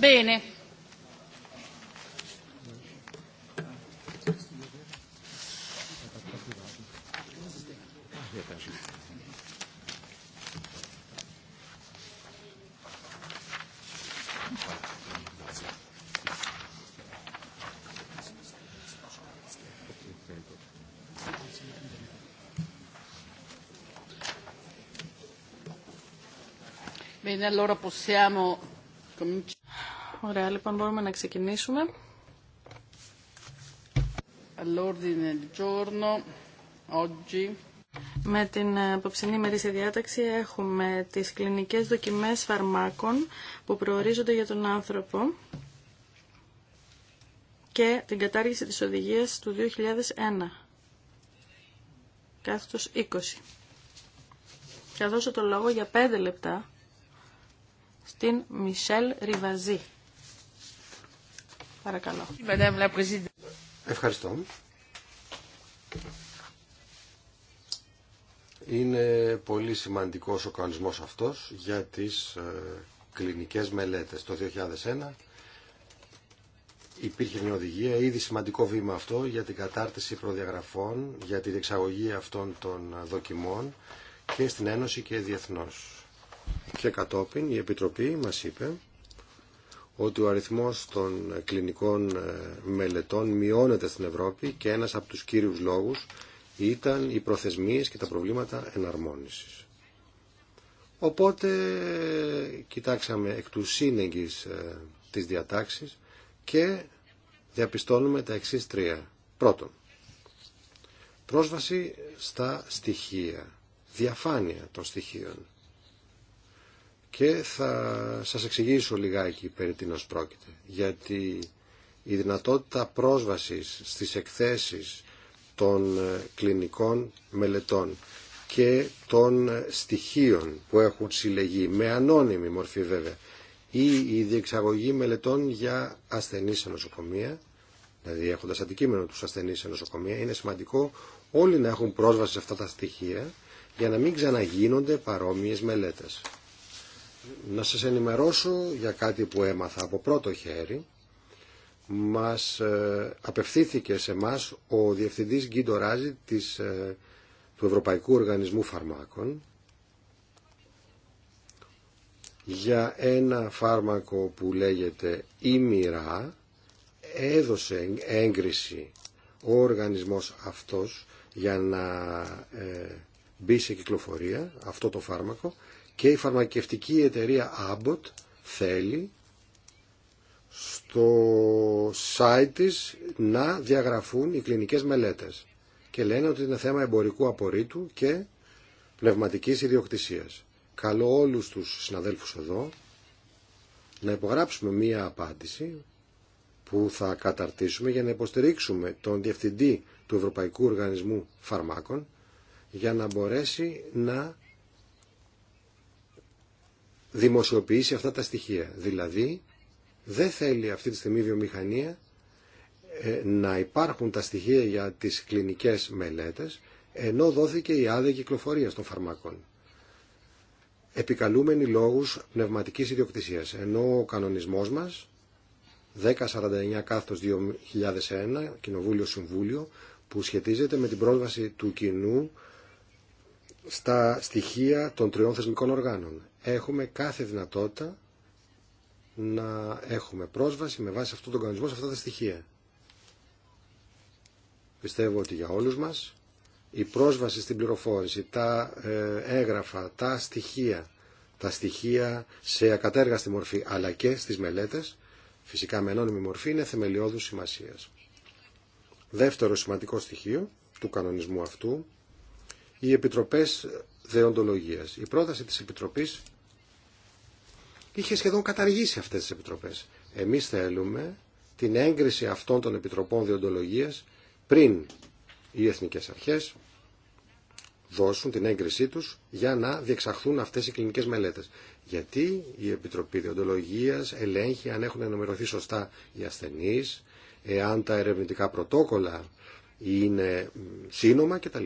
Bene. Bene, allora possiamo cominciare. Ωραία, λοιπόν, μπορούμε να ξεκινήσουμε. Με την απόψινή μερίσια διάταξη έχουμε τις κλινικές δοκιμές φαρμάκων που προορίζονται για τον άνθρωπο και την κατάργηση της οδηγίας του 2001, κάθετος 20. Θα δώσω το λόγο για 5 λεπτά στην Μισελ Ριβαζή. Παρακαλώ. Ευχαριστώ. Είναι πολύ σημαντικός ο κανονισμός αυτός για τις ε, κλινικές μελέτες. Το 2001 υπήρχε μια οδηγία, ήδη σημαντικό βήμα αυτό για την κατάρτιση προδιαγραφών, για την εξαγωγή αυτών των δοκιμών και στην Ένωση και διεθνώς. Και κατόπιν η Επιτροπή μας είπε ότι ο αριθμός των ε, κλινικών ε, μελετών μειώνεται στην Ευρώπη και ένας από τους κύριους λόγους ήταν οι προθεσμίες και τα προβλήματα εναρμόνισης. Οπότε κοιτάξαμε εκ του σύνεγγυς ε, της διατάξης και διαπιστώνουμε τα εξής τρία. Πρώτον, πρόσβαση στα στοιχεία, διαφάνεια των στοιχείων και θα σας εξηγήσω λιγάκι περί την πρόκειται. Γιατί η δυνατότητα πρόσβασης στις εκθέσεις των ε, κλινικών μελετών και των ε, στοιχείων που έχουν συλλεγεί, με ανώνυμη μορφή βέβαια, ή η διεξαγωγή μελετών για ασθενείς σε νοσοκομεία, δηλαδή έχοντας αντικείμενο τους ασθενείς σε νοσοκομεία, είναι σημαντικό όλοι να έχουν πρόσβαση σε αυτά τα στοιχεία για να μην ξαναγίνονται παρόμοιες μελέτες να σας ενημερώσω για κάτι που έμαθα από πρώτο χέρι. Μας ε, απευθύνθηκε σε μας ο Διευθυντής Γκίντο Ράζη της, ε, του Ευρωπαϊκού Οργανισμού Φαρμάκων για ένα φάρμακο που λέγεται ημιρά έδωσε έγκριση ο οργανισμός αυτός για να ε, μπει σε κυκλοφορία αυτό το φάρμακο και η φαρμακευτική εταιρεία Abbott θέλει στο site της να διαγραφούν οι κλινικές μελέτες και λένε ότι είναι θέμα εμπορικού απορρίτου και πνευματικής ιδιοκτησίας. Καλώ όλους τους συναδέλφους εδώ να υπογράψουμε μία απάντηση που θα καταρτήσουμε για να υποστηρίξουμε τον Διευθυντή του Ευρωπαϊκού Οργανισμού Φαρμάκων για να μπορέσει να δημοσιοποιήσει αυτά τα στοιχεία. Δηλαδή, δεν θέλει αυτή τη στιγμή η βιομηχανία ε, να υπάρχουν τα στοιχεία για τις κλινικές μελέτες, ενώ δόθηκε η άδεια κυκλοφορία των φαρμάκων. Επικαλούμενοι λόγους πνευματικής ιδιοκτησίας, ενώ ο κανονισμός μας, 1049 2001, Κοινοβούλιο Συμβούλιο, που σχετίζεται με την πρόσβαση του κοινού στα στοιχεία των τριών θεσμικών οργάνων έχουμε κάθε δυνατότητα να έχουμε πρόσβαση με βάση αυτόν τον κανονισμό σε αυτά τα στοιχεία. Πιστεύω ότι για όλους μας η πρόσβαση στην πληροφόρηση, τα ε, έγγραφα, τα στοιχεία, τα στοιχεία σε ακατέργαστη μορφή αλλά και στις μελέτες, φυσικά με ενώνυμη μορφή, είναι θεμελιώδους σημασίας. Δεύτερο σημαντικό στοιχείο του κανονισμού αυτού, οι επιτροπές δεοντολογίας. Η πρόταση της Επιτροπής είχε σχεδόν καταργήσει αυτές τις επιτροπές. Εμείς θέλουμε την έγκριση αυτών των επιτροπών διοντολογία πριν οι εθνικέ αρχές δώσουν την έγκρισή τους για να διεξαχθούν αυτές οι κλινικές μελέτες. Γιατί η Επιτροπή Διοντολογίας ελέγχει αν έχουν ενημερωθεί σωστά οι ασθενείς, εάν τα ερευνητικά πρωτόκολλα είναι σύνομα κτλ.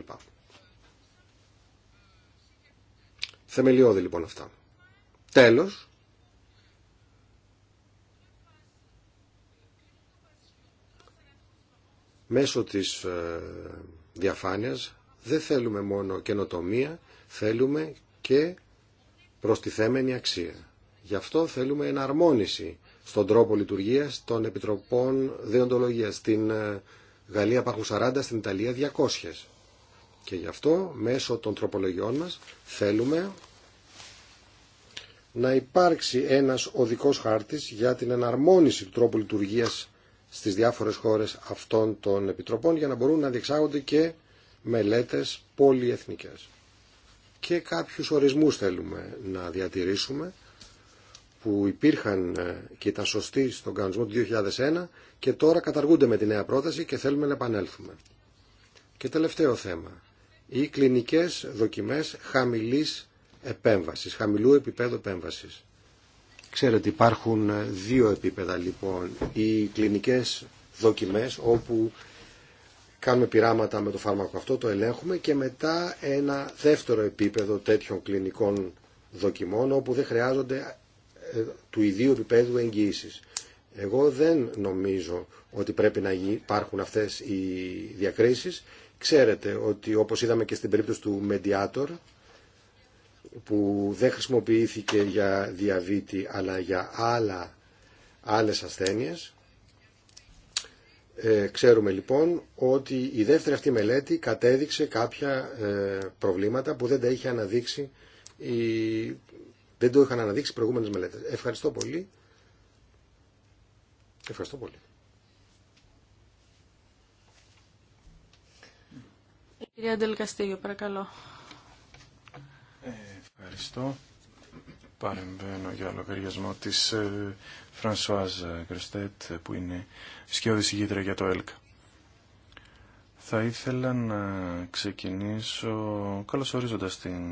Θεμελιώδη λοιπόν αυτά. Τέλος, Μέσω της ε, διαφάνειας δεν θέλουμε μόνο καινοτομία, θέλουμε και προστιθέμενη αξία. Γι' αυτό θέλουμε εναρμόνιση στον τρόπο λειτουργίας των επιτροπών δεοντολογίας. Στην ε, Γαλλία υπάρχουν 40, στην Ιταλία 200. Και γι' αυτό μέσω των τροπολογιών μας θέλουμε να υπάρξει ένας οδικός χάρτης για την εναρμόνιση του τρόπου λειτουργίας στις διάφορες χώρες αυτών των επιτροπών για να μπορούν να διεξάγονται και μελέτες πολυεθνικές. Και κάποιους ορισμούς θέλουμε να διατηρήσουμε που υπήρχαν ε, και ήταν σωστοί στον κανονισμό του 2001 και τώρα καταργούνται με τη νέα πρόταση και θέλουμε να επανέλθουμε. Και τελευταίο θέμα. Οι κλινικές δοκιμές χαμηλής επέμβασης, χαμηλού επίπεδου επέμβασης. Ξέρετε υπάρχουν δύο επίπεδα λοιπόν. Οι κλινικές δοκιμές όπου κάνουμε πειράματα με το φάρμακο αυτό, το ελέγχουμε και μετά ένα δεύτερο επίπεδο τέτοιων κλινικών δοκιμών όπου δεν χρειάζονται ε, του ιδίου επίπεδου εγγύησης. Εγώ δεν νομίζω ότι πρέπει να υπάρχουν αυτές οι διακρίσεις. Ξέρετε ότι όπως είδαμε και στην περίπτωση του Mediator, που δεν χρησιμοποιήθηκε για διαβήτη αλλά για άλλα, άλλες ασθένειες. Ε, ξέρουμε λοιπόν ότι η δεύτερη αυτή μελέτη κατέδειξε κάποια ε, προβλήματα που δεν τα είχε αναδείξει η... δεν το είχαν αναδείξει οι προηγούμενες μελέτες. Ευχαριστώ πολύ. Ευχαριστώ πολύ. κυρία παρακαλώ. Ευχαριστώ. Παρεμβαίνω για λογαριασμό της ε, Φρανσουάζ ε, Γκριστέτ ε, που είναι σκιώδης ηγήτρια για το ΕΛΚ. Θα ήθελα να ξεκινήσω καλωσορίζοντα την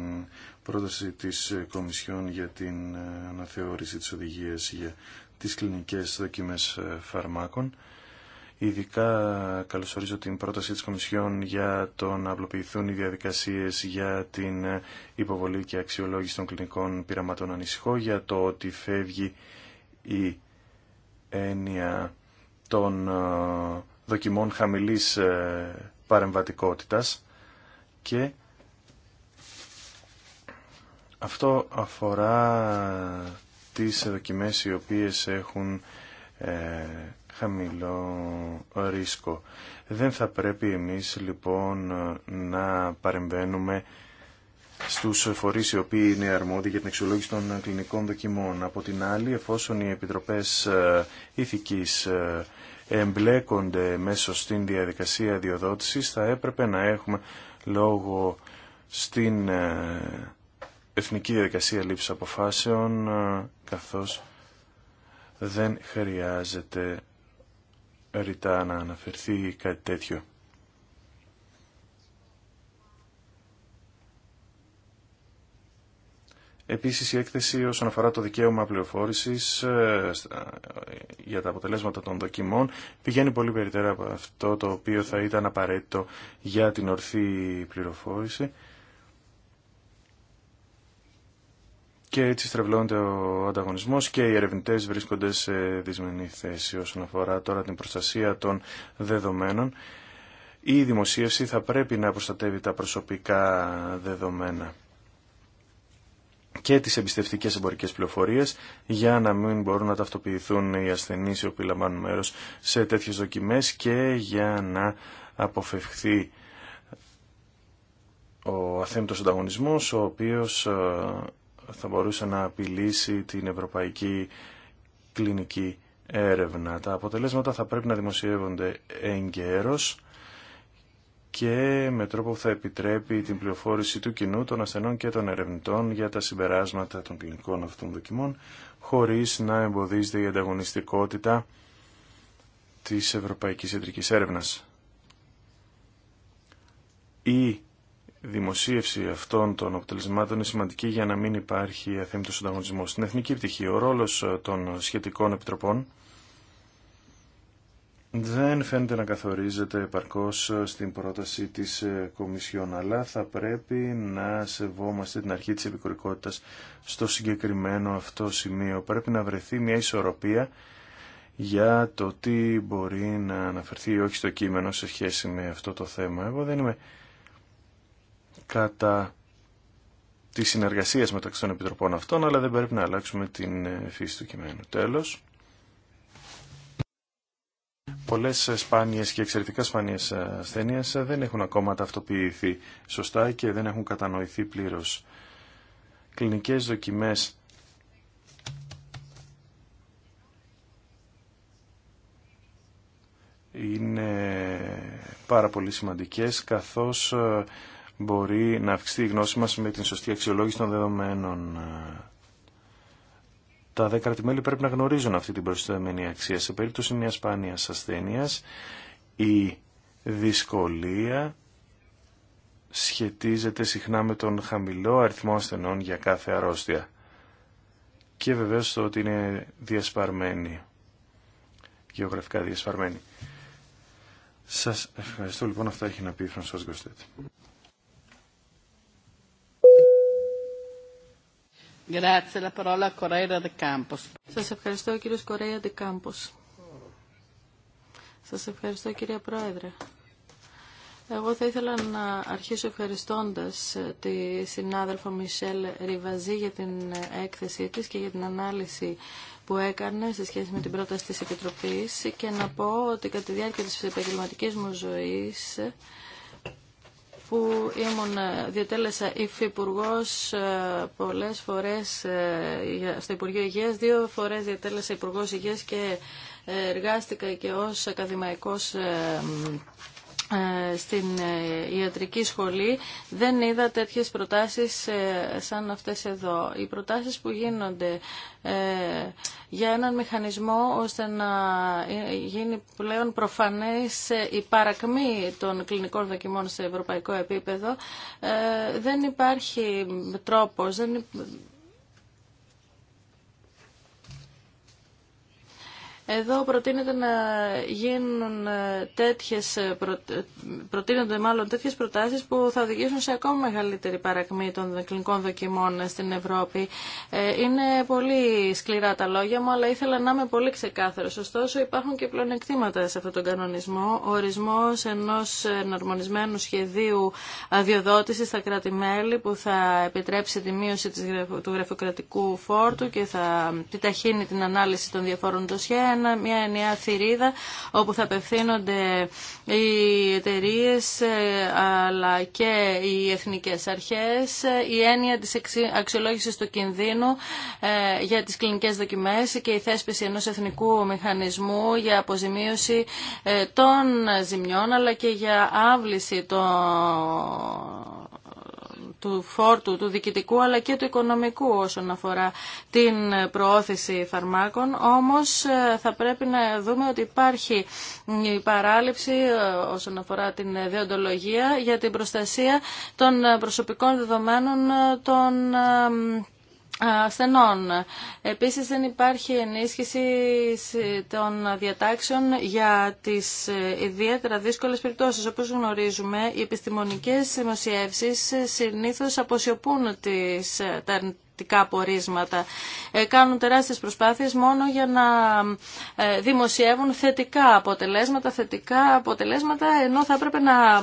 πρόταση της Κομισιόν για την αναθεώρηση της οδηγίας για τις κλινικές δοκιμές φαρμάκων Ειδικά καλωσορίζω την πρόταση της Κομισιόν για το να απλοποιηθούν οι διαδικασίες για την υποβολή και αξιολόγηση των κλινικών πειραματών ανησυχώ για το ότι φεύγει η έννοια των ε, δοκιμών χαμηλής ε, παρεμβατικότητας και αυτό αφορά τις δοκιμές οι οποίες έχουν ε, χαμηλό ρίσκο. Δεν θα πρέπει εμείς λοιπόν να παρεμβαίνουμε στους φορείς οι οποίοι είναι αρμόδιοι για την εξολόγηση των κλινικών δοκιμών. Από την άλλη, εφόσον οι επιτροπές ε, ηθικής ε, εμπλέκονται μέσω στην διαδικασία διοδότησης, θα έπρεπε να έχουμε λόγο στην ε, εθνική διαδικασία λήψης αποφάσεων, καθώς δεν χρειάζεται ρητά να αναφερθεί κάτι τέτοιο. Επίσης η έκθεση όσον αφορά το δικαίωμα πληροφόρησης ε, για τα αποτελέσματα των δοκιμών πηγαίνει πολύ περιτέρα από αυτό το οποίο θα ήταν απαραίτητο για την ορθή πληροφόρηση και έτσι στρεβλώνεται ο ανταγωνισμός και οι ερευνητέ βρίσκονται σε δυσμενή θέση όσον αφορά τώρα την προστασία των δεδομένων. Η δημοσίευση θα πρέπει να προστατεύει τα προσωπικά δεδομένα και τις εμπιστευτικές εμπορικές πληροφορίες για να μην μπορούν να ταυτοποιηθούν οι ασθενείς οι οποίοι λαμβάνουν μέρος σε τέτοιες δοκιμές και για να αποφευχθεί ο αθέμητος ανταγωνισμός ο οποίος ε, θα μπορούσε να απειλήσει την ευρωπαϊκή κλινική έρευνα. Τα αποτελέσματα θα πρέπει να δημοσιεύονται εγκαίρως και με τρόπο που θα επιτρέπει την πληροφόρηση του κοινού, των ασθενών και των ερευνητών για τα συμπεράσματα των κλινικών αυτών δοκιμών, χωρίς να εμποδίζεται η ανταγωνιστικότητα της Ευρωπαϊκής Ιατρικής Έρευνας δημοσίευση αυτών των αποτελεσμάτων είναι σημαντική για να μην υπάρχει αθέμητος ανταγωνισμός. Στην εθνική πτυχή, ο ρόλος ε, των σχετικών επιτροπών δεν φαίνεται να καθορίζεται επαρκώς ε, στην πρόταση της ε, Κομισιόν, αλλά θα πρέπει να σεβόμαστε την αρχή της επικουρικότητας στο συγκεκριμένο αυτό σημείο. Πρέπει να βρεθεί μια ισορροπία για το τι μπορεί να αναφερθεί όχι στο κείμενο σε σχέση με αυτό το θέμα. Εγώ δεν είμαι κατά τη συνεργασία μεταξύ των επιτροπών αυτών, αλλά δεν πρέπει να αλλάξουμε την ε, φύση του κειμένου. Τέλος, πολλές σπάνιες και εξαιρετικά σπάνιες ε, ασθένειες ε, δεν έχουν ακόμα ταυτοποιηθεί σωστά και δεν έχουν κατανοηθεί πλήρως. Κλινικές δοκιμές είναι πάρα πολύ σημαντικές καθώς μπορεί να αυξηθεί η γνώση μας με την σωστή αξιολόγηση των δεδομένων. Τα δέκαρα μέλη πρέπει να γνωρίζουν αυτή την προσθέμενη αξία. Σε περίπτωση μιας σπάνιας ασθένειας, η δυσκολία σχετίζεται συχνά με τον χαμηλό αριθμό ασθενών για κάθε αρρώστια. Και βεβαίως το ότι είναι διασπαρμένη, γεωγραφικά διασπαρμένη. Σας ευχαριστώ λοιπόν, αυτά έχει να πει η Γκοστέτ. Σας ευχαριστώ κύριο Κορέα Κάμπος. Σας ευχαριστώ κύριε Πρόεδρε. Εγώ θα ήθελα να αρχίσω ευχαριστώντας ε, τη συνάδελφο Μισελ Ριβαζή για την ε, έκθεσή της και για την ανάλυση που έκανε σε σχέση με την πρόταση της Επιτροπής και να πω ότι κατά τη διάρκεια της επαγγελματική μου ζωής που ήμουν, ε, διατέλεσα υφυπουργό ε, πολλές φορές ε, στο Υπουργείο Υγεία, δύο φορές διατέλεσα υπουργό Υγεία και εργάστηκα και ως ακαδημαϊκός ε, στην ε, ιατρική σχολή δεν είδα τέτοιες προτάσεις ε, σαν αυτές εδώ. Οι προτάσεις που γίνονται για έναν μηχανισμό ώστε να γίνει πλέον προφανές η παρακμή των κλινικών δοκιμών σε ευρωπαϊκό επίπεδο δεν υπάρχει τρόπος, δεν Εδώ προτείνεται να γίνουν ε, τέτοιες, ε, προ... Ε, προτείνονται μάλλον τέτοιες προτάσεις που θα οδηγήσουν σε ακόμα μεγαλύτερη παρακμή των κλινικών δοκιμών στην Ευρώπη. Είναι πολύ σκληρά τα λόγια μου, αλλά ήθελα να είμαι πολύ ξεκάθαρο. Ωστόσο υπάρχουν και πλονεκτήματα σε αυτόν τον κανονισμό. Ο ορισμός ενός εναρμονισμένου σχεδίου αδειοδότησης στα κράτη-μέλη που θα επιτρέψει τη μείωση του γραφειοκρατικού φόρτου και θα επιταχύνει την ανάλυση των διαφόρων δοσιών μια νέα θηρίδα όπου θα απευθύνονται οι εταιρείε ε, αλλά και οι εθνικές αρχές, η έννοια της αξιολόγησης του κινδύνου ε, για τις κλινικές δοκιμές και η θέσπιση ενός εθνικού μηχανισμού για αποζημίωση ε, των ζημιών αλλά και για άβληση των του φόρτου, του διοικητικού αλλά και του οικονομικού όσον αφορά την προώθηση φαρμάκων. Όμως ε, θα πρέπει να δούμε ότι υπάρχει η παράληψη ε, όσον αφορά την διοντολογία για την προστασία των προσωπικών δεδομένων ε, των ασθενών. Επίσης δεν υπάρχει ενίσχυση των διατάξεων για τις ε, ιδιαίτερα δύσκολες περιπτώσεις. Όπως γνωρίζουμε, οι επιστημονικές δημοσιεύσεις ε, συνήθως αποσιωπούν τις, ε, τα αρνητικά πορίσματα. κάνουν τεράστιες προσπάθειες μόνο για να δημοσιεύουν θετικά αποτελέσματα, θετικά αποτελέσματα, ενώ θα έπρεπε να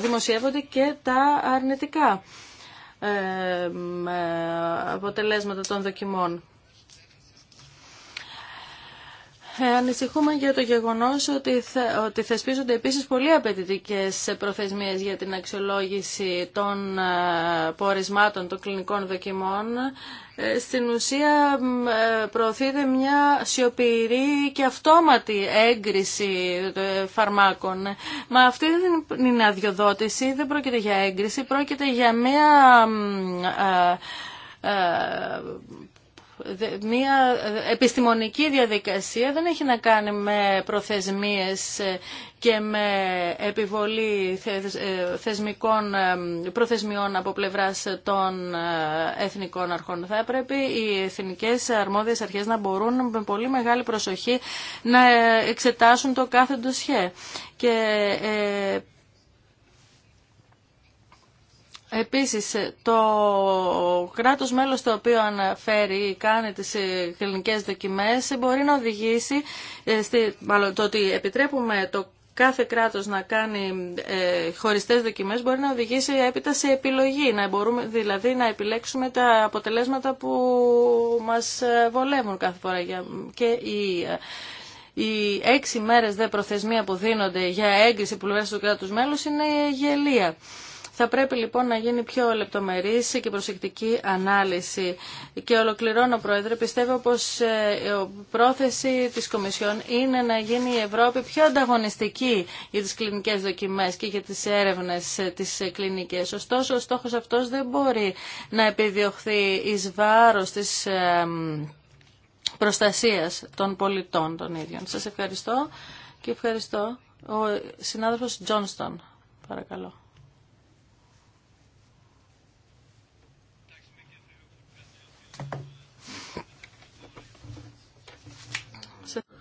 δημοσιεύονται και τα αρνητικά. Ε, αποτελέσματα των δοκιμών. Ε, ανησυχούμε για το γεγονός ότι, ότι θεσπίζονται επίσης πολύ απαιτητικές προθεσμίες για την αξιολόγηση των ε, πορισμάτων των κλινικών δοκιμών. Ε, στην ουσία προωθείται μια σιωπηρή και αυτόματη έγκριση φαρμάκων. Μα αυτή δεν είναι αδειοδότηση, δεν πρόκειται για έγκριση, πρόκειται για μια μια επιστημονική διαδικασία δεν έχει να κάνει με προθεσμίες ε, και με επιβολή ε, θεσμικών προθεσμιών από πλευράς των ε, εθνικών αρχών. Θα πρέπει οι εθνικές αρμόδιες αρχές να μπορούν με πολύ μεγάλη προσοχή να εξετάσουν το κάθε ντοσιέ. Και Επίσης, το κράτος μέλος το οποίο αναφέρει ή κάνει τις ε, κλινικές δοκιμές μπορεί να οδηγήσει, ε, στη, μάλλον, το ότι επιτρέπουμε το κάθε κράτος να κάνει ε, χωριστές δοκιμές μπορεί να οδηγήσει έπειτα σε επιλογή, να μπορούμε, δηλαδή να επιλέξουμε τα αποτελέσματα που μας ε, βολεύουν κάθε φορά και η, οι έξι μέρες δε προθεσμία που δίνονται για έγκριση που πλευράς του κράτους μέλους είναι γελία. Θα πρέπει λοιπόν να γίνει πιο λεπτομερής και προσεκτική ανάλυση. Και ολοκληρώνω, Πρόεδρε, πιστεύω πως η ε, πρόθεση της Κομισιόν είναι να γίνει η Ευρώπη πιο ανταγωνιστική για τις κλινικές δοκιμέ και για τις έρευνες ε, της κλινική. Ωστόσο, ο στόχος αυτός δεν μπορεί να επιδιωχθεί ει βάρος της ε, προστασίας των πολιτών των ίδιων. Σα ευχαριστώ και ευχαριστώ ο συνάδελφος Τζόνστον. Παρακαλώ.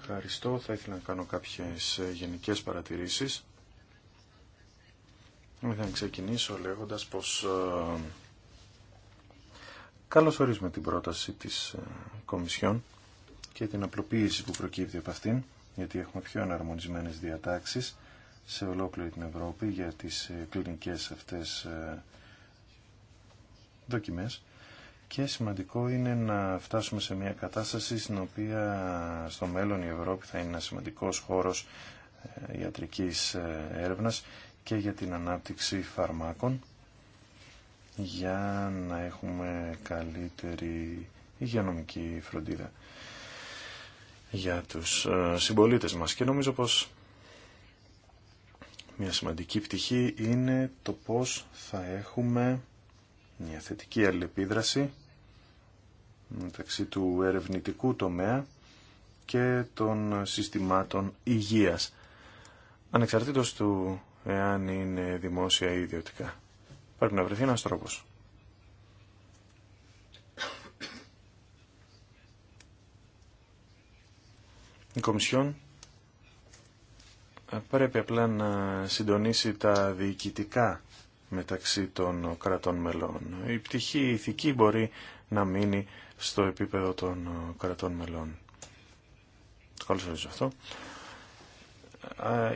Ευχαριστώ. Θα ήθελα να κάνω κάποιες γενικές παρατηρήσεις. Θα ξεκινήσω λέγοντας πως ε, καλώς ορίζουμε την πρόταση της ε, Κομισιόν και την απλοποίηση που προκύπτει από αυτήν, γιατί έχουμε πιο εναρμονισμένες διατάξεις σε ολόκληρη την Ευρώπη για τις ε, κλινικές αυτές δοκιμές και σημαντικό είναι να φτάσουμε σε μια κατάσταση στην οποία στο μέλλον η Ευρώπη θα είναι ένα σημαντικός χώρος ε, ιατρικής ε, έρευνας και για την ανάπτυξη φαρμάκων για να έχουμε καλύτερη υγειονομική φροντίδα για τους ε, συμπολίτες μας. Και νομίζω πως μια σημαντική πτυχή είναι το πώς θα έχουμε μια θετική αλληλεπίδραση μεταξύ του ερευνητικού τομέα και των συστημάτων υγείας, ανεξαρτήτως του εάν είναι δημόσια ή ιδιωτικά. Πρέπει να βρεθεί ένας τρόπος. Η Κομισιόν πρέπει απλά να συντονίσει τα διοικητικά μεταξύ των κρατών μελών. Η πτυχή ηθική μπορεί να μείνει στο επίπεδο των κρατών μελών. Καλώς ορίζω αυτό.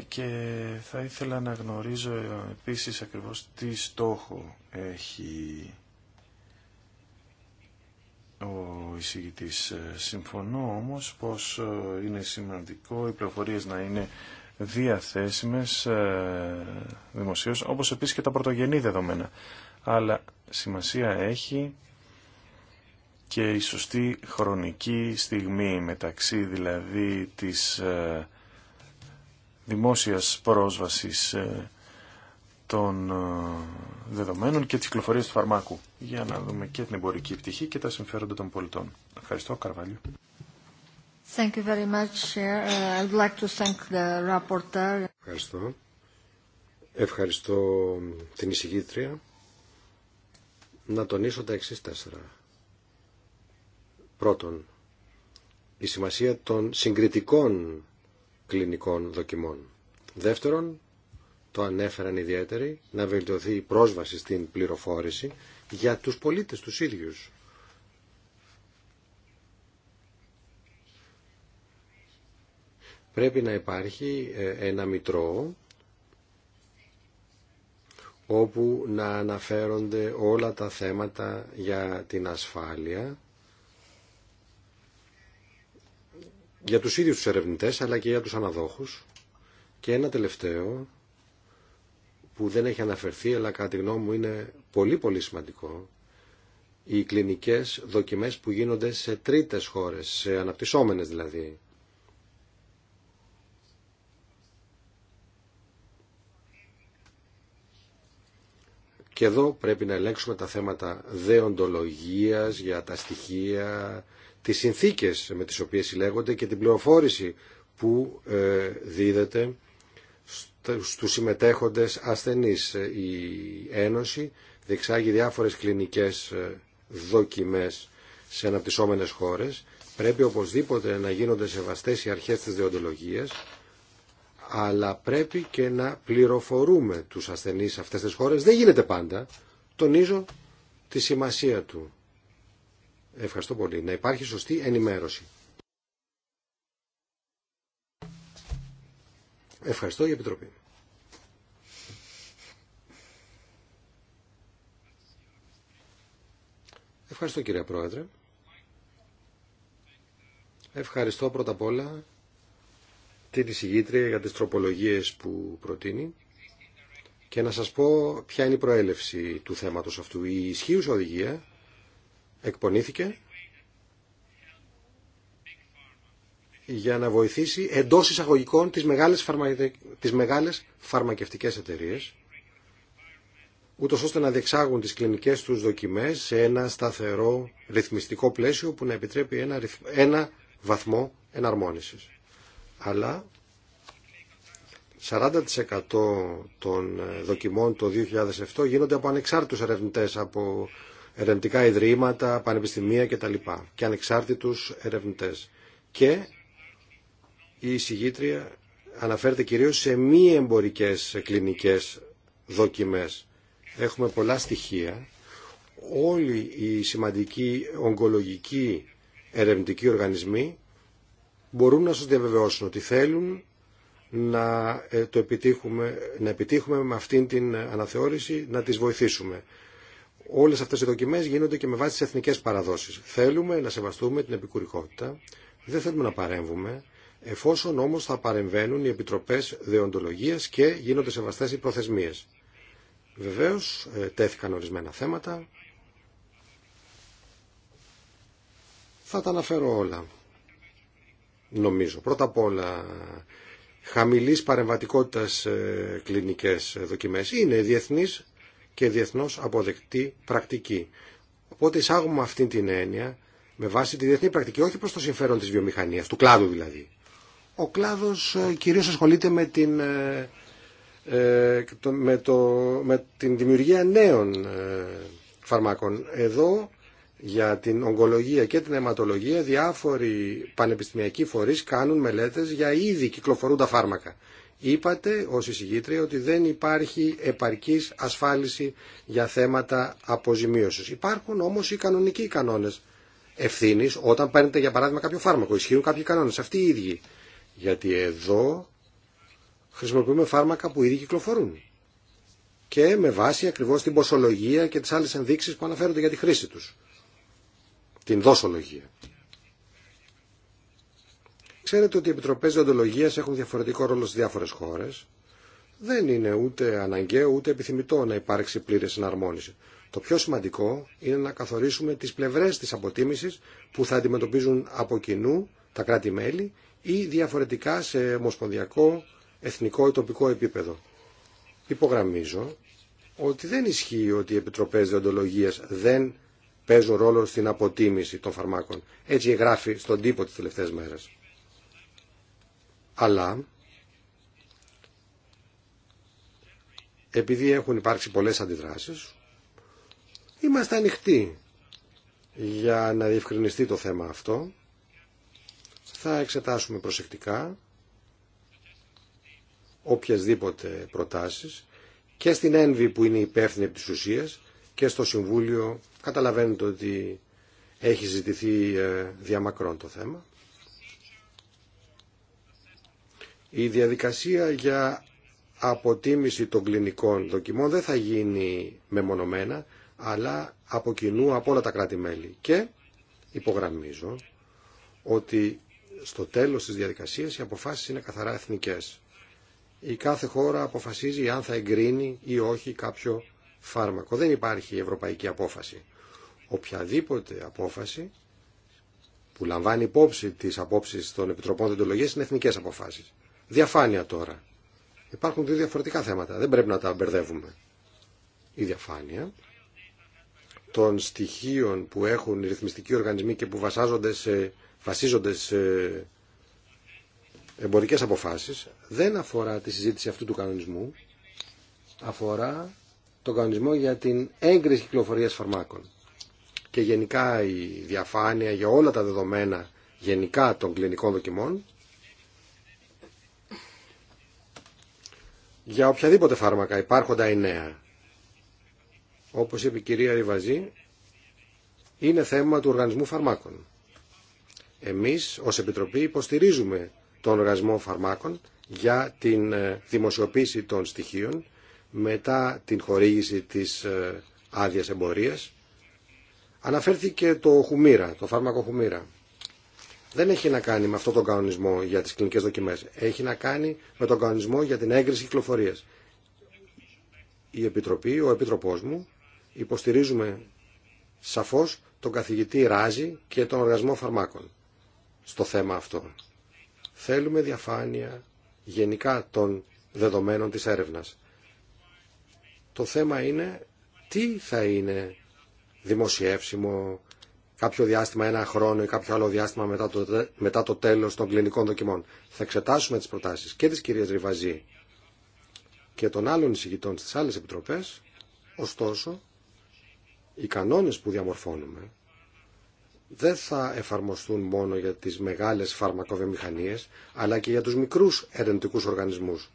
Και θα ήθελα να γνωρίζω επίσης ακριβώς τι στόχο έχει ο εισηγητής. Συμφωνώ όμως πως είναι σημαντικό οι πληροφορίες να είναι διαθέσιμες ε, δημοσίως, όπως επίσης και τα πρωτογενή δεδομένα. Αλλά σημασία έχει και η σωστή χρονική στιγμή μεταξύ δηλαδή της ε, δημόσιας πρόσβασης ε, των δεδομένων και της κυκλοφορίας του φαρμάκου. Για να δούμε και την εμπορική πτυχή και τα συμφέροντα των πολιτών. Ευχαριστώ, Καρβάλιο. Ευχαριστώ. Ευχαριστώ την εισηγήτρια. Να τονίσω τα εξής τέσσερα. Πρώτον, η σημασία των συγκριτικών κλινικών δοκιμών. Δεύτερον, το ανέφεραν ιδιαίτεροι, να βελτιωθεί η πρόσβαση στην πληροφόρηση για τους πολίτες τους ίδιους. πρέπει να υπάρχει ε, ένα μητρό όπου να αναφέρονται όλα τα θέματα για την ασφάλεια για τους ίδιους τους ερευνητές αλλά και για τους αναδόχους και ένα τελευταίο που δεν έχει αναφερθεί αλλά κατά τη γνώμη μου είναι πολύ πολύ σημαντικό οι κλινικές δοκιμές που γίνονται σε τρίτες χώρες, σε αναπτυσσόμενες δηλαδή Και εδώ πρέπει να ελέγξουμε τα θέματα δεοντολογίας, για τα στοιχεία, τις συνθήκες με τις οποίες συλλέγονται και την πληροφόρηση που ε, δίδεται στους συμμετέχοντες ασθενείς. Η Ένωση διεξάγει διάφορες κλινικές ε, δοκιμές σε αναπτυσσόμενες χώρες. Πρέπει οπωσδήποτε να γίνονται σεβαστές οι αρχές της δεοντολογίας αλλά πρέπει και να πληροφορούμε τους ασθενείς σε αυτές τις χώρες. Δεν γίνεται πάντα. Τονίζω τη σημασία του. Ευχαριστώ πολύ. Να υπάρχει σωστή ενημέρωση. Ευχαριστώ η Επιτροπή. Ευχαριστώ κύριε Πρόεδρε. Ευχαριστώ πρώτα απ' όλα την εισηγήτρια για τις τροπολογίες που προτείνει και να σας πω ποια είναι η προέλευση του θέματος αυτού. Η ισχύουσα οδηγία εκπονήθηκε για να βοηθήσει εντός εισαγωγικών τις μεγάλες, φαρμα... τις μεγάλες φαρμακευτικές εταιρείες ούτω ώστε να διεξάγουν τις κλινικές τους δοκιμές σε ένα σταθερό ρυθμιστικό πλαίσιο που να επιτρέπει ένα, ένα βαθμό εναρμόνησης αλλά 40% των ε, δοκιμών το 2007 γίνονται από ανεξάρτητους ερευνητές, από ερευνητικά ιδρύματα, πανεπιστημία κτλ. Και ανεξάρτητους ερευνητές. Και η εισηγήτρια αναφέρεται κυρίως σε μη εμπορικές κλινικές δοκιμές. Έχουμε πολλά στοιχεία. Όλοι οι σημαντικοί ογκολογικοί ερευνητικοί οργανισμοί μπορούν να σας διαβεβαιώσουν ότι θέλουν να ε, το επιτύχουμε, να επιτύχουμε με αυτήν την αναθεώρηση, να τις βοηθήσουμε. Όλες αυτές οι δοκιμές γίνονται και με βάση τις εθνικές παραδόσεις. Θέλουμε να σεβαστούμε την επικουρικότητα, δεν θέλουμε να παρέμβουμε, εφόσον όμως θα παρεμβαίνουν οι επιτροπές δεοντολογίας και γίνονται σεβαστές οι προθεσμίες. Βεβαίως, ε, τέθηκαν ορισμένα θέματα. Θα τα αναφέρω όλα νομίζω. Πρώτα απ' όλα, χαμηλής παρεμβατικότητας ε, κλινικές δοκιμές είναι διεθνή και διεθνώς αποδεκτή πρακτική. Οπότε εισάγουμε αυτή την έννοια με βάση τη διεθνή πρακτική, όχι προς το συμφέρον της βιομηχανίας, του κλάδου δηλαδή. Ο κλάδος ε, κυρίως ασχολείται με την, ε, με, το, με την δημιουργία νέων φαρμάκων. Εδώ για την ογκολογία και την αιματολογία διάφοροι πανεπιστημιακοί φορείς κάνουν μελέτες για ήδη κυκλοφορούντα φάρμακα. Είπατε ως εισηγήτρια ότι δεν υπάρχει επαρκής ασφάλιση για θέματα αποζημίωσης. Υπάρχουν όμως οι κανονικοί κανόνες ευθύνη όταν παίρνετε για παράδειγμα κάποιο φάρμακο. Ισχύουν κάποιοι κανόνες, αυτοί οι ίδιοι. Γιατί εδώ χρησιμοποιούμε φάρμακα που ήδη κυκλοφορούν και με βάση ακριβώς την ποσολογία και τις άλλες ενδείξεις που αναφέρονται για τη χρήση τους την δόσολογία. Ξέρετε ότι οι επιτροπές διοντολογίας έχουν διαφορετικό ρόλο στις διάφορες χώρες. Δεν είναι ούτε αναγκαίο ούτε επιθυμητό να υπάρξει πλήρη συναρμόνιση. Το πιο σημαντικό είναι να καθορίσουμε τις πλευρές της αποτίμησης που θα αντιμετωπίζουν από κοινού τα κράτη-μέλη ή διαφορετικά σε ομοσπονδιακό, εθνικό ή τοπικό επίπεδο. Υπογραμμίζω ότι δεν ισχύει ότι οι επιτροπές διοντολογίας δεν παίζουν ρόλο στην αποτίμηση των φαρμάκων. Έτσι γράφει στον τύπο τις τελευταίες μέρες. Αλλά επειδή έχουν υπάρξει πολλές αντιδράσεις, είμαστε ανοιχτοί για να διευκρινιστεί το θέμα αυτό. Θα εξετάσουμε προσεκτικά οποιασδήποτε προτάσεις και στην ένβη που είναι υπεύθυνη από τις ουσίες και στο Συμβούλιο καταλαβαίνετε ότι έχει ζητηθεί ε, διαμακρόν το θέμα. Η διαδικασία για αποτίμηση των κλινικών δοκιμών δεν θα γίνει μεμονωμένα, αλλά από κοινού από όλα τα κράτη-μέλη. Και υπογραμμίζω ότι στο τέλος της διαδικασίας οι αποφάσεις είναι καθαρά εθνικές. Η κάθε χώρα αποφασίζει αν θα εγκρίνει ή όχι κάποιο φάρμακο. Δεν υπάρχει ευρωπαϊκή απόφαση. Οποιαδήποτε απόφαση που λαμβάνει υπόψη τις απόψεις των Επιτροπών Δεντολογίας είναι εθνικές αποφάσεις. Διαφάνεια τώρα. Υπάρχουν δύο διαφορετικά θέματα. Δεν πρέπει να τα μπερδεύουμε. Η διαφάνεια των στοιχείων που έχουν οι ρυθμιστικοί οργανισμοί και που σε, βασίζονται σε εμπορικές αποφάσεις δεν αφορά τη συζήτηση αυτού του κανονισμού, αφορά τον κανονισμό για την έγκριση κυκλοφορίας φαρμάκων. Και γενικά η διαφάνεια για όλα τα δεδομένα γενικά των κλινικών δοκιμών για οποιαδήποτε φάρμακα υπάρχοντα ή νέα. Όπως είπε η κυρία Ριβαζή, είναι θέμα του Οργανισμού Φαρμάκων. Εμείς ως Επιτροπή υποστηρίζουμε τον Οργανισμό Φαρμάκων για την ε, δημοσιοποίηση των στοιχείων μετά την χορήγηση της ε, άδεια εμπορίας. Αναφέρθηκε το χουμίρα, το φάρμακο χουμίρα. Δεν έχει να κάνει με αυτόν τον κανονισμό για τις κλινικές δοκιμές. Έχει να κάνει με τον κανονισμό για την έγκριση κυκλοφορίας. Η Επιτροπή, ο Επίτροπός μου, υποστηρίζουμε σαφώς τον καθηγητή Ράζη και τον Οργανισμό Φαρμάκων στο θέμα αυτό. Θέλουμε διαφάνεια γενικά των δεδομένων της έρευνας. Το θέμα είναι τι θα είναι δημοσιεύσιμο κάποιο διάστημα, ένα χρόνο ή κάποιο άλλο διάστημα μετά το, μετά το τέλος των κλινικών δοκιμών. Θα εξετάσουμε τις προτάσεις και της κυρίας Ριβαζή και των άλλων εισηγητών στις άλλες επιτροπές. Ωστόσο, οι κανόνες που διαμορφώνουμε δεν θα εφαρμοστούν μόνο για τις μεγάλες φαρμακοβιομηχανίες, αλλά και για τους μικρούς ερευνητικούς οργανισμούς.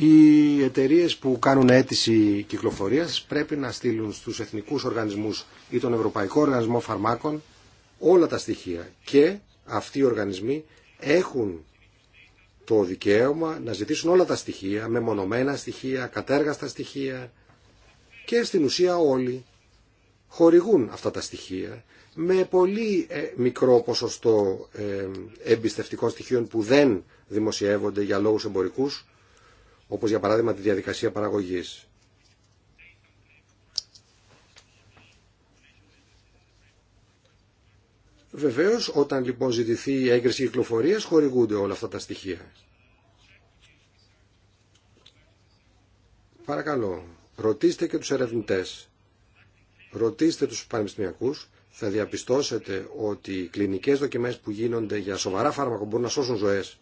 Οι εταιρείε που κάνουν αίτηση κυκλοφορία πρέπει να στείλουν στους εθνικούς οργανισμούς ή τον Ευρωπαϊκό Οργανισμό Φαρμάκων όλα τα στοιχεία και αυτοί οι οργανισμοί έχουν το δικαίωμα να ζητήσουν όλα τα στοιχεία, μεμονωμένα στοιχεία, κατέργαστα στοιχεία και στην ουσία όλοι χορηγούν αυτά τα στοιχεία με πολύ ε, μικρό ποσοστό ε, εμπιστευτικών στοιχείων που δεν δημοσιεύονται για λόγους εμπορικούς όπως για παράδειγμα τη διαδικασία παραγωγής. Βεβαίως, όταν λοιπόν ζητηθεί η έγκριση κυκλοφορίας, χορηγούνται όλα αυτά τα στοιχεία. Παρακαλώ, ρωτήστε και τους ερευνητές, ρωτήστε τους πανεπιστημιακούς, θα διαπιστώσετε ότι οι κλινικές δοκιμές που γίνονται για σοβαρά φάρμακα μπορούν να σώσουν ζωές,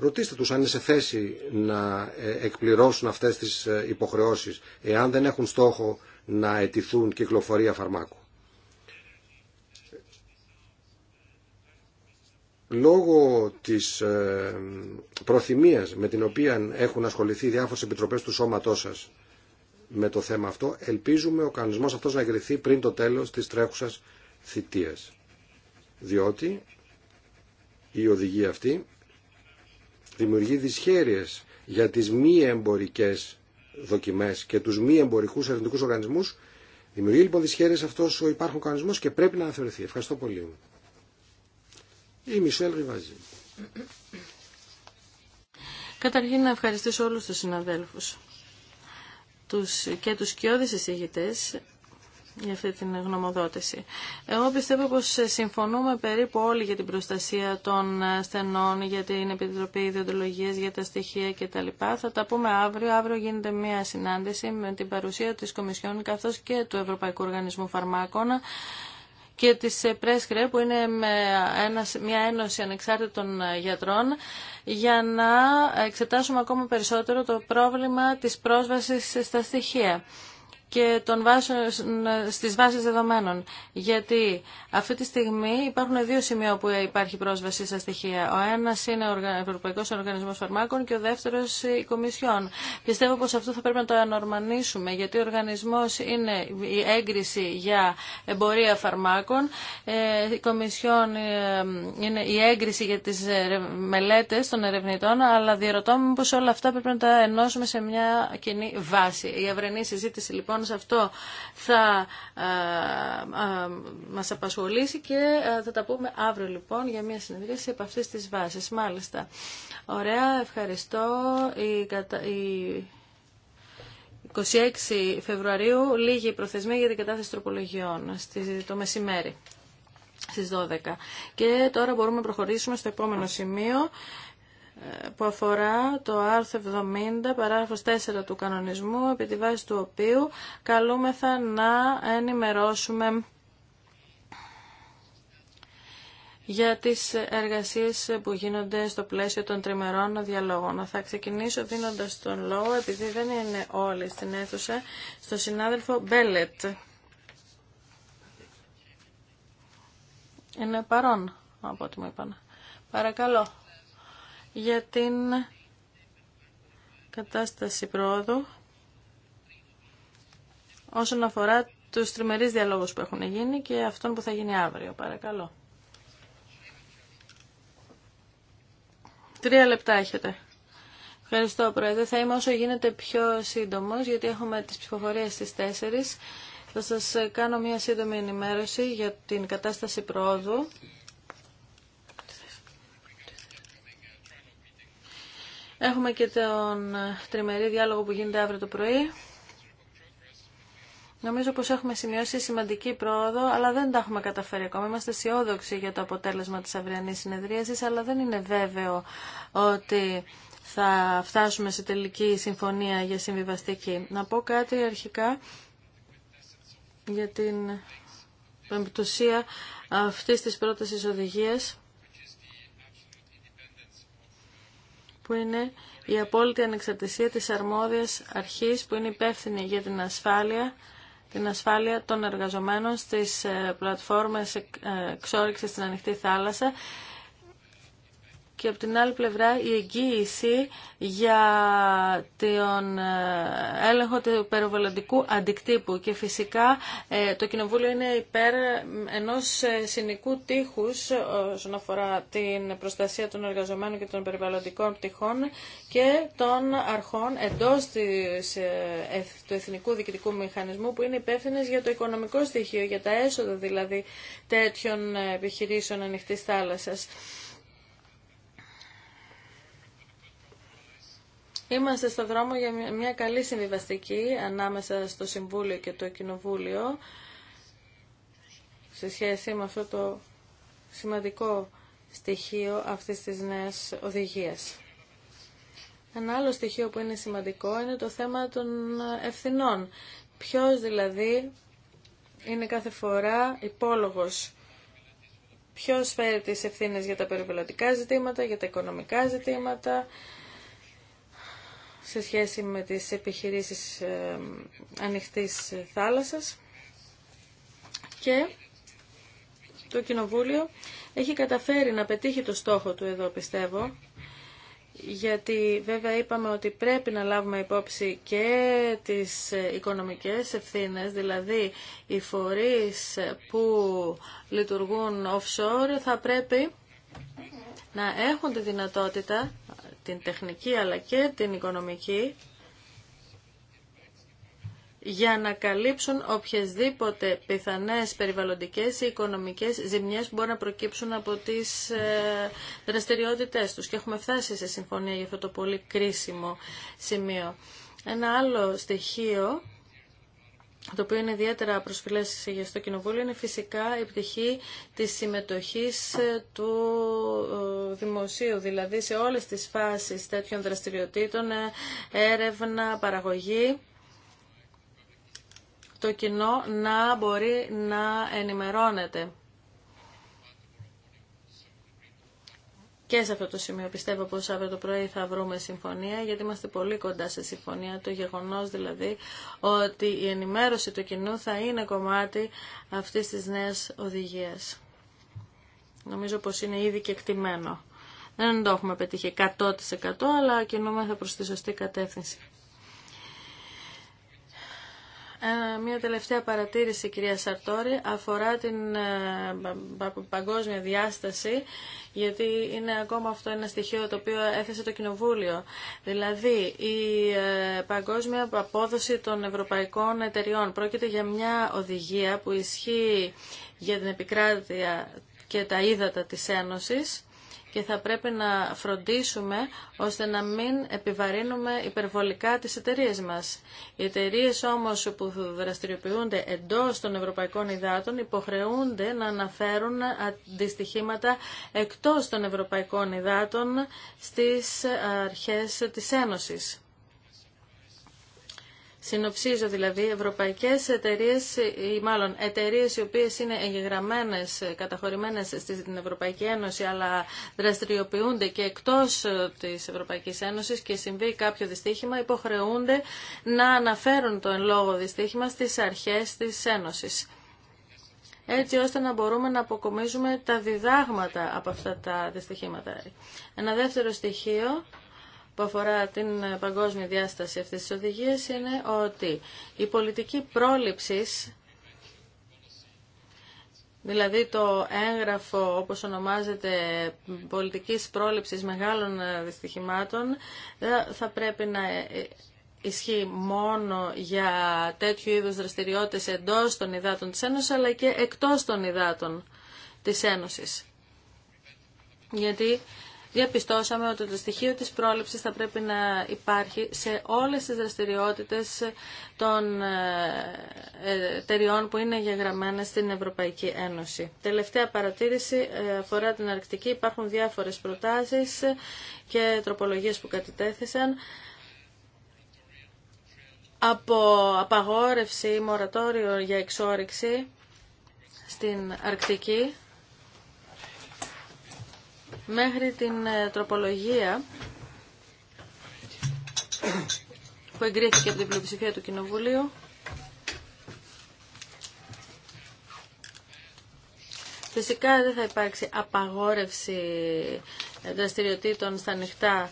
Ρωτήστε τους αν είναι σε θέση να ε, εκπληρώσουν αυτές τις ε, υποχρεώσεις εάν δεν έχουν στόχο να αιτηθούν κυκλοφορία φαρμάκου. Λόγω της ε, προθυμίας με την οποία έχουν ασχοληθεί διάφορες επιτροπές του σώματός σας με το θέμα αυτό, ελπίζουμε ο κανονισμός αυτός να εγκριθεί πριν το τέλος της τρέχουσας θητείας. Διότι η οδηγία αυτή δημιουργεί δυσχέρειες για τις μη εμπορικές δοκιμές και τους μη εμπορικούς ερευνητικούς οργανισμούς. Δημιουργεί λοιπόν δυσχέρειες αυτός ο υπάρχον κανονισμός και πρέπει να αναθεωρηθεί. Ευχαριστώ πολύ. Η Μισελ Ριβάζη. Καταρχήν να ευχαριστήσω όλους τους συναδέλφους τους και τους κοιόδης εισηγητές για αυτή την γνωμοδότηση. Εγώ πιστεύω πως συμφωνούμε περίπου όλοι για την προστασία των ασθενών, για την Επιτροπή Ιδιοντολογίας, για τα στοιχεία κτλ. Θα τα πούμε αύριο. Αύριο γίνεται μια συνάντηση με την παρουσία της Κομισιόν καθώς και του Ευρωπαϊκού Οργανισμού Φαρμάκων και της Πρέσκρε που είναι μια ένωση ανεξάρτητων γιατρών για να εξετάσουμε ακόμα περισσότερο το πρόβλημα της πρόσβασης στα στοιχεία και των βάσεων, στις βάσεις δεδομένων. Γιατί αυτή τη στιγμή υπάρχουν δύο σημεία όπου υπάρχει πρόσβαση στα στοιχεία. Ο ένας είναι ο Ευρωπαϊκός Οργανισμός Φαρμάκων και ο δεύτερος η Κομισιόν. Πιστεύω πως αυτό θα πρέπει να το ανορμανίσουμε γιατί ο οργανισμός είναι η έγκριση για εμπορία φαρμάκων, ε, η Κομισιόν ε, είναι η έγκριση για τις ε, μελέτες των ερευνητών, αλλά διαρωτώ μου πως όλα αυτά πρέπει να τα ενώσουμε σε μια κοινή βάση. Η αυρενή συζήτηση λοιπόν σε αυτό θα ε, ε, μας απασχολήσει και ε, θα τα πούμε αύριο λοιπόν για μια συνεδρίαση από αυτές τις βάσεις. Μάλιστα. Ωραία, ευχαριστώ. Η... 26 Φεβρουαρίου λίγη προθεσμία για την κατάθεση τροπολογιών το μεσημέρι στις 12. Και τώρα μπορούμε να προχωρήσουμε στο επόμενο σημείο που αφορά το άρθρο 70 παράγραφος 4 του κανονισμού επί τη βάση του οποίου καλούμεθα να ενημερώσουμε για τις εργασίες που γίνονται στο πλαίσιο των τριμερών διαλόγων. Θα ξεκινήσω δίνοντας τον λόγο, επειδή δεν είναι όλοι στην αίθουσα, στον συνάδελφο Μπέλετ. Είναι παρόν, από ό,τι μου είπαν. Παρακαλώ για την κατάσταση πρόοδου όσον αφορά τους τριμερείς διαλόγους που έχουν γίνει και αυτόν που θα γίνει αύριο. Παρακαλώ. Τρία λεπτά έχετε. Ευχαριστώ, Πρόεδρε. Θα είμαι όσο γίνεται πιο σύντομος, γιατί έχουμε τις ψηφοφορίες στις 4. Θα σας κάνω μια σύντομη ενημέρωση για την κατάσταση πρόοδου Έχουμε και τον ε, τριμερή διάλογο που γίνεται αύριο το πρωί. Νομίζω πως έχουμε σημειώσει σημαντική πρόοδο, αλλά δεν τα έχουμε καταφέρει ακόμα. Είμαστε αισιόδοξοι για το αποτέλεσμα της αυριανής συνεδρίασης, αλλά δεν είναι βέβαιο ότι θα φτάσουμε σε τελική συμφωνία για συμβιβαστική. Να πω κάτι αρχικά για την εμπτουσία αυτής της πρότασης οδηγίας. που είναι η απόλυτη ανεξαρτησία της αρμόδιας αρχής που είναι υπεύθυνη για την ασφάλεια την ασφάλεια των εργαζομένων στις ε, πλατφόρμες εξόριξης ε, στην ανοιχτή θάλασσα και από την άλλη πλευρά η εγγύηση για τον ε, έλεγχο του περιβαλλοντικού αντικτύπου. Και φυσικά ε, το Κοινοβούλιο είναι υπέρ ε, ενός συνικού τείχους όσον αφορά την προστασία των εργαζομένων και των περιβαλλοντικών πτυχών και των αρχών εντός του Εθνικού Διοικητικού Μηχανισμού που είναι υπεύθυνε για το οικονομικό στοιχείο, για τα έσοδα δηλαδή τέτοιων επιχειρήσεων ανοιχτής θάλασσας. Είμαστε στο δρόμο για μια καλή συμβιβαστική ανάμεσα στο Συμβούλιο και το Κοινοβούλιο σε σχέση με αυτό το σημαντικό στοιχείο αυτής της νέας οδηγίας. Ένα άλλο στοιχείο που είναι σημαντικό είναι το θέμα των ευθυνών. Ποιος δηλαδή είναι κάθε φορά υπόλογος. Ποιος φέρει τις ευθύνες για τα περιβαλλοντικά ζητήματα, για τα οικονομικά ζητήματα, σε σχέση με τις επιχειρήσεις ε, ανοιχτής θάλασσας και το Κοινοβούλιο έχει καταφέρει να πετύχει το στόχο του εδώ πιστεύω γιατί βέβαια είπαμε ότι πρέπει να λάβουμε υπόψη και τις οικονομικές ευθύνες, δηλαδή οι φορείς που λειτουργούν offshore θα πρέπει να έχουν τη δυνατότητα την τεχνική αλλά και την οικονομική για να καλύψουν οποιασδήποτε πιθανές περιβαλλοντικές ή οικονομικές ζημιές που μπορεί να προκύψουν από τις ε, δραστηριότητές τους. Και έχουμε φτάσει σε συμφωνία για αυτό το πολύ κρίσιμο σημείο. Ένα άλλο στοιχείο το οποίο είναι ιδιαίτερα προσφυλές για στο Κοινοβούλιο, είναι φυσικά η πτυχή της συμμετοχής ε, του ε, δημοσίου, δηλαδή σε όλες τις φάσεις τέτοιων δραστηριοτήτων, ε, έρευνα, παραγωγή, το κοινό να μπορεί να ενημερώνεται. και σε αυτό το σημείο πιστεύω πως αύριο το πρωί θα βρούμε συμφωνία γιατί είμαστε πολύ κοντά σε συμφωνία. Το γεγονός δηλαδή ότι η ενημέρωση του κοινού θα είναι κομμάτι αυτής της νέας οδηγίας. Νομίζω πως είναι ήδη και εκτιμένο. Δεν το έχουμε πετύχει 100% αλλά κινούμεθα προς τη σωστή κατεύθυνση. Ε, μια τελευταία παρατήρηση, κυρία Σαρτόρη, αφορά την ε, παγκόσμια διάσταση, γιατί είναι ακόμα αυτό ένα στοιχείο το οποίο έθεσε το Κοινοβούλιο. Δηλαδή, η ε, παγκόσμια απόδοση των ευρωπαϊκών εταιριών πρόκειται για μια οδηγία που ισχύει για την επικράτεια και τα ύδατα της Ένωσης και θα πρέπει να φροντίσουμε ώστε να μην επιβαρύνουμε υπερβολικά τις εταιρείε μας. Οι εταιρείε όμως που δραστηριοποιούνται εντός των ευρωπαϊκών υδάτων υποχρεούνται να αναφέρουν αντιστοιχήματα εκτός των ευρωπαϊκών υδάτων στις αρχές της Ένωσης. Συνοψίζω δηλαδή ευρωπαϊκές εταιρείες ή μάλλον εταιρείες οι οποίες είναι εγγεγραμμένες, καταχωρημένες στην Ευρωπαϊκή Ένωση αλλά δραστηριοποιούνται και εκτός ε, της Ευρωπαϊκής Ένωσης και συμβεί κάποιο δυστύχημα υποχρεούνται να αναφέρουν το εν λόγω δυστύχημα στις αρχές της Ένωσης έτσι ώστε να μπορούμε να αποκομίζουμε τα διδάγματα από αυτά τα δυστυχήματα. Ένα δεύτερο στοιχείο που αφορά την παγκόσμια διάσταση αυτής της οδηγίας είναι ότι η πολιτική πρόληψης Δηλαδή το έγγραφο, όπως ονομάζεται, πολιτικής πρόληψης μεγάλων ε, δυστυχημάτων, ε, θα πρέπει να ε, ισχύει μόνο για τέτοιου είδους δραστηριότητες εντός των υδάτων της Ένωσης, αλλά και εκτός των υδάτων της Ένωσης. Γιατί διαπιστώσαμε ότι το στοιχείο της πρόληψης θα πρέπει να υπάρχει σε όλες τις δραστηριότητες των ε, εταιριών που είναι γεγραμμένες στην Ευρωπαϊκή Ένωση. Τελευταία παρατήρηση ε, αφορά την Αρκτική. Υπάρχουν διάφορες προτάσεις και τροπολογίες που κατητέθησαν από απαγόρευση, μορατόριο για εξόρυξη στην Αρκτική μέχρι την ε, τροπολογία που εγκρίθηκε από την πλειοψηφία του Κοινοβουλίου Φυσικά δεν θα υπάρξει απαγόρευση ε, δραστηριοτήτων στα νυχτά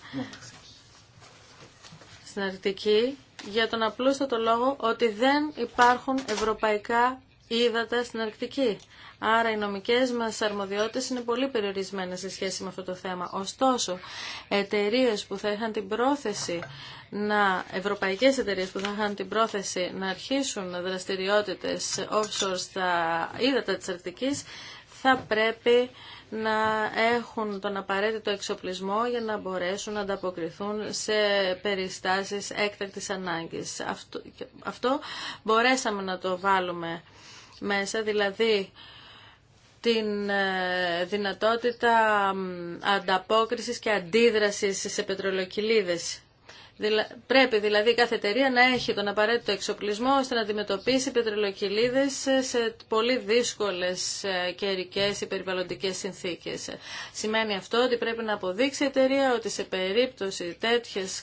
στην Αρκτική για τον απλούστατο λόγο ότι δεν υπάρχουν ευρωπαϊκά ύδατα στην Αρκτική. Άρα οι νομικές μας αρμοδιότητες είναι πολύ περιορισμένες σε σχέση με αυτό το θέμα. Ωστόσο, εταιρείε που θα είχαν την πρόθεση να, ευρωπαϊκές εταιρείες που θα είχαν την πρόθεση να αρχίσουν δραστηριότητες offshore στα ύδατα της Αρκτικής, θα πρέπει να έχουν τον απαραίτητο εξοπλισμό για να μπορέσουν να ανταποκριθούν σε περιστάσεις έκτακτης ανάγκης. Αυτό, αυτό μπορέσαμε να το βάλουμε μέσα, δηλαδή την ε, δυνατότητα ανταπόκρισης και αντίδρασης σε πετρολοκυλίδες. Πρέπει δηλαδή κάθε εταιρεία να έχει τον απαραίτητο εξοπλισμό ώστε να αντιμετωπίσει πετρελοκυλίδες σε πολύ δύσκολες ε, καιρικέ ή περιβαλλοντικές συνθήκες. Σημαίνει αυτό ότι πρέπει να αποδείξει η εταιρεία ότι σε περίπτωση τέτοιες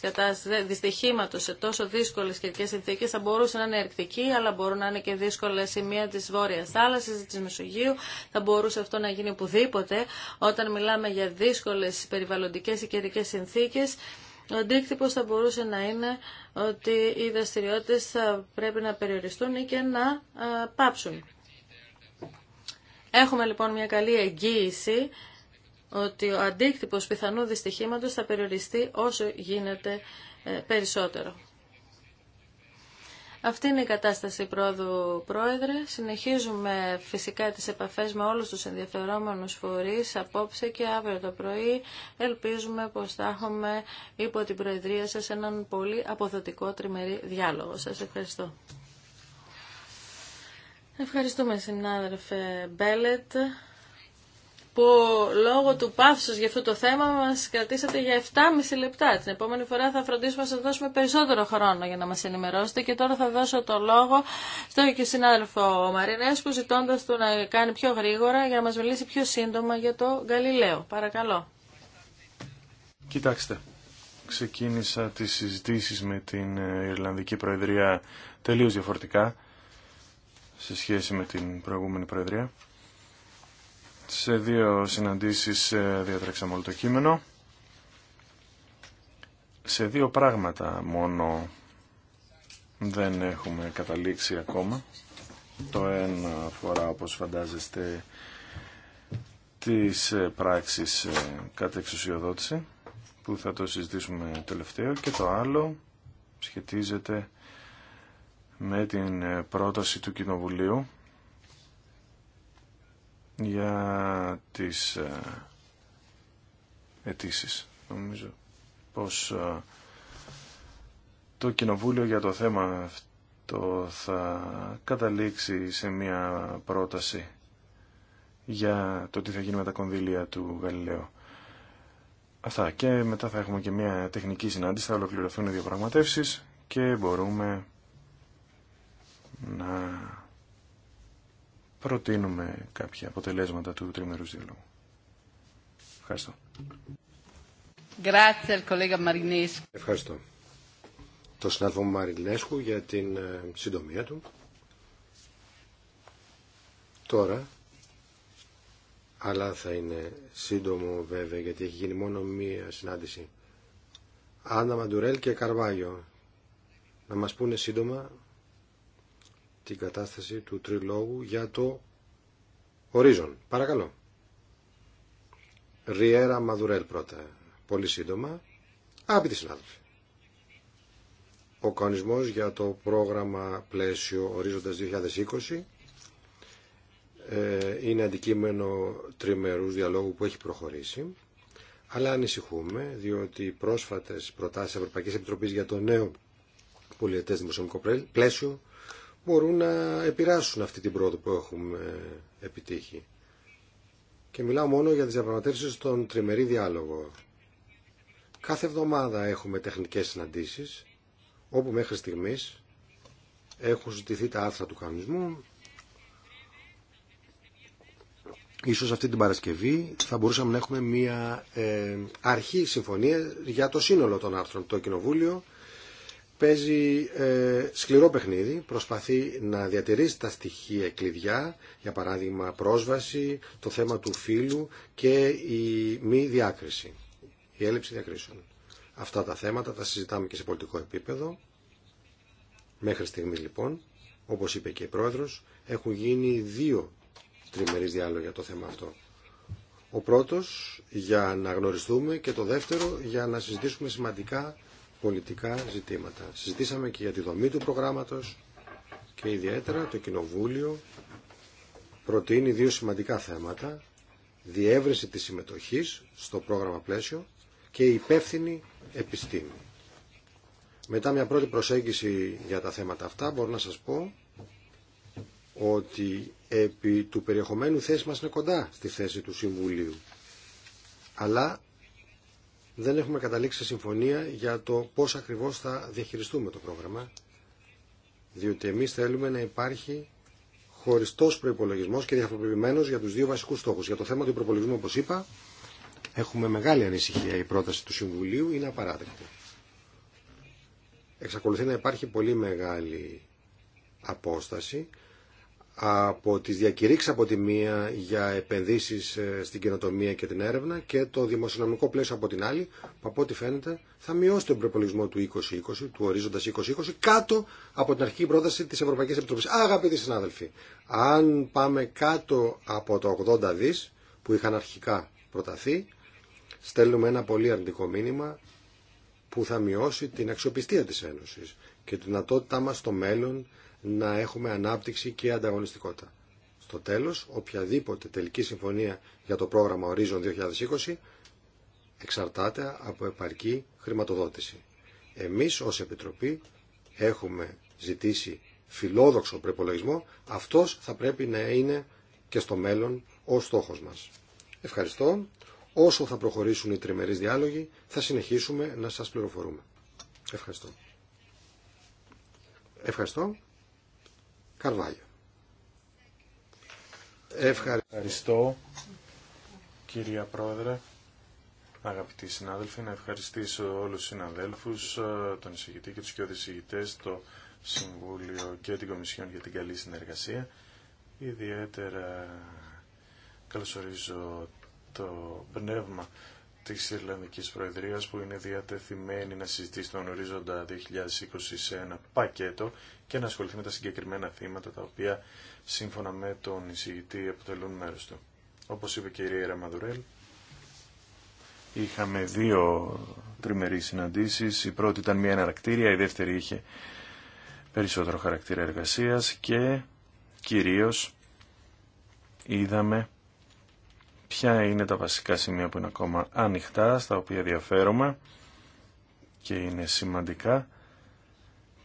δυστυχήματος σε τόσο δύσκολες καιρικές συνθήκες θα μπορούσε να είναι ερκτική αλλά μπορούν να είναι και δύσκολα σημεία της Βόρειας Θάλασσας, της Μεσογείου. Θα μπορούσε αυτό να γίνει οπουδήποτε όταν μιλάμε για δύσκολε περιβαλλοντικές ή καιρικές συνθήκες. Ο αντίκτυπος θα μπορούσε να είναι ότι οι δραστηριότητε θα πρέπει να περιοριστούν ή και να πάψουν. Έχουμε λοιπόν μια καλή εγγύηση ότι ο αντίκτυπος πιθανού δυστυχήματος θα περιοριστεί όσο γίνεται ε, περισσότερο. Αυτή είναι η κατάσταση πρόοδου πρόεδρε. Συνεχίζουμε φυσικά τις επαφές με όλους τους ενδιαφερόμενους φορείς απόψε και αύριο το πρωί. Ελπίζουμε πως θα έχουμε υπό την Προεδρία σας έναν πολύ αποδοτικό τριμερή διάλογο. Σας ευχαριστώ. Ευχαριστούμε συνάδελφε Μπέλετ που λόγω του πάυσος για αυτό το θέμα μας κρατήσατε για 7,5 λεπτά. Την επόμενη φορά θα φροντίσουμε να σας δώσουμε περισσότερο χρόνο για να μας ενημερώσετε και τώρα θα δώσω το λόγο στον και συνάδελφο Μαρινέσκου ζητώντας του να κάνει πιο γρήγορα για να μας μιλήσει πιο σύντομα για το Γαλιλαίο. Παρακαλώ. Κοιτάξτε, ξεκίνησα τις συζητήσεις με την ε, Ιρλανδική Προεδρία τελείως διαφορετικά σε σχέση με την προηγούμενη Προεδρία. Σε δύο συναντήσεις ε, διατρέξαμε όλο το κείμενο. Σε δύο πράγματα μόνο δεν έχουμε καταλήξει ακόμα. Το ένα αφορά, όπως φαντάζεστε, τις ε, πράξεις ε, κατά εξουσιοδότηση, που θα το συζητήσουμε τελευταίο, και το άλλο σχετίζεται με την πρόταση του Κοινοβουλίου για τις ε, αιτήσει. Νομίζω πως ε, το Κοινοβούλιο για το θέμα αυτό θα καταλήξει σε μια πρόταση για το τι θα γίνει με τα κονδύλια του Γαλιλαίου. Αυτά και μετά θα έχουμε και μια τεχνική συνάντηση, θα ολοκληρωθούν οι διαπραγματεύσεις και μπορούμε να προτείνουμε κάποια αποτελέσματα του τριμερού διαλόγου. Ευχαριστώ. Ευχαριστώ. Το συνάδελφο Μαρινέσκου για την ε, συντομία του. Τώρα, αλλά θα είναι σύντομο βέβαια γιατί έχει γίνει μόνο μία συνάντηση. Άννα Μαντουρέλ και Καρβάγιο. Να μας πούνε σύντομα την κατάσταση του τριλόγου για το ορίζον. Παρακαλώ. Ριέρα Μαδουρέλ πρώτα. Πολύ σύντομα. Άπειτη συνάδελφη. Ο κανονισμός για το πρόγραμμα πλαίσιο ορίζοντας 2020 ε, είναι αντικείμενο τριμερούς διαλόγου που έχει προχωρήσει αλλά ανησυχούμε διότι οι πρόσφατες προτάσεις Ευρωπαϊκής Επιτροπής για το νέο πολιετές δημοσιονομικό πλαίσιο μπορούν να επηρεάσουν αυτή την πρόοδο που έχουμε επιτύχει. Και μιλάω μόνο για τις διαπραγματεύσεις στον τριμερή διάλογο. Κάθε εβδομάδα έχουμε τεχνικές συναντήσεις, όπου μέχρι στιγμής έχουν ζητηθεί τα άρθρα του κανονισμού. Ίσως αυτή την Παρασκευή θα μπορούσαμε να έχουμε μια ε, αρχή συμφωνία για το σύνολο των άρθρων. Το Κοινοβούλιο παίζει ε, σκληρό παιχνίδι, προσπαθεί να διατηρήσει τα στοιχεία κλειδιά, για παράδειγμα πρόσβαση, το θέμα του φύλου και η μη διάκριση, η έλλειψη διακρίσεων. Αυτά τα θέματα τα συζητάμε και σε πολιτικό επίπεδο. Μέχρι στιγμής λοιπόν, όπως είπε και η Πρόεδρος, έχουν γίνει δύο τριμερείς διάλογοι για το θέμα αυτό. Ο πρώτος για να γνωριστούμε και το δεύτερο για να συζητήσουμε σημαντικά πολιτικά ζητήματα. Συζητήσαμε και για τη δομή του προγράμματος και ιδιαίτερα το Κοινοβούλιο προτείνει δύο σημαντικά θέματα. Διεύρυνση της συμμετοχής στο πρόγραμμα πλαίσιο και υπεύθυνη επιστήμη. Μετά μια πρώτη προσέγγιση για τα θέματα αυτά μπορώ να σας πω ότι επί του περιεχομένου θέση μας είναι κοντά στη θέση του Συμβουλίου. Αλλά δεν έχουμε καταλήξει συμφωνία για το πώς ακριβώς θα διαχειριστούμε το πρόγραμμα, διότι εμείς θέλουμε να υπάρχει χωριστός προϋπολογισμός και διαφοροποιημένος για τους δύο βασικούς στόχους. Για το θέμα του προπολογισμού, όπως είπα, έχουμε μεγάλη ανησυχία. Η πρόταση του Συμβουλίου είναι απαράδεκτη. Εξακολουθεί να υπάρχει πολύ μεγάλη απόσταση από τις διακηρύξεις από τη μία για επενδύσεις ε, στην καινοτομία και την έρευνα και το δημοσιονομικό πλαίσιο από την άλλη που από ό,τι φαίνεται θα μειώσει τον προπολογισμό του 2020, του ορίζοντας 2020 κάτω από την αρχική πρόταση της Ευρωπαϊκής Επιτροπής. Αγαπητοί συνάδελφοι, αν πάμε κάτω από το 80 δις που είχαν αρχικά προταθεί στέλνουμε ένα πολύ αρνητικό μήνυμα που θα μειώσει την αξιοπιστία της Ένωσης και τη δυνατότητά μας στο μέλλον να έχουμε ανάπτυξη και ανταγωνιστικότητα. Στο τέλος, οποιαδήποτε τελική συμφωνία για το πρόγραμμα Horizon 2020 εξαρτάται από επαρκή χρηματοδότηση. Εμείς ως Επιτροπή έχουμε ζητήσει φιλόδοξο προπολογισμό. Αυτός θα πρέπει να είναι και στο μέλλον ο στόχος μας. Ευχαριστώ. Όσο θα προχωρήσουν οι τριμερείς διάλογοι, θα συνεχίσουμε να σας πληροφορούμε. Ευχαριστώ. Ευχαριστώ. Καρβάλιο. Ευχαριστώ. κυρία Πρόεδρε. Αγαπητοί συνάδελφοι, να ευχαριστήσω όλους τους συναδέλφους, ε, τον εισηγητή και τους και το Συμβούλιο και την Κομισιόν για την καλή συνεργασία. Ιδιαίτερα καλωσορίζω το πνεύμα της Ιρλανδικής Προεδρία που είναι διατεθειμένη να συζητήσει τον ορίζοντα 2020 σε ένα πακέτο και να ασχοληθεί με τα συγκεκριμένα θύματα τα οποία σύμφωνα με τον εισηγητή αποτελούν μέρο του. Όπως είπε και η κυρία Ραμαδουρέλ, είχαμε δύο τριμερείς συναντήσεις. Η πρώτη ήταν μια αναρακτήρια, η δεύτερη είχε περισσότερο χαρακτήρα εργασία και κυρίω είδαμε ποια είναι τα βασικά σημεία που είναι ακόμα ανοιχτά, στα οποία διαφέρομαι και είναι σημαντικά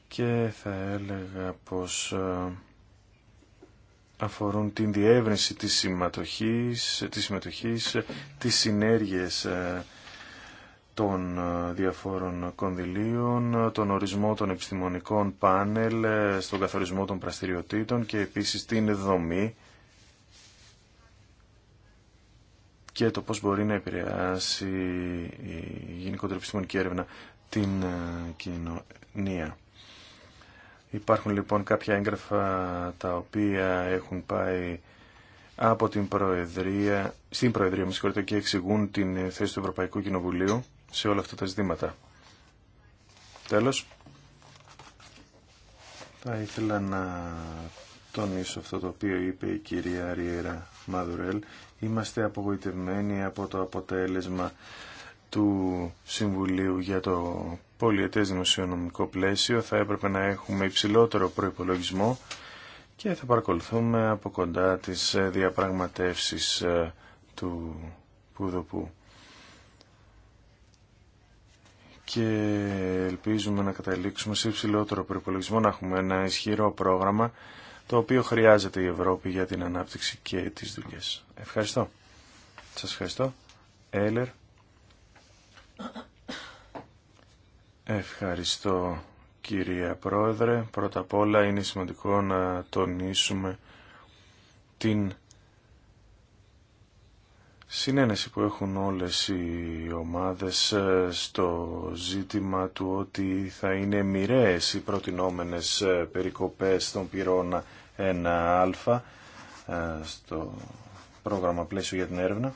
και θα έλεγα πως ε, αφορούν την διεύρυνση της συμμετοχής, της συμμετοχής, τις συνέργειες ε, των ε, διαφόρων κονδυλίων, τον ορισμό των επιστημονικών πάνελ, στον καθορισμό των πραστηριοτήτων και επίσης την δομή και το πώς μπορεί να επηρεάσει η γενικότερη επιστημονική έρευνα την ε, κοινωνία. Υπάρχουν λοιπόν κάποια έγγραφα τα οποία έχουν πάει από την Προεδρία, στην Προεδρία με και εξηγούν την θέση του Ευρωπαϊκού Κοινοβουλίου σε όλα αυτά τα ζητήματα. Τέλος, θα ήθελα να τονίσω αυτό το οποίο είπε η κυρία Ριέρα Μαδουρέλ Είμαστε απογοητευμένοι από το αποτέλεσμα του Συμβουλίου για το πολιετές δημοσιονομικό πλαίσιο. Θα έπρεπε να έχουμε υψηλότερο προϋπολογισμό και θα παρακολουθούμε από κοντά τις διαπραγματεύσεις ε, του Πουδοπού. Και ελπίζουμε να καταλήξουμε σε υψηλότερο προϋπολογισμό, να έχουμε ένα ισχυρό πρόγραμμα το οποίο χρειάζεται η Ευρώπη για την ανάπτυξη και τις δουλειές. Ευχαριστώ. Σας ευχαριστώ. Έλερ. Ευχαριστώ κυρία Πρόεδρε. Πρώτα απ' όλα είναι σημαντικό να τονίσουμε την συνένεση που έχουν όλες οι ομάδες ε, στο ζήτημα του ότι θα είναι μοιραίες οι προτινόμενες ε, περικοπές των πυρώνα 1α ε, στο πρόγραμμα πλαίσιο για την έρευνα.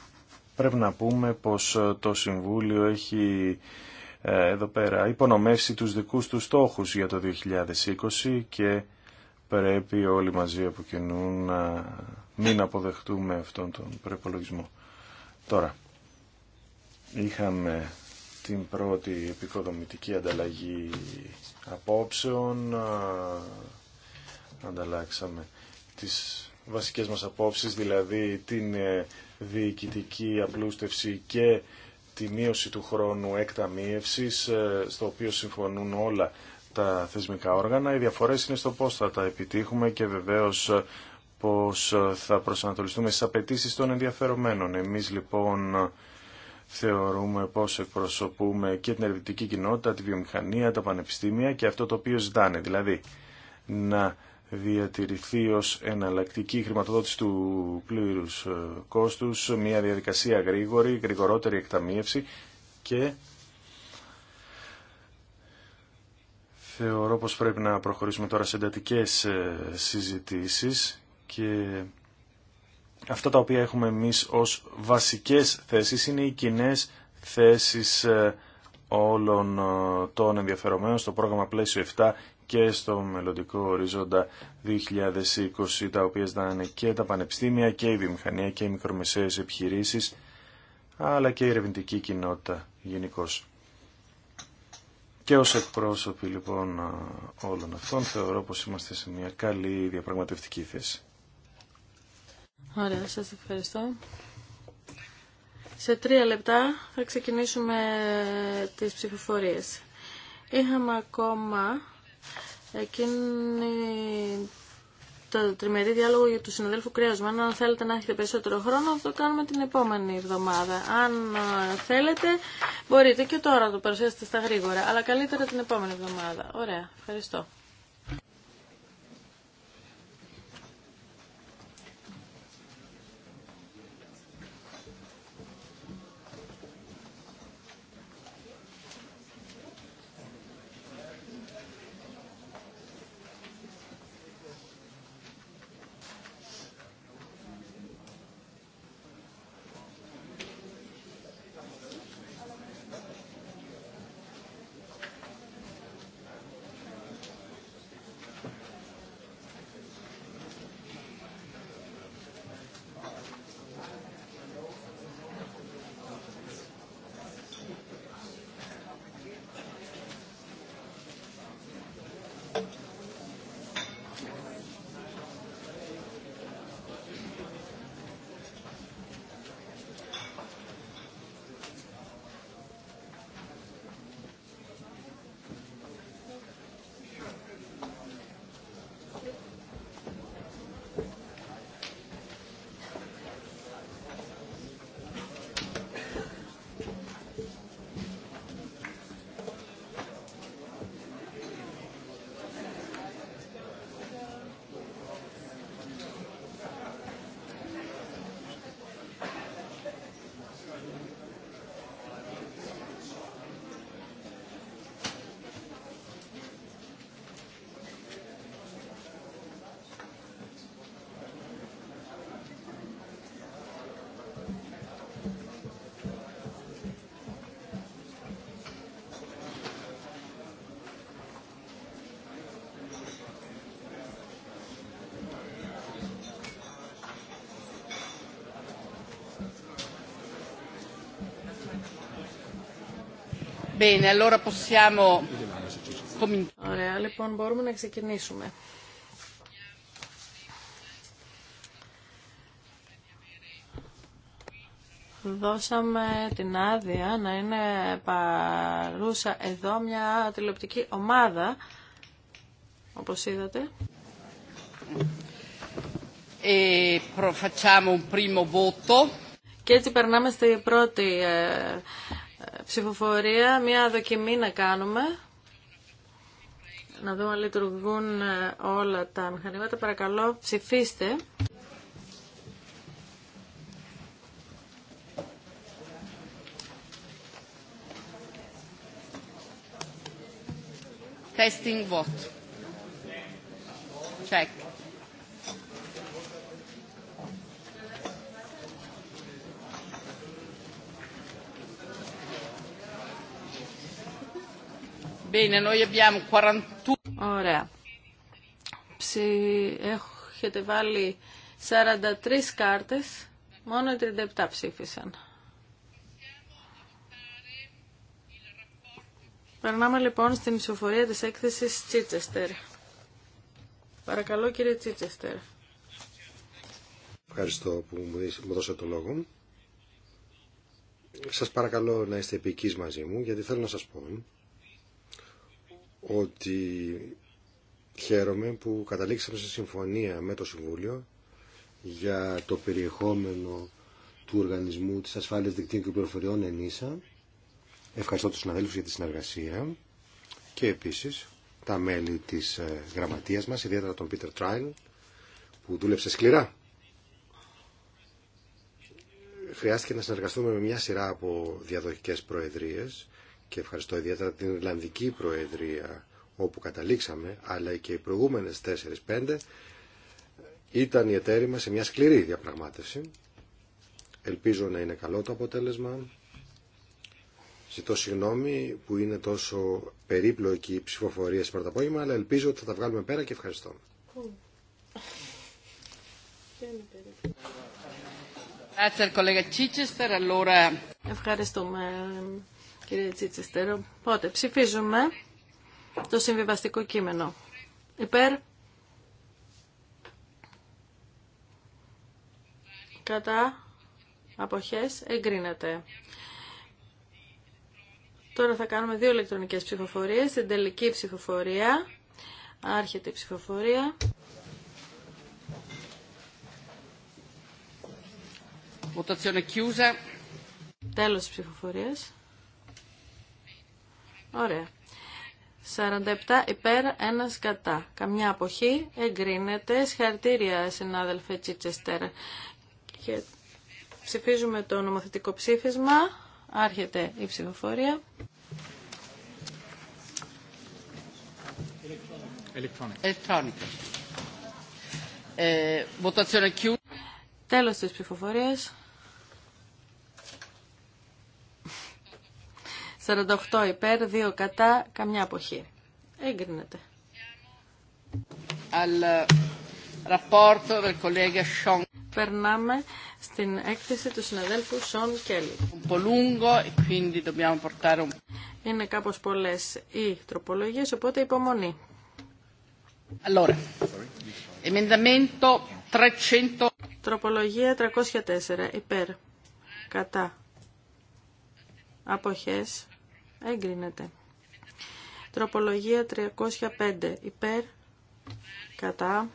Πρέπει να πούμε πως ε, το Συμβούλιο έχει ε, εδώ πέρα υπονομεύσει τους δικούς του στόχους για το 2020 και πρέπει όλοι μαζί από κοινού να μην αποδεχτούμε αυτόν τον προπολογισμό. Τώρα, είχαμε την πρώτη επικοδομητική ανταλλαγή απόψεων ανταλλάξαμε τις βασικές μας απόψεις, δηλαδή την ε, διοικητική απλούστευση και τη μείωση του χρόνου εκταμίευσης, ε, στο οποίο συμφωνούν όλα τα θεσμικά όργανα. Οι διαφορές είναι στο πώς θα τα επιτύχουμε και βεβαίως ε, πώς θα προσανατολιστούμε στις απαιτήσει των ενδιαφερομένων. Εμείς λοιπόν θεωρούμε πώς εκπροσωπούμε και την ερευνητική κοινότητα, τη βιομηχανία, τα πανεπιστήμια και αυτό το οποίο ζητάνε. Δηλαδή να διατηρηθεί ως εναλλακτική χρηματοδότηση του πλήρους ε, κόστους, μια διαδικασία γρήγορη, γρηγορότερη εκταμίευση και θεωρώ πως πρέπει να προχωρήσουμε τώρα σε εντατικές ε, συζητήσεις και αυτά τα οποία έχουμε εμείς ως βασικές θέσεις είναι οι κοινέ θέσεις ε, όλων των ενδιαφερομένων στο πρόγραμμα πλαίσιο 7 και στο μελλοντικό ορίζοντα 2020, τα οποία είναι και τα πανεπιστήμια και η βιομηχανία και οι μικρομεσαίες επιχειρήσεις, αλλά και η ερευνητική κοινότητα γενικώ. Και ως εκπρόσωποι λοιπόν όλων αυτών θεωρώ πως είμαστε σε μια καλή διαπραγματευτική θέση. Ωραία, σας ευχαριστώ. Σε τρία λεπτά θα ξεκινήσουμε τις ψηφοφορίες. Είχαμε ακόμα εκείνη το τριμερή διάλογο για του συναδέλφου Κρέασμαν. Αν θέλετε να έχετε περισσότερο χρόνο, το κάνουμε την επόμενη εβδομάδα. Αν ε, θέλετε, μπορείτε και τώρα να το παρουσιάσετε στα γρήγορα, αλλά καλύτερα την επόμενη εβδομάδα. Ωραία, ευχαριστώ. Bene, allora possiamo... Ωραία, λοιπόν μπορούμε να ξεκινήσουμε. Δώσαμε την άδεια να είναι παρούσα εδώ μια τηλεοπτική ομάδα, όπως είδατε. Ε, un primo voto. Και έτσι περνάμε στη πρώτη ε, ψηφοφορία, μια δοκιμή να κάνουμε. Να δούμε αν λειτουργούν ε, όλα τα μηχανήματα. Παρακαλώ, ψηφίστε. Testing vote. Check. Ωραία. Ψι... Έχετε βάλει 43 κάρτε. μόνο 37 ψήφισαν. Περνάμε λοιπόν στην ισοφορία της έκθεσης Τσίτσεστερ. Παρακαλώ κύριε Τσίτσεστερ. Ευχαριστώ που μου δώσατε το λόγο. Σας παρακαλώ να είστε επικείς μαζί μου γιατί θέλω να σας πω ότι χαίρομαι που καταλήξαμε σε συμφωνία με το Συμβούλιο για το περιεχόμενο του Οργανισμού της Ασφάλειας Δικτύων και Πληροφοριών ΕΝΗΣΑ. Ευχαριστώ τους συναδέλφους για τη συνεργασία και επίσης τα μέλη της ε, γραμματείας μας, ιδιαίτερα τον Πίτερ Τράιλ, που δούλεψε σκληρά. Χρειάστηκε να συνεργαστούμε με μια σειρά από διαδοχικές προεδρίες και ευχαριστώ ιδιαίτερα την Ιρλανδική Προεδρία όπου καταλήξαμε, αλλά και οι προηγούμενες τέσσερις-πέντε. ήταν η εταίροι σε μια σκληρή διαπραγμάτευση. Ελπίζω να είναι καλό το αποτέλεσμα. Ζητώ συγγνώμη που είναι τόσο περίπλοκη η ψηφοφορία σήμερα το απόγευμα, αλλά ελπίζω ότι θα τα βγάλουμε πέρα και ευχαριστώ. Ευχαριστούμε Κύριε Τσίτσεστερ. Οπότε ψηφίζουμε το συμβιβαστικό κείμενο. Υπέρ. Κατά. Αποχές. Εγκρίνεται. Τώρα θα κάνουμε δύο ηλεκτρονικές ψηφοφορίες. Στην τελική ψηφοφορία. Άρχεται η ψηφοφορία. Votazione chiusa. Τέλος της ψηφοφορίας. Ωραία. 47 υπέρ, 1 κατά. Καμιά αποχή εγκρίνεται. Συγχαρητήρια, συνάδελφε Τσίτσεστερ. Και ψηφίζουμε το νομοθετικό ψήφισμα. Άρχεται η ψηφοφορία. Ε, Τέλος της ψηφοφορίας. 48 υπέρ, 2 κατά, καμιά αποχή. Έγκρινεται. Ε, Περνάμε στην έκθεση του συναδέλφου Σον Κέλλη. E Είναι κάπως πολλές οι τροπολογίες, οπότε υπομονή. Τροπολογία 304, υπέρ, κατά, αποχές, Εγκρίνεται. Τροπολογία 305. Υπέρ. Κατά.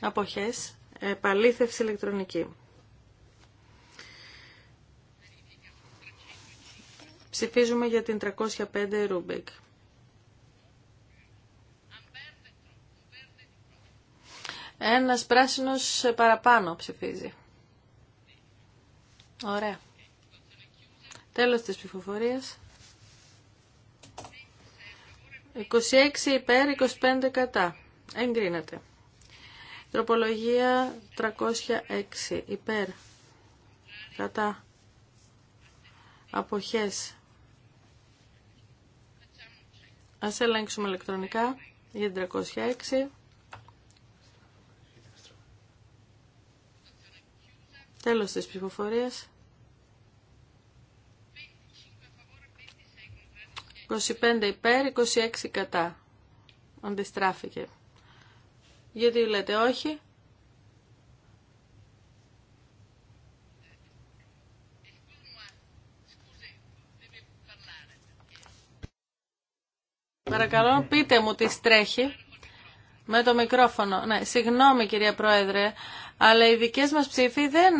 Αποχές. Επαλήθευση ηλεκτρονική. Ψηφίζουμε για την 305 Ρούμπεκ. Ένας πράσινος παραπάνω ψηφίζει. Ωραία. Τέλος της ψηφοφορίας. 26 υπέρ, 25 κατά. Εγκρίνεται. Τροπολογία 306 υπέρ, κατά. Αποχές. Ας ελέγξουμε ηλεκτρονικά για 306. Τέλος της ψηφοφορίας. 25 υπέρ, 26 κατά. Αντιστράφηκε. Γιατί λέτε όχι. Παρακαλώ πείτε μου τι στρέχει. Με το μικρόφωνο. Ναι, συγγνώμη κυρία Πρόεδρε, αλλά οι δικές μας ψήφοι δεν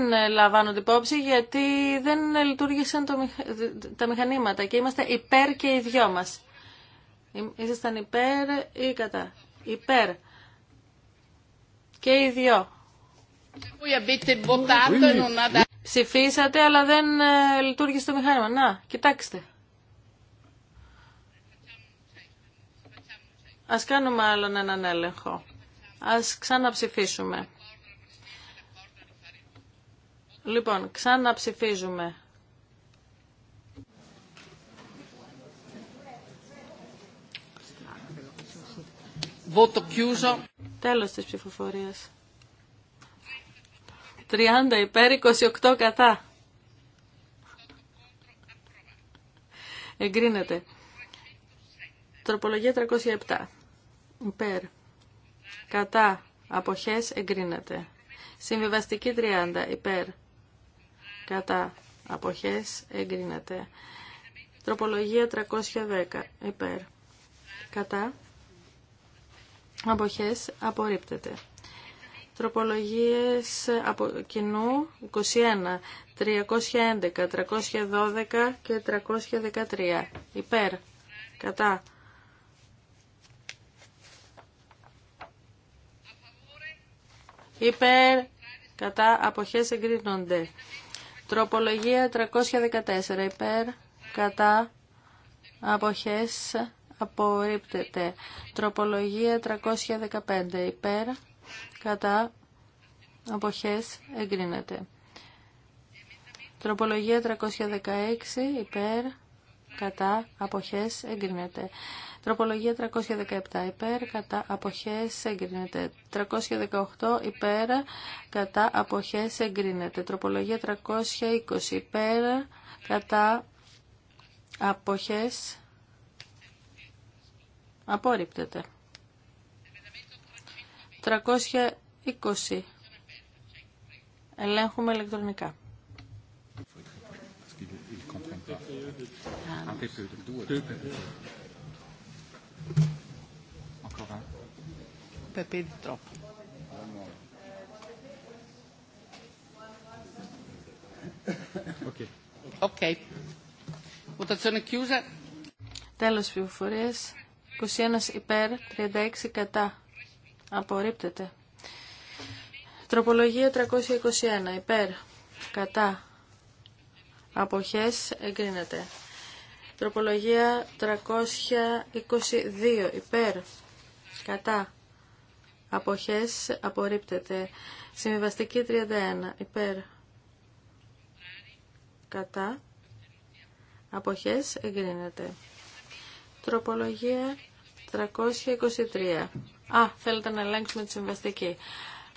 την υπόψη γιατί δεν λειτουργήσαν το, τα μηχανήματα και είμαστε υπέρ και οι δυο μας. Ήσασταν υπέρ ή κατά. Υπέρ. Και οι δυο. Ψηφίσατε αλλά δεν λειτουργήσε το μηχάνημα. Να, κοιτάξτε. Ας κάνουμε άλλον έναν έλεγχο. Ας ξαναψηφίσουμε. Λοιπόν, ξαναψηφίζουμε. Voto Τέλος της ψηφοφορίας. 30 υπέρ, 28 κατά. Εγκρίνεται. Τροπολογία 307. Υπέρ. Κατά. Αποχές εγκρίνεται. Συμβιβαστική 30. Υπέρ. Κατά. Αποχές εγκρίνεται. Τροπολογία 310. Υπέρ. Κατά. Αποχές απορρίπτεται. Τροπολογίες από κοινού 21, 311, 312 και 313. Υπέρ. Κατά. υπέρ κατά αποχές εγκρίνονται. Τροπολογία 314 υπέρ κατά αποχές απορρίπτεται. Τροπολογία 315 υπέρ κατά αποχές εγκρίνεται. Τροπολογία 316 υπέρ κατά αποχές εγκρίνεται. Τροπολογία 317 υπέρ, κατά αποχές εγκρίνεται. 318 υπέρ, κατά αποχές εγκρίνεται. Τροπολογία 320 υπέρ, κατά αποχές απορρίπτεται. 320 ελέγχουμε ηλεκτρονικά. Anche più Τέλος 21 υπέρ, 36 κατά. Απορρίπτεται. Τροπολογία 321 υπέρ, κατά αποχές εγκρίνεται. Τροπολογία 322 υπέρ κατά αποχές απορρίπτεται. Συμβιβαστική 31 υπέρ κατά αποχές εγκρίνεται. Τροπολογία 323. Α, θέλετε να ελέγξουμε τη συμβαστική.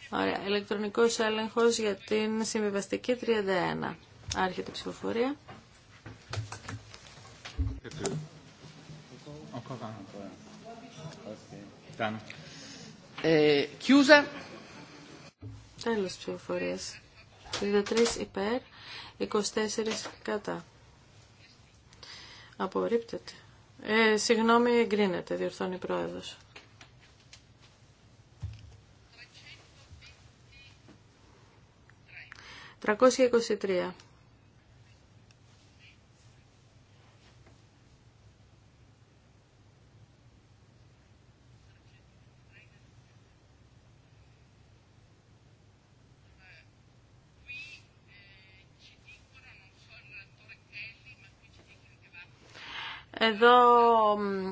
Ωραία. Ηλεκτρονικός έλεγχος για την συμβιβαστική 31. Άρχεται η ψηφοφορία. Ε, Κιούζα. Τέλος της ψηφοφορίας. 33 υπέρ, 24 κατά. Απορρίπτεται. Ε, συγγνώμη, εγκρίνεται, διορθώνει η πρόεδρος. 323. Εδώ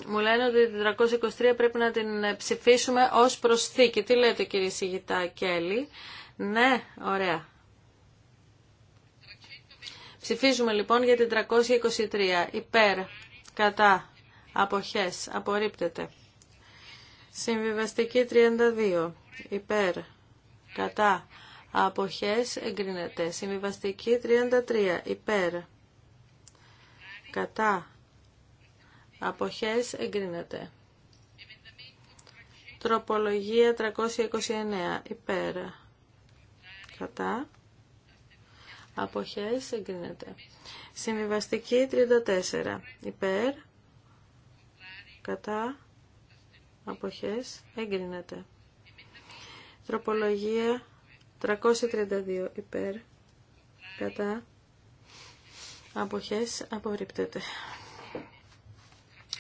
μου λένε ότι την 323 πρέπει να την ψηφίσουμε ως προσθήκη. Τι λέτε κύριε Σιγητά Κέλλη. Ναι, ωραία. Ψηφίζουμε λοιπόν για την 323. Υπέρ, κατά, αποχές, απορρίπτεται. Συμβιβαστική 32. Υπέρ, κατά, αποχές, εγκρίνεται. Συμβιβαστική 33. Υπέρ, κατά, Αποχές εγκρίνεται. Τροπολογία 329. Υπέρ. Κατά. Αποχές εγκρίνεται. Συμβιβαστική 34. Υπέρ. Κατά. Αποχές εγκρίνεται. Τροπολογία 332. Υπέρ. Κατά. Αποχές απορρίπτεται.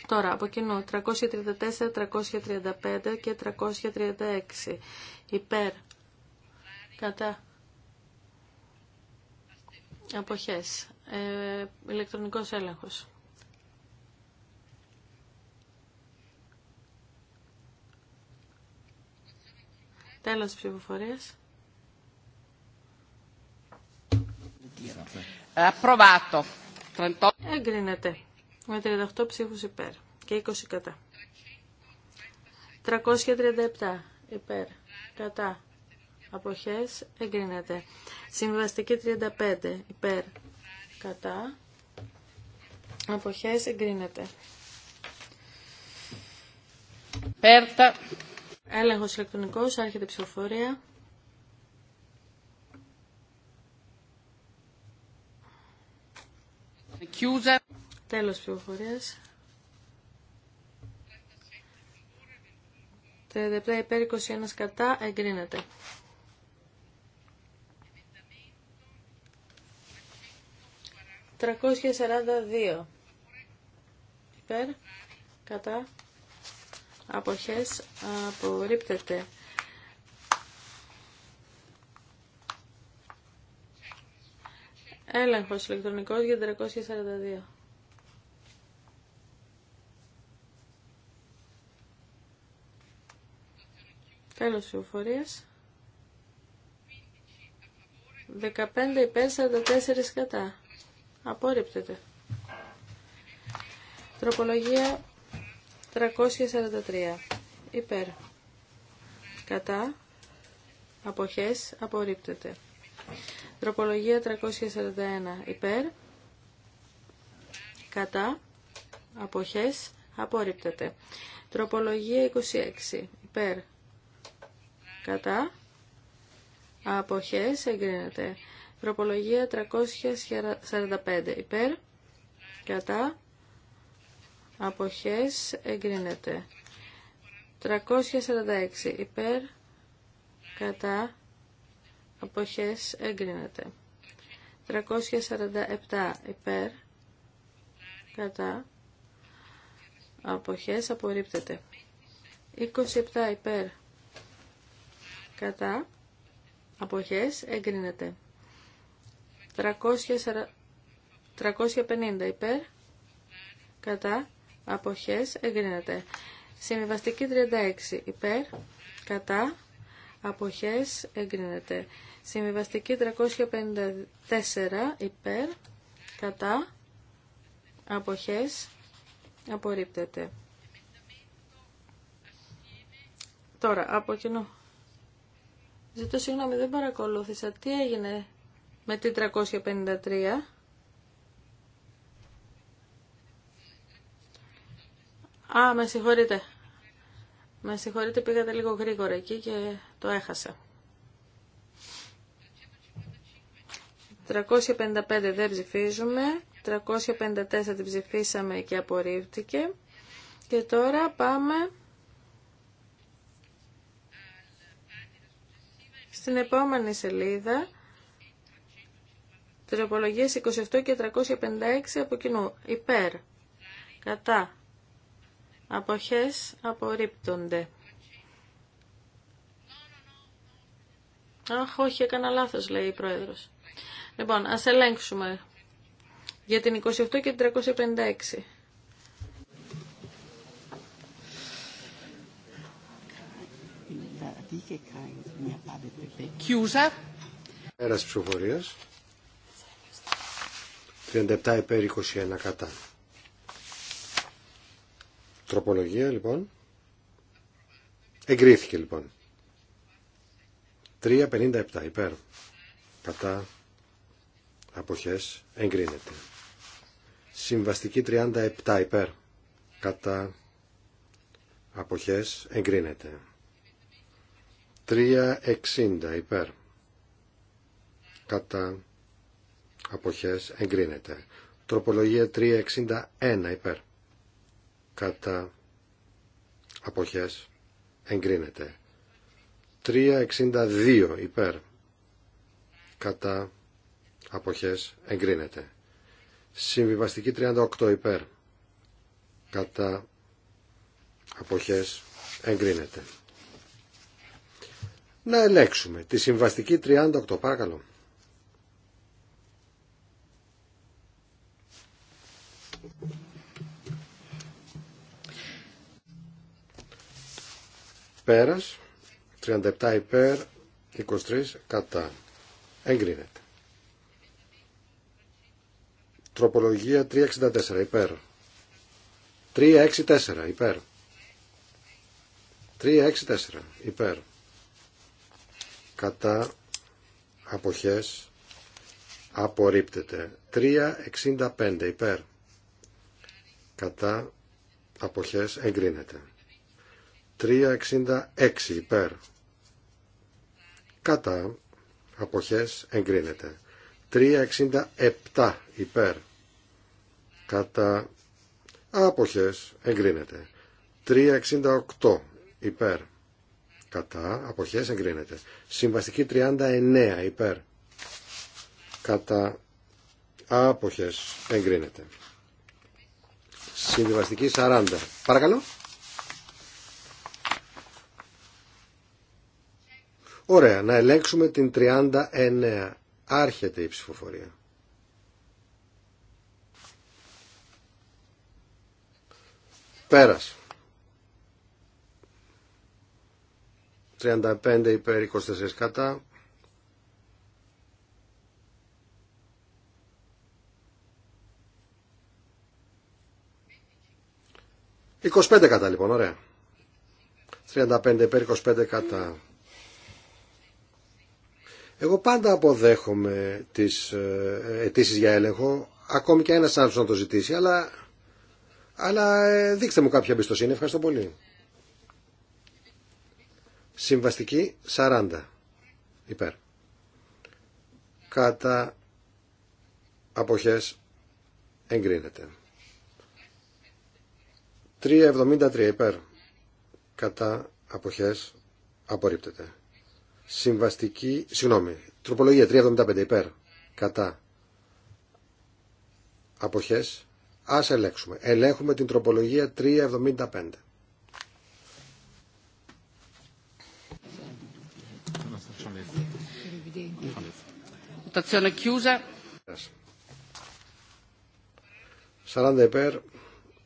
Τώρα, από κοινού, 334, 335 και 336. Υπέρ. Κατά. Αποχές. Ε, ηλεκτρονικός έλεγχος. Τέλος της ψηφοφορίας. Εγκρίνεται με 38 ψήφους υπέρ και 20 κατά. 337 υπέρ, κατά, αποχές, εγκρίνεται. Συμβαστική 35 υπέρ, κατά, αποχές, εγκρίνεται. Πέρτα. Έλεγχος ηλεκτρονικός, άρχεται ψηφοφορία. Τέλος πληροφορία. 37 υπέρ 21 κατά εγκρίνεται. 342 υπέρ κατά αποχές απορρίπτεται. Έλεγχος ηλεκτρονικός για 342. Τέλος ψηφοφορίας. 15 υπέρ 44 κατά. Απόρριπτεται. Τροπολογία 343. Υπέρ. Κατά. Αποχές. Απορρίπτεται. Τροπολογία 341. Υπέρ. Κατά. Αποχές. Απορρίπτεται. Τροπολογία 26. Υπέρ κατά αποχές εγκρίνεται. Προπολογία 345 υπέρ κατά αποχές εγκρίνεται. 346 υπέρ κατά αποχές εγκρίνεται. 347 υπέρ κατά αποχές απορρίπτεται. 27 υπέρ κατά αποχές εγκρίνεται 350 υπέρ κατά αποχές εγκρίνεται συμβιβαστική 36 υπέρ κατά αποχές εγκρίνεται συμβιβαστική 354 υπέρ κατά αποχές απορρίπτεται τώρα από κοινού Ζητώ συγγνώμη, δεν παρακολούθησα. Τι έγινε με την 353. Α, με συγχωρείτε. Με συγχωρείτε, πήγατε λίγο γρήγορα εκεί και το έχασα. 355 δεν ψηφίζουμε. 354 την ψηφίσαμε και απορρίφθηκε. Και τώρα πάμε Στην επόμενη σελίδα, τροπολογίες 27 και 356 από κοινού. Υπέρ, κατά, αποχές απορρίπτονται. Αχ, όχι, έκανα λάθος, λέει η Πρόεδρος. Λοιπόν, ας ελέγξουμε για την 28 και την 356. Κιούζα. τη ψηφοφορία. 37 υπέρ 21 κατά. Τροπολογία λοιπόν. Εγκρίθηκε λοιπόν. 3.57 υπέρ. Κατά. Αποχές. Εγκρίνεται. Συμβαστική 37 υπέρ. Κατά. Αποχές. Εγκρίνεται. 360 υπέρ κατά αποχές εγκρίνεται. Τροπολογία 361 υπέρ κατά αποχές εγκρίνεται. 362 υπέρ κατά αποχές εγκρίνεται. Συμβιβαστική 38 υπέρ κατά αποχές εγκρίνεται να ελέξουμε τη συμβαστική 38. Παρακαλώ. Πέρας, 37 υπέρ, 23 κατά. Εγκρίνεται. Τροπολογία 364 υπέρ. 364 υπέρ. 364 υπέρ κατά αποχές απορρίπτεται 3.65 υπέρ κατά αποχές εγκρίνεται 3.66 υπέρ κατά αποχές εγκρίνεται 3.67 υπέρ κατά αποχές εγκρίνεται 3.68 υπέρ κατά αποχές εγκρίνεται. Συμβαστική 39 υπέρ κατά αποχές εγκρίνεται. Συμβαστική 40. Παρακαλώ. Ωραία, να ελέγξουμε την 39. Άρχεται η ψηφοφορία. Πέρασε. 35 υπέρ 24 κατά. «25 κατά λοιπόν, ωραία. 35 υπέρ 25 κατά. Εγώ πάντα αποδέχομαι τις ε, αιτήσει για έλεγχο, ακόμη και ένας άνθρωπος να το ζητήσει, αλλά, αλλά ε, δείξτε μου κάποια εμπιστοσύνη. Ευχαριστώ πολύ. Συμβαστική 40 υπέρ. Κατά αποχές εγκρίνεται. 373 υπέρ. Κατά αποχές απορρίπτεται. Συμβαστική, συγγνώμη, τροπολογία 375 υπέρ. Κατά αποχές. Ας ελέγξουμε. Ελέγχουμε την τροπολογία 375. Votazione 40 υπέρ,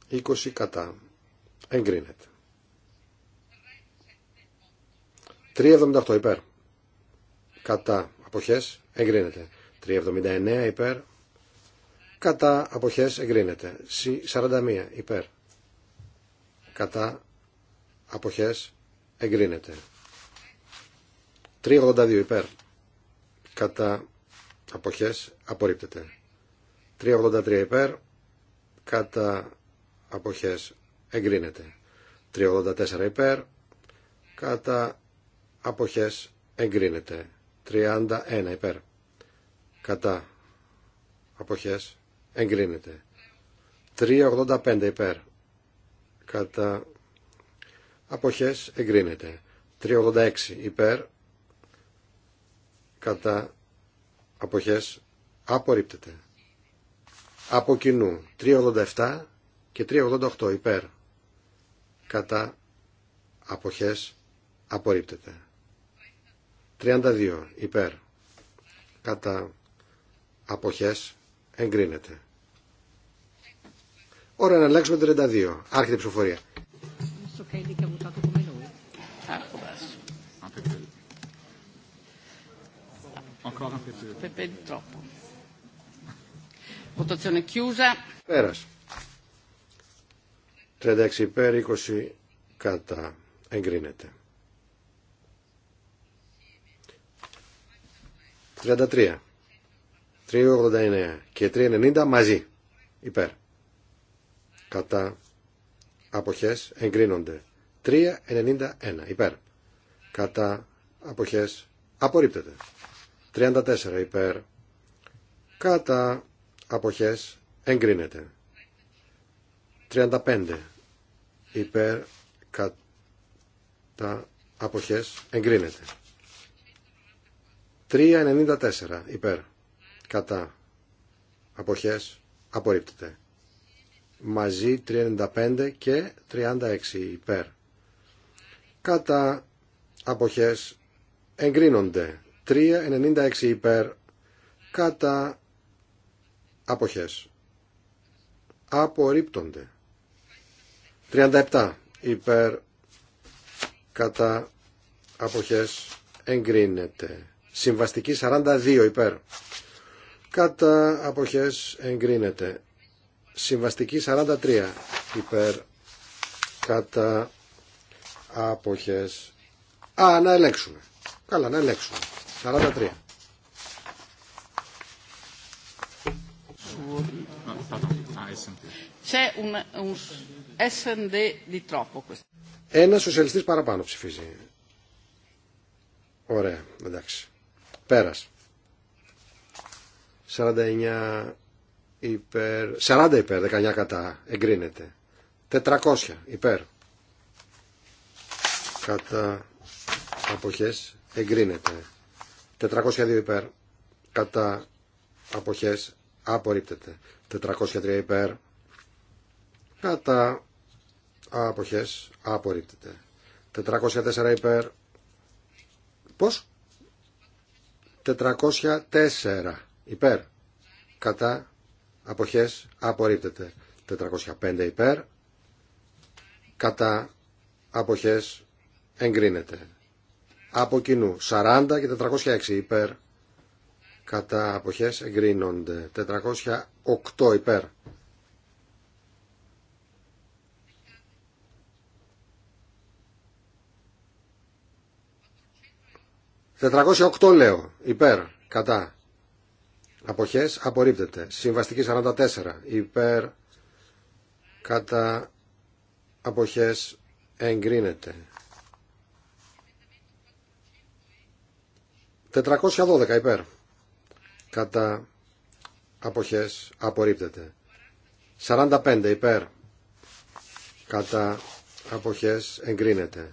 20 κατά. Εγκρίνεται. 3,78 υπέρ. Κατά αποχές εγκρίνεται. 3,79 υπέρ. Κατά αποχές εγκρίνεται. 41 υπέρ. Κατά αποχές εγκρίνεται. 3,82 υπέρ. Κατά αποχές απορρίπτεται. 383 υπέρ κατά αποχές εγκρίνεται. 384 υπέρ κατά αποχές εγκρίνεται. 31 υπέρ κατά αποχές εγκρίνεται. 385 υπέρ κατά αποχές εγκρίνεται. 386 υπέρ κατά αποχές απορρίπτεται. Από κοινού 387 και 388 υπέρ κατά αποχές απορρίπτεται. 32 υπέρ κατά αποχές εγκρίνεται. Ωραία να αλλάξουμε 32. Άρχεται η ψηφοφορία. ancora 36 υπέρ, 20 κατά. Εγκρίνεται. 33. 389 και 390 μαζί. Υπέρ. Κατά. Αποχές εγκρίνονται. 391. Υπέρ. Κατά. απόχέ απορρίπτεται. 34 υπέρ κατά αποχές εγκρίνεται 35 υπέρ κατά αποχές εγκρίνεται 394 υπέρ κατά αποχές απορρίπτεται μαζί 35 και 36 υπέρ κατά αποχές εγκρίνονται 3.96 υπέρ κατά αποχές. Απορρίπτονται. 37 υπέρ κατά αποχές εγκρίνεται. Συμβαστική 42 υπέρ. Κατά αποχές εγκρίνεται. Συμβαστική 43 υπέρ. Κατά αποχές. Α, να ελέγξουμε. Καλά, να ελέγξουμε. 43. Ένα σοσιαλιστής παραπάνω ψηφίζει. Ωραία, εντάξει. Πέρας. 49 υπέρ, 40 υπέρ, 19 κατά, εγκρίνεται. 400 υπέρ. Κατά αποχές εγκρίνεται. 402 υπέρ κατά αποχές απορρίπτεται 403 υπέρ κατά αποχές απορρίπτεται 404 υπέρ πώς 404 υπέρ κατά αποχές απορρίπτεται 405 υπέρ κατά αποχές εγκρίνεται από κοινού 40 και 406 υπέρ κατά αποχές εγκρίνονται 408 υπέρ «408 λέω, υπέρ, κατά, αποχές, απορρίπτεται. Συμβαστική 44, υπέρ, κατά, αποχές, εγκρίνεται. 412 υπέρ. Κατά αποχές απορρίπτεται. 45 υπέρ. Κατά αποχές εγκρίνεται.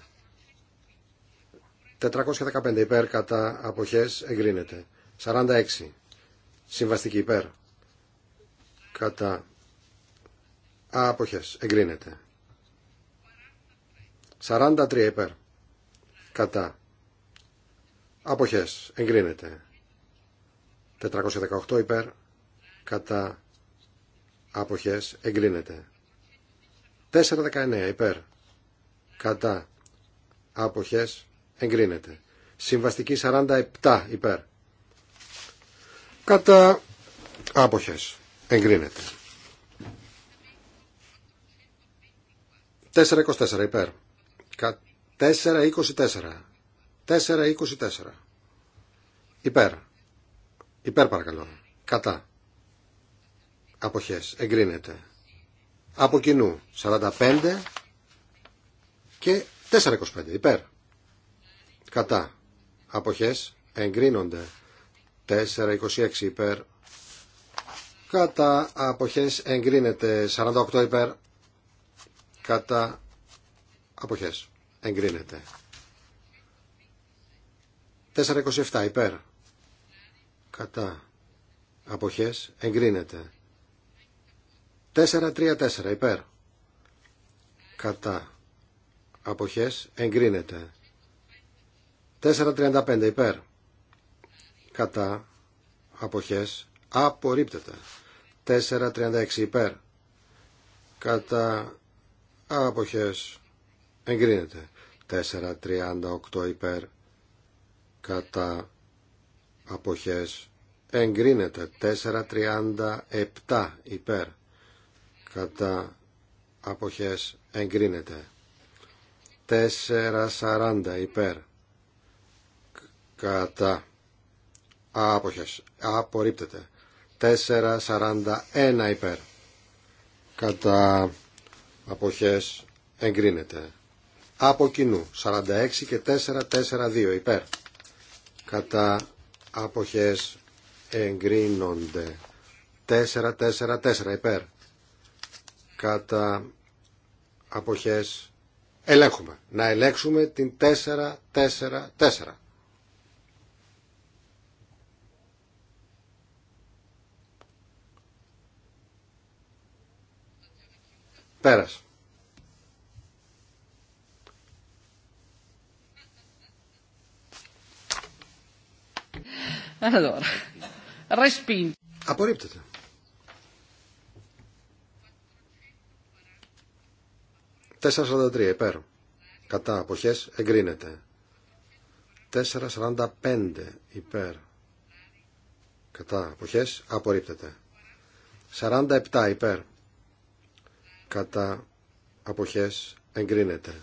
415 υπέρ κατά αποχές εγκρίνεται. 46 συμβαστική υπέρ κατά αποχές εγκρίνεται. 43 υπέρ κατά Αποχές. Εγκρίνεται. 418 υπέρ. Κατά. Αποχές. Εγκρίνεται. 419 υπέρ. Κατά. Αποχές. Εγκρίνεται. Συμβαστική 47 υπέρ. Κατά. Αποχές. Εγκρίνεται. 424 υπέρ. 424 4.24. Υπέρ. Υπέρ παρακαλώ. Κατά. Αποχές. Εγκρίνεται. Από κοινού. 45 και 4.25. Υπέρ. Κατά. Αποχές. Εγκρίνονται. 4.26 υπέρ. Κατά. Αποχές. Εγκρίνεται. 48 υπέρ. Κατά. Αποχές. Εγκρίνεται. 427 υπέρ. Κατά. Αποχές. Εγκρίνεται. 434 υπέρ. Κατά. Αποχέ. Εγκρίνεται. 435 υπέρ. Κατά. Αποχές. Απορρίπτεται. 436 υπέρ. Κατά. Αποχέ. Εγκρίνεται. 438 υπέρ κατά αποχές εγκρίνεται 4.37 υπέρ κατά αποχές εγκρίνεται 4.40 υπέρ κατά άποχες απορρίπτεται 4.41 υπέρ κατά αποχές εγκρίνεται από κοινού 46 και 4.42 υπέρ κατά αποχές εγκρίνονται 4-4-4 υπέρ κατά αποχές ελέγχουμε να ελέγξουμε την 4-4-4 Πέρας. Allora, respinto. Απορρίπτεται. 4.43 υπέρ. Κατά αποχές εγκρίνεται. 4.45 υπέρ. Κατά αποχές απορρίπτεται. 47 υπέρ. Κατά αποχές εγκρίνεται.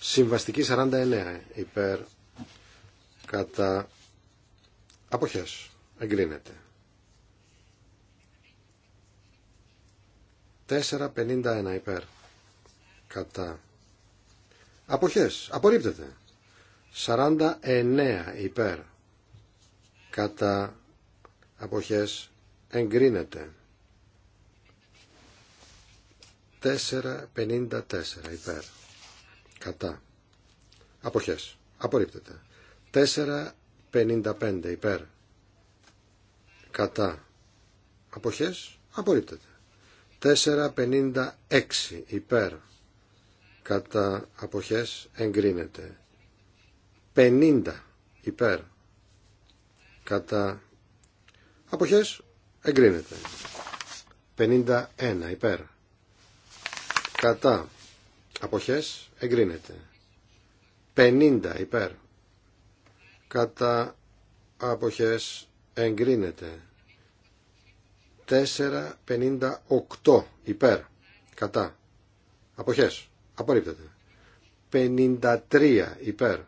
Συμβαστική 49 υπέρ. Κατά Αποχές. Εγκρίνεται. 4.51 υπέρ. Κατά. Αποχές. Απορρίπτεται. 49 υπέρ. Κατά. Αποχές. Εγκρίνεται. 4.54 υπέρ. Κατά. Αποχές. Απορρίπτεται. 55 υπέρ κατά αποχές απορρίπτεται 456 υπέρ κατά αποχές εγκρίνεται 50 υπέρ κατά αποχές εγκρίνεται 51 υπέρ κατά αποχές εγκρίνεται 50 υπέρ κατά αποχές εγκρίνεται 458 υπέρ κατά αποχές απορρίπτεται 53 υπέρ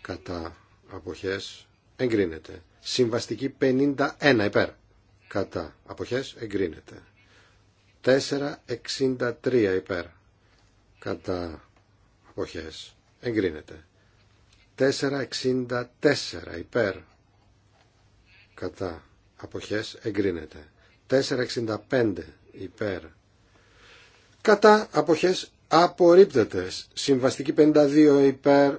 κατά αποχές εγκρίνεται συμβαστική 51 υπέρ κατά αποχές εγκρίνεται 463 υπέρ κατά αποχές εγκρίνεται 464 υπέρ κατά αποχές εγκρίνεται 465 υπέρ κατά αποχές απορρίπτεται συμβαστική 52 υπέρ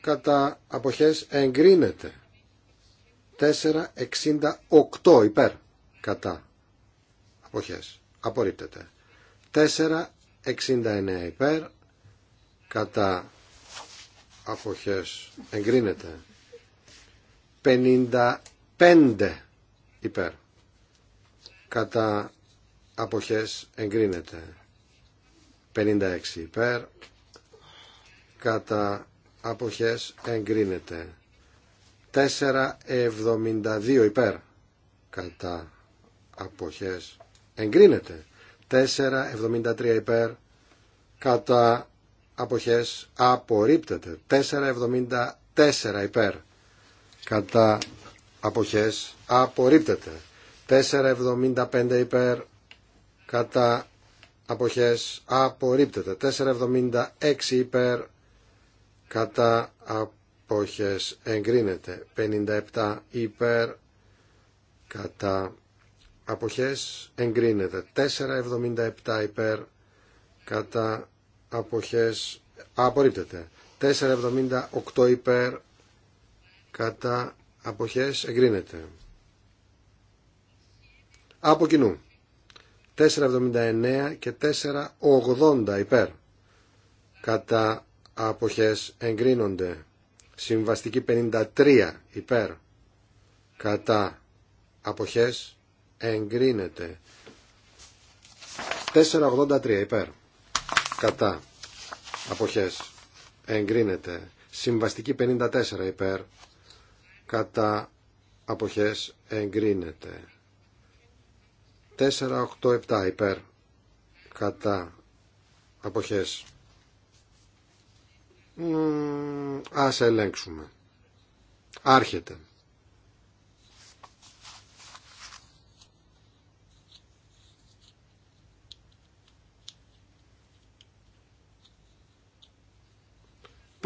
κατά αποχές εγκρίνεται 468 υπέρ κατά αποχές απορρίπτεται 469 υπέρ κατά αποχές εγκρίνεται 55 υπέρ κατά αποχές εγκρίνεται 56 υπέρ κατά αποχές εγκρίνεται 4,72 υπέρ κατά αποχές εγκρίνεται 4,73 υπέρ κατά αποχές απορρίπτεται 4.74 υπέρ κατά αποχές απορρίπτεται 4.75 υπέρ κατά αποχές απορρίπτεται 4.76 υπέρ κατά αποχές εγκρίνεται 57 υπέρ κατά αποχές εγκρίνεται 4.77 υπέρ κατά αποχές απορρίπτεται 478 υπέρ κατά αποχές εγκρίνεται από κοινού 479 και 480 υπέρ κατά αποχές εγκρίνονται συμβαστική 53 υπέρ κατά αποχές εγκρίνεται 483 υπέρ κατά αποχές εγκρίνεται συμβαστική 54 υπέρ κατά αποχές εγκρίνεται 487 υπέρ κατά αποχές Μ, ας ελέγξουμε άρχεται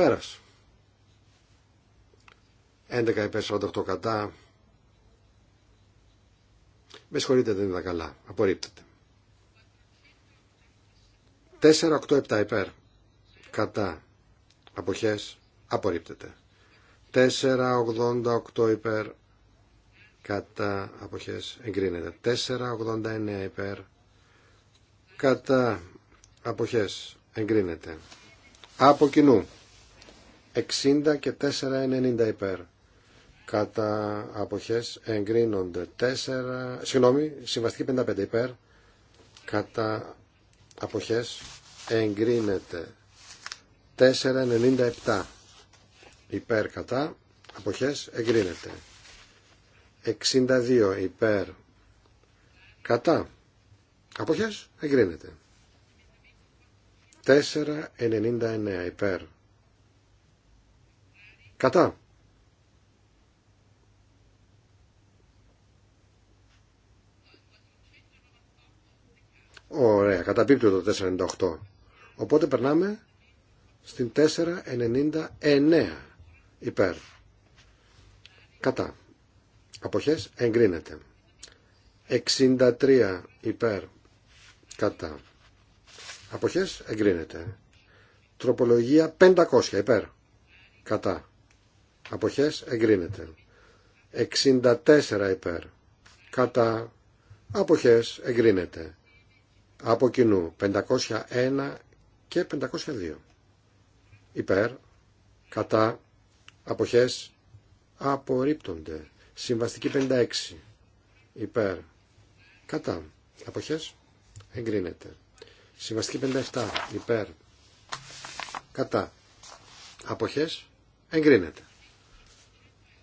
Πέρας. 11 υπέρ 48 κατά. Με συγχωρείτε δεν είδα καλά. Απορρίπτεται. 4-8-7 Κατά. Αποχές. Απορρίπτεται. 4-88 υπέρ. Κατά. Αποχές. Εγκρίνεται. 4-89 υπέρ. Κατά. Αποχές. Εγκρίνεται. Από κοινού. 60 και 4,90 υπέρ. Κατά αποχές εγκρίνονται 4, συγγνώμη, συμβαστική 55 υπέρ. Κατά αποχές εγκρίνεται 4,97 υπέρ κατά αποχές εγκρίνεται. 62 υπέρ κατά αποχές εγκρίνεται. 4,99 υπέρ Κατά. Ωραία, καταπίπτει το 498. Οπότε περνάμε στην 499 υπέρ. Κατά. Αποχές εγκρίνεται. 63 υπέρ. Κατά. Αποχές εγκρίνεται. Τροπολογία 500 υπέρ. Κατά. Αποχές εγκρίνεται. 64 υπέρ. Κατά. Αποχές εγκρίνεται. Από κοινού 501 και 502. Υπέρ. Κατά. Αποχές απορρίπτονται. Συμβαστική 56. Υπέρ. Κατά. Αποχές εγκρίνεται. Συμβαστική 57. Υπέρ. Κατά. Αποχές εγκρίνεται.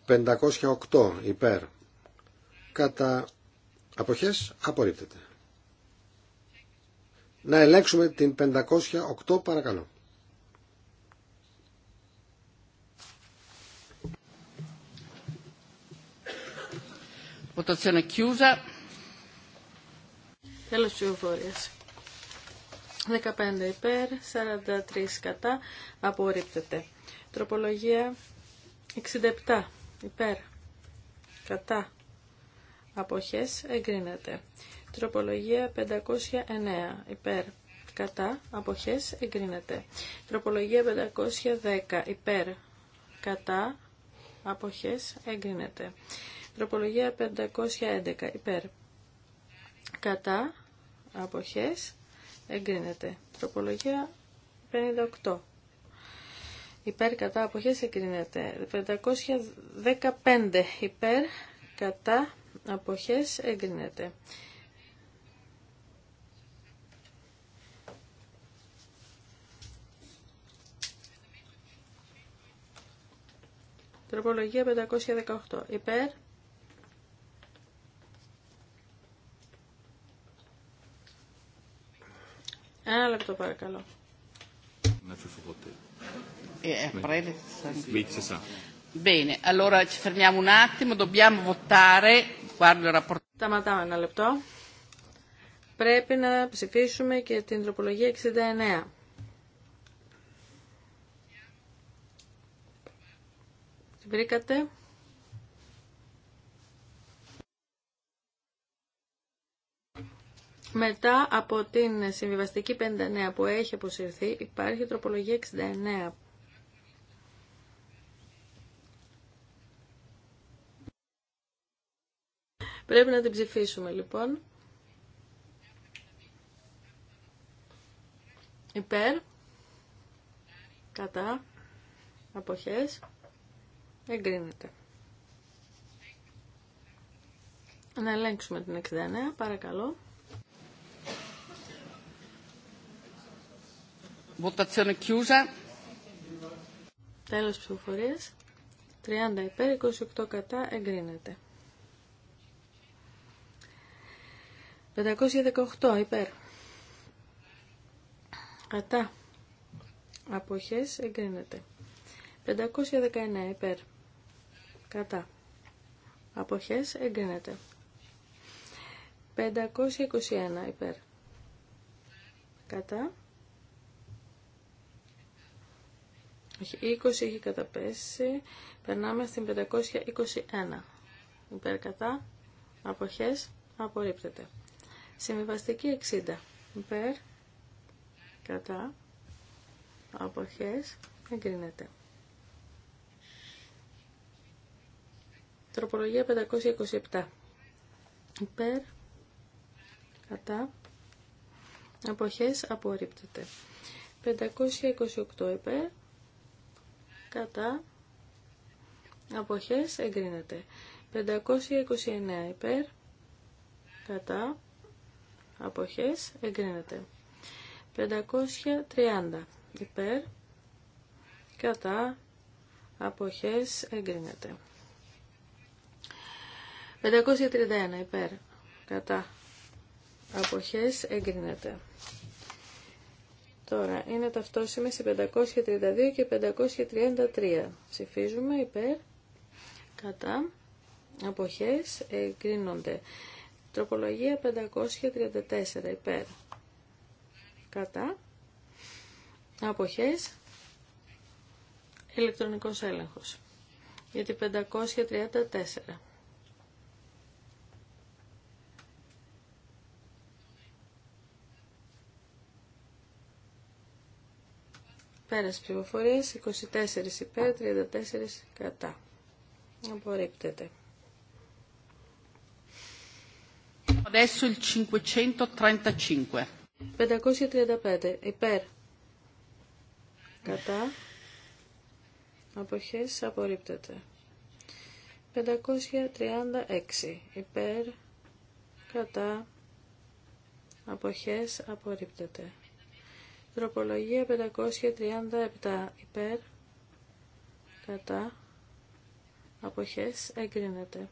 508 υπέρ κατά αποχές απορρίπτεται. Να ελέγξουμε την 508 παρακαλώ. Votazione chiusa. Τέλος ψηφοφορίας. 15 υπέρ, 43 κατά, απορρίπτεται. Τροπολογία 67 υπέρ κατά αποχές εγκρίνεται. Τροπολογία 509 υπέρ κατά αποχές εγκρίνεται. Τροπολογία 510 υπέρ κατά αποχές εγκρίνεται. Τροπολογία 511 υπέρ κατά αποχές εγκρίνεται. Τροπολογία 58 υπέρ κατά αποχές εγκρίνεται. 515 υπέρ κατά αποχές εγκρίνεται. Τροπολογία 518 υπέρ Ένα λεπτό παρακαλώ. Να Σταματάμε ένα λεπτό. Πρέπει να ψηφίσουμε και την τροπολογία 69. Την βρήκατε. Μετά από την συμβιβαστική 59 που έχει αποσυρθεί υπάρχει τροπολογία 69 Πρέπει να την ψηφίσουμε λοιπόν. Υπέρ. Κατά. Αποχές. Εγκρίνεται. Να ελέγξουμε την 69, παρακαλώ. Votazione chiusa. Τέλος ψηφοφορίας. 30 υπέρ, 28 κατά, εγκρίνεται. 518 υπέρ. Κατά. Αποχές εγκρίνεται. 519 υπέρ. Κατά. Αποχές εγκρίνεται. 521 υπέρ. Κατά. Όχι, 20 έχει καταπέσει. Περνάμε στην 521. Υπέρ κατά. Αποχές απορρίπτεται. Συμβιβαστική 60. Υπέρ. Κατά. Αποχές. Εγκρίνεται. Τροπολογία 527. Υπέρ. Κατά. Αποχές. Απορρίπτεται. 528 υπέρ. Κατά. Αποχές εγκρίνεται. 529 υπέρ. Κατά αποχές εγκρίνεται. 530 υπέρ κατά αποχές εγκρίνεται. 531 υπέρ κατά αποχές εγκρίνεται. Τώρα είναι ταυτόσημες οι 532 και 533. Ψηφίζουμε υπέρ κατά αποχές εγκρίνονται. Τροπολογία 534 υπέρ. Κατά. Αποχές. Ηλεκτρονικός έλεγχος. Γιατί 534. Πέρας πληροφορίες 24 υπέρ 34 κατά. Απορρίπτεται. 535. 535. Υπέρ. Κατά. Αποχές απορρίπτεται. 536. Υπέρ. Κατά. Αποχές απορρίπτεται. Τροπολογία 537. Υπέρ. Κατά. Αποχές εγκρίνεται.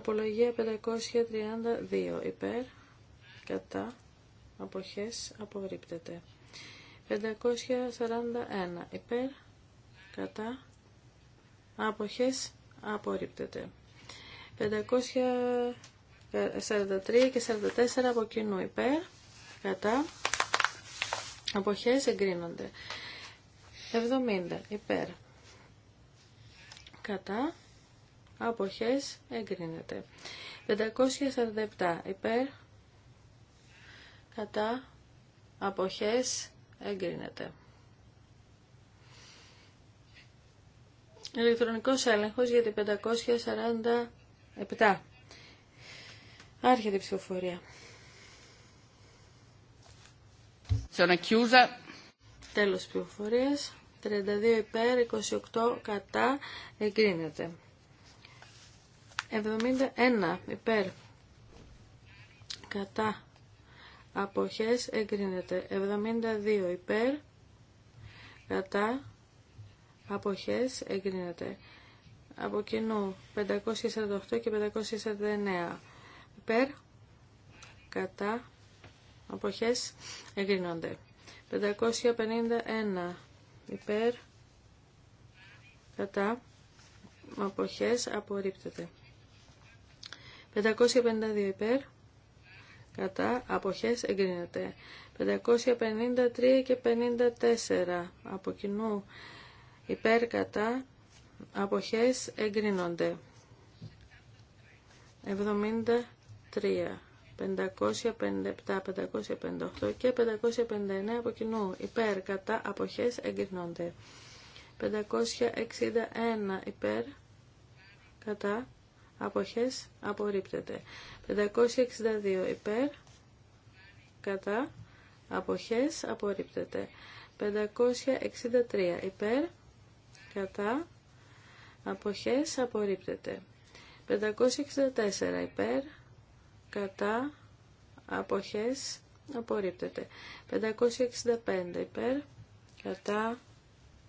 Προπολογία 532 υπέρ, κατά, αποχές, απορρίπτεται. 541 υπέρ, κατά, αποχές, απορρίπτεται. 543 και 44 από κοινού υπέρ, κατά, αποχές εγκρίνονται. 70 υπέρ, κατά, αποχές εγκρίνεται. 547 υπέρ κατά αποχές εγκρίνεται. Ηλεκτρονικός έλεγχος για την 547. Άρχεται η ψηφοφορία. Τέλος ψηφοφορίας. 32 υπέρ, 28 κατά, εγκρίνεται. 71 υπέρ κατά αποχές εγκρίνεται 72 υπέρ κατά αποχές εγκρίνεται από κοινού 548 και 549 υπέρ κατά αποχές εγκρίνονται 551 υπέρ κατά αποχές απορρίπτεται 552 υπέρ, κατά, αποχές εγκρίνεται. 553 και 54 από κοινού υπέρ, κατά, αποχές εγκρίνονται. 73. 557, 558 και 559 από κοινού υπέρ κατά αποχές εγκρινώνται. 561 υπέρ κατά αποχές απορρίπτεται. 562 υπέρ, κατά, αποχές απορρίπτεται. 563 υπέρ, κατά, αποχές απορρίπτεται. 564 υπέρ, κατά, αποχές απορρίπτεται. 565 υπέρ, κατά,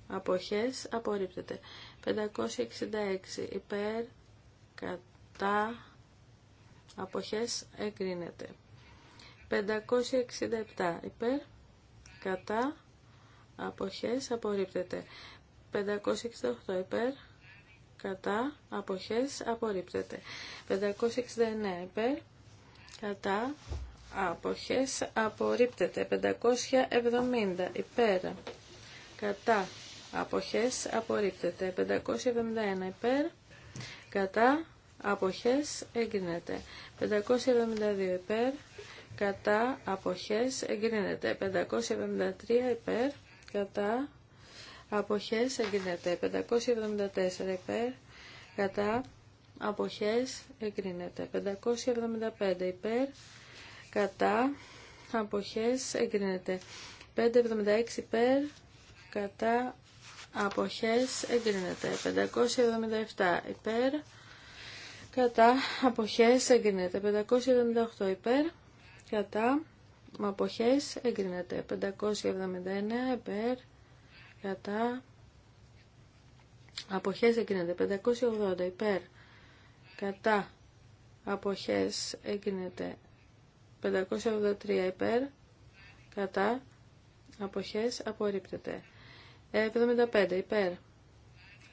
αποχές απορρίπτεται. 566 υπέρ, κατά αποχές εγκρίνεται 567 υπέρ κατά αποχές απορρίπτεται 568 υπέρ κατά αποχές απορρίπτεται 569 υπέρ κατά αποχές απορρίπτεται 570 υπέρ κατά αποχές απορρίπτεται 571 υπέρ κατά αποχές εγκρίνεται 572 υπέρ κατά αποχές εγκρίνεται 573 υπέρ κατά αποχές εγκρίνεται 574 υπέρ κατά αποχές εγκρίνεται 575 υπέρ κατά αποχές εγκρίνεται 576 υπέρ κατά αποχές εγκρίνεται. 577 υπέρ, κατά αποχές εγκρίνεται. 578 υπέρ, κατά αποχές εγκρίνεται. 579 υπέρ, κατά αποχές εγκρίνεται. 580 υπέρ, κατά αποχές εγκρίνεται. 583 υπέρ, κατά αποχές απορρίπτεται. 75 υπέρ.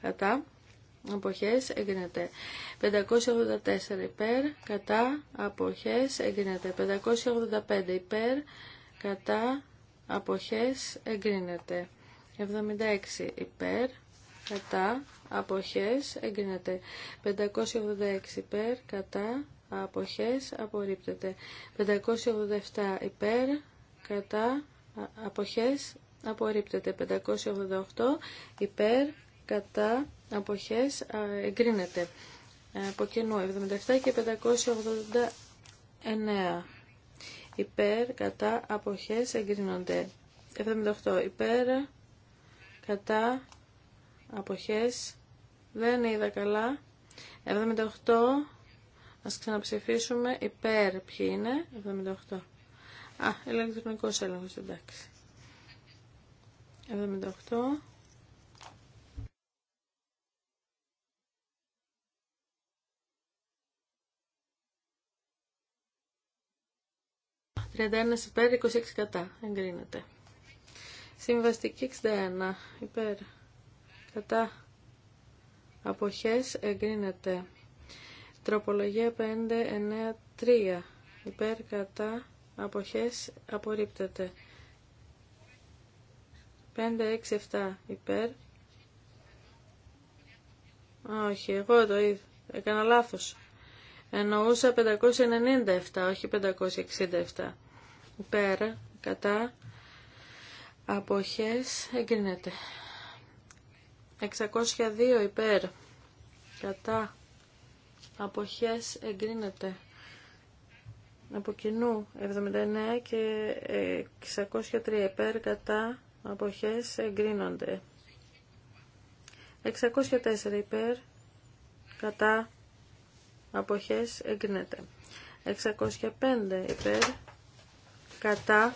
Κατά. Αποχές εγκρίνεται. 584 υπέρ. Κατά. Αποχές εγκρίνεται. 585 υπέρ. Κατά. Αποχές εγκρίνεται. 76 υπέρ. Κατά. Αποχές εγκρίνεται. 586 υπέρ. Κατά. Αποχές απορρίπτεται. 587 υπέρ. Κατά. Αποχές απορρίπτεται. 588 υπέρ κατά αποχές εγκρίνεται. Από κοινού 77 και 589 υπέρ κατά αποχές εγκρίνονται. 78 υπέρ κατά αποχές δεν είδα καλά. 78 ας ξαναψηφίσουμε υπέρ ποιοι είναι. 78 Α, ηλεκτρονικός έλεγχος εντάξει. 31 υπέρ, 26 κατά. Εγκρίνεται. Συμβαστική 61 υπέρ. Κατά. Αποχές εγκρίνεται. Τροπολογία 593 υπέρ. Κατά. Αποχές απορρίπτεται. 5, 6, 7 υπέρ. Όχι, εγώ το είδα. Έκανα λάθος. Εννοούσα 597, όχι 567. Υπέρ, κατά, αποχές, εγκρίνεται. 602 υπέρ, κατά, αποχές, εγκρίνεται. Από κοινού, 79 και 603 ε, υπέρ, κατά, αποχές εγκρίνονται. 604 υπέρ, κατά, αποχές εγκρίνεται. 605 υπέρ, κατά,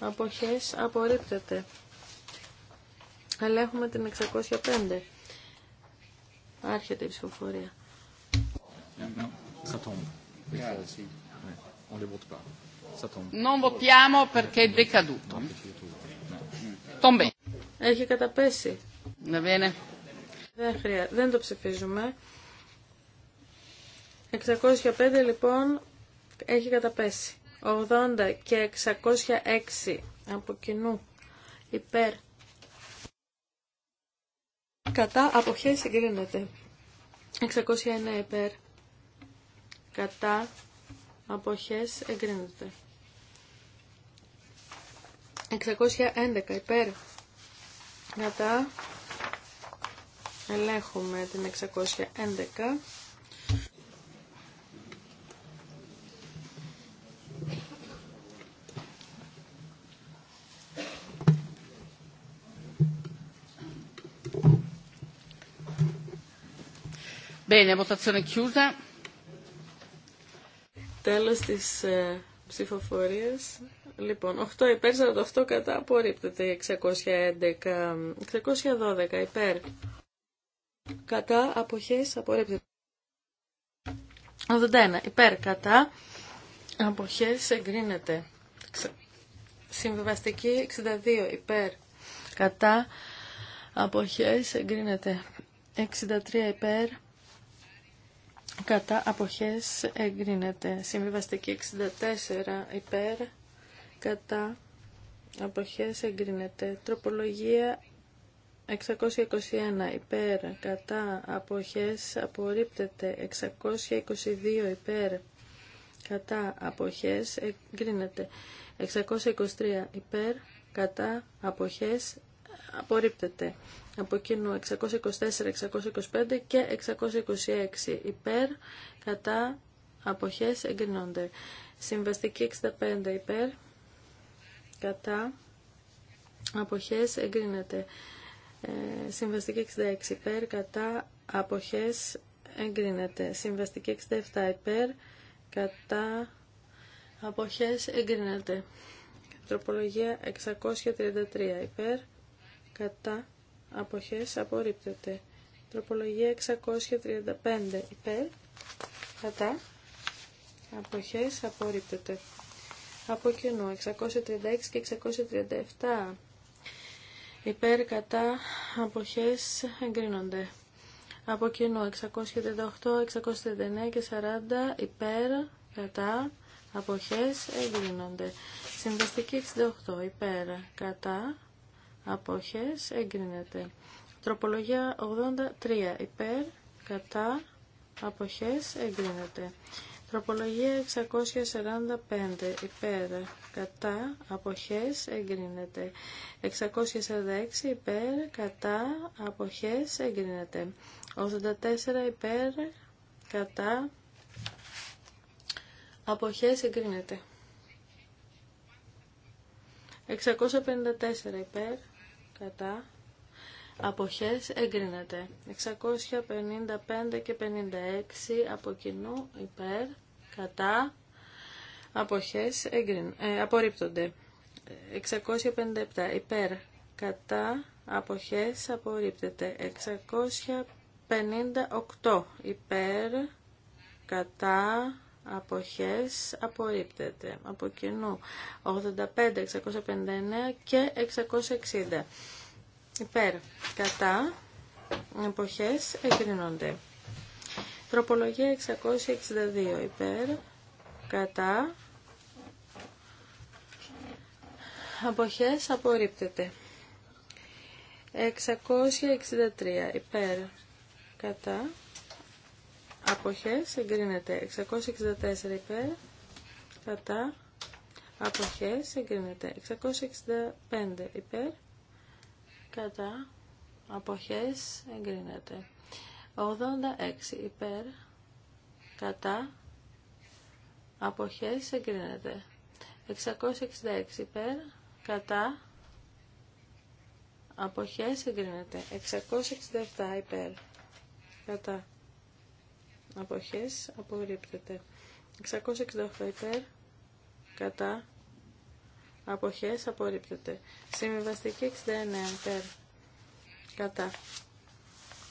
αποχές απορρίπτεται. Ελέγχουμε την 605. Άρχεται η ψηφοφορία. Ε, ναι. ναι, non votiamo perché è decaduto. Έχει καταπέσει. Να Δεν, χρειά... Δεν το ψηφίζουμε. 605 λοιπόν έχει καταπέσει. 80 και 606 από κοινού υπέρ. Κατά αποχές συγκρίνεται. 609 υπέρ. Κατά αποχές εγκρίνεται. 611 υπέρ. Κατά. Ελέγχουμε την 611. Bene, votazione chiusa. Τέλος της ε, ψηφοφορίας. Λοιπόν, 8 υπέρ, 48 κατά, απορρίπτεται 611, 612 υπέρ, κατά, αποχές, απορρίπτεται. 81 υπέρ, κατά, αποχές, εγκρίνεται. Συμβιβαστική 62 υπέρ, κατά, αποχές, εγκρίνεται. 63 υπέρ, κατά, αποχές, εγκρίνεται. Συμβιβαστική 64 υπέρ, κατά αποχές εγκρίνεται. Τροπολογία 621 υπέρ κατά αποχές απορρίπτεται. 622 υπέρ κατά αποχές εγκρίνεται. 623 υπέρ κατά αποχές απορρίπτεται. Από κοινού 624, 625 και 626 υπέρ κατά αποχές εγκρίνονται. Συμβαστική 65 υπέρ κατά αποχές εγκρίνεται. Ε, συμβαστική 66 υπέρ κατά αποχές εγκρίνεται. Συμβαστική 67 υπέρ κατά αποχές εγκρίνεται. Τροπολογία 633 υπέρ κατά αποχές απορρίπτεται. Τροπολογία 635 υπέρ κατά αποχές απορρίπτεται από κοινού 636 και 637 υπέρ κατά αποχές εγκρίνονται από κοινού 638, 639 και 40 υπέρ κατά αποχές εγκρίνονται συμβαστική 68 υπέρ κατά αποχές εγκρίνεται τροπολογία 83 υπέρ κατά αποχές εγκρίνεται Τροπολογία 645 υπέρ κατά αποχές εγκρίνεται. 646 υπέρ κατά αποχές εγκρίνεται. 84 υπέρ κατά αποχές εγκρίνεται. 654 υπέρ κατά αποχές εγκρίνεται. 655 και 56 από κοινού υπέρ, κατά, αποχές εγκρίν, ε, απορρίπτονται. 657 υπέρ, κατά, αποχές απορρίπτεται. 658 υπέρ, κατά, αποχές απορρίπτεται. Από κοινού 85, 659 και 660 υπέρ κατά εποχές εγκρίνονται. Τροπολογία 662 υπέρ κατά εποχές απορρίπτεται. 663 υπέρ κατά αποχές εγκρίνεται 664 υπέρ κατά αποχές εγκρίνεται 665 υπέρ κατά αποχές εγκρίνεται 86 υπέρ κατά αποχές εγκρίνεται 666 υπέρ κατά αποχές εγκρίνεται 667 υπέρ κατά αποχές απορρίπτεται 668 υπέρ κατά αποχές απορρίπτεται. Συμβιβαστική 69 Πέρ. κατά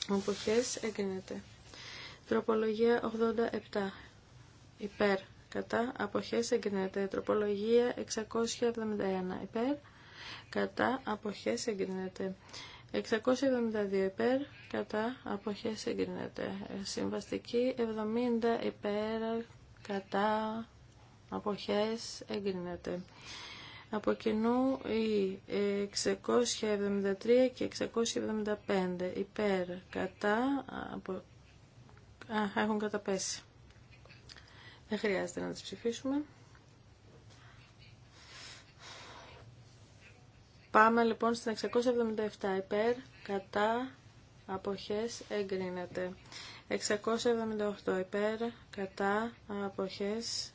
αποχές εγκρίνεται. Τροπολογία 87 υπέρ κατά αποχές εγκρίνεται. Τροπολογία 671 υπέρ κατά αποχές εγκρίνεται. 672 υπέρ, κατά αποχές εγκρίνεται. Συμβαστική 70 υπέρ, κατά αποχές εγκρίνεται. Από κοινού οι 673 και 675 υπέρ κατά από... Α, έχουν καταπέσει. Δεν χρειάζεται να τις ψηφίσουμε. Πάμε λοιπόν στην 677 υπέρ κατά αποχές εγκρίνεται. 678 υπέρ κατά αποχές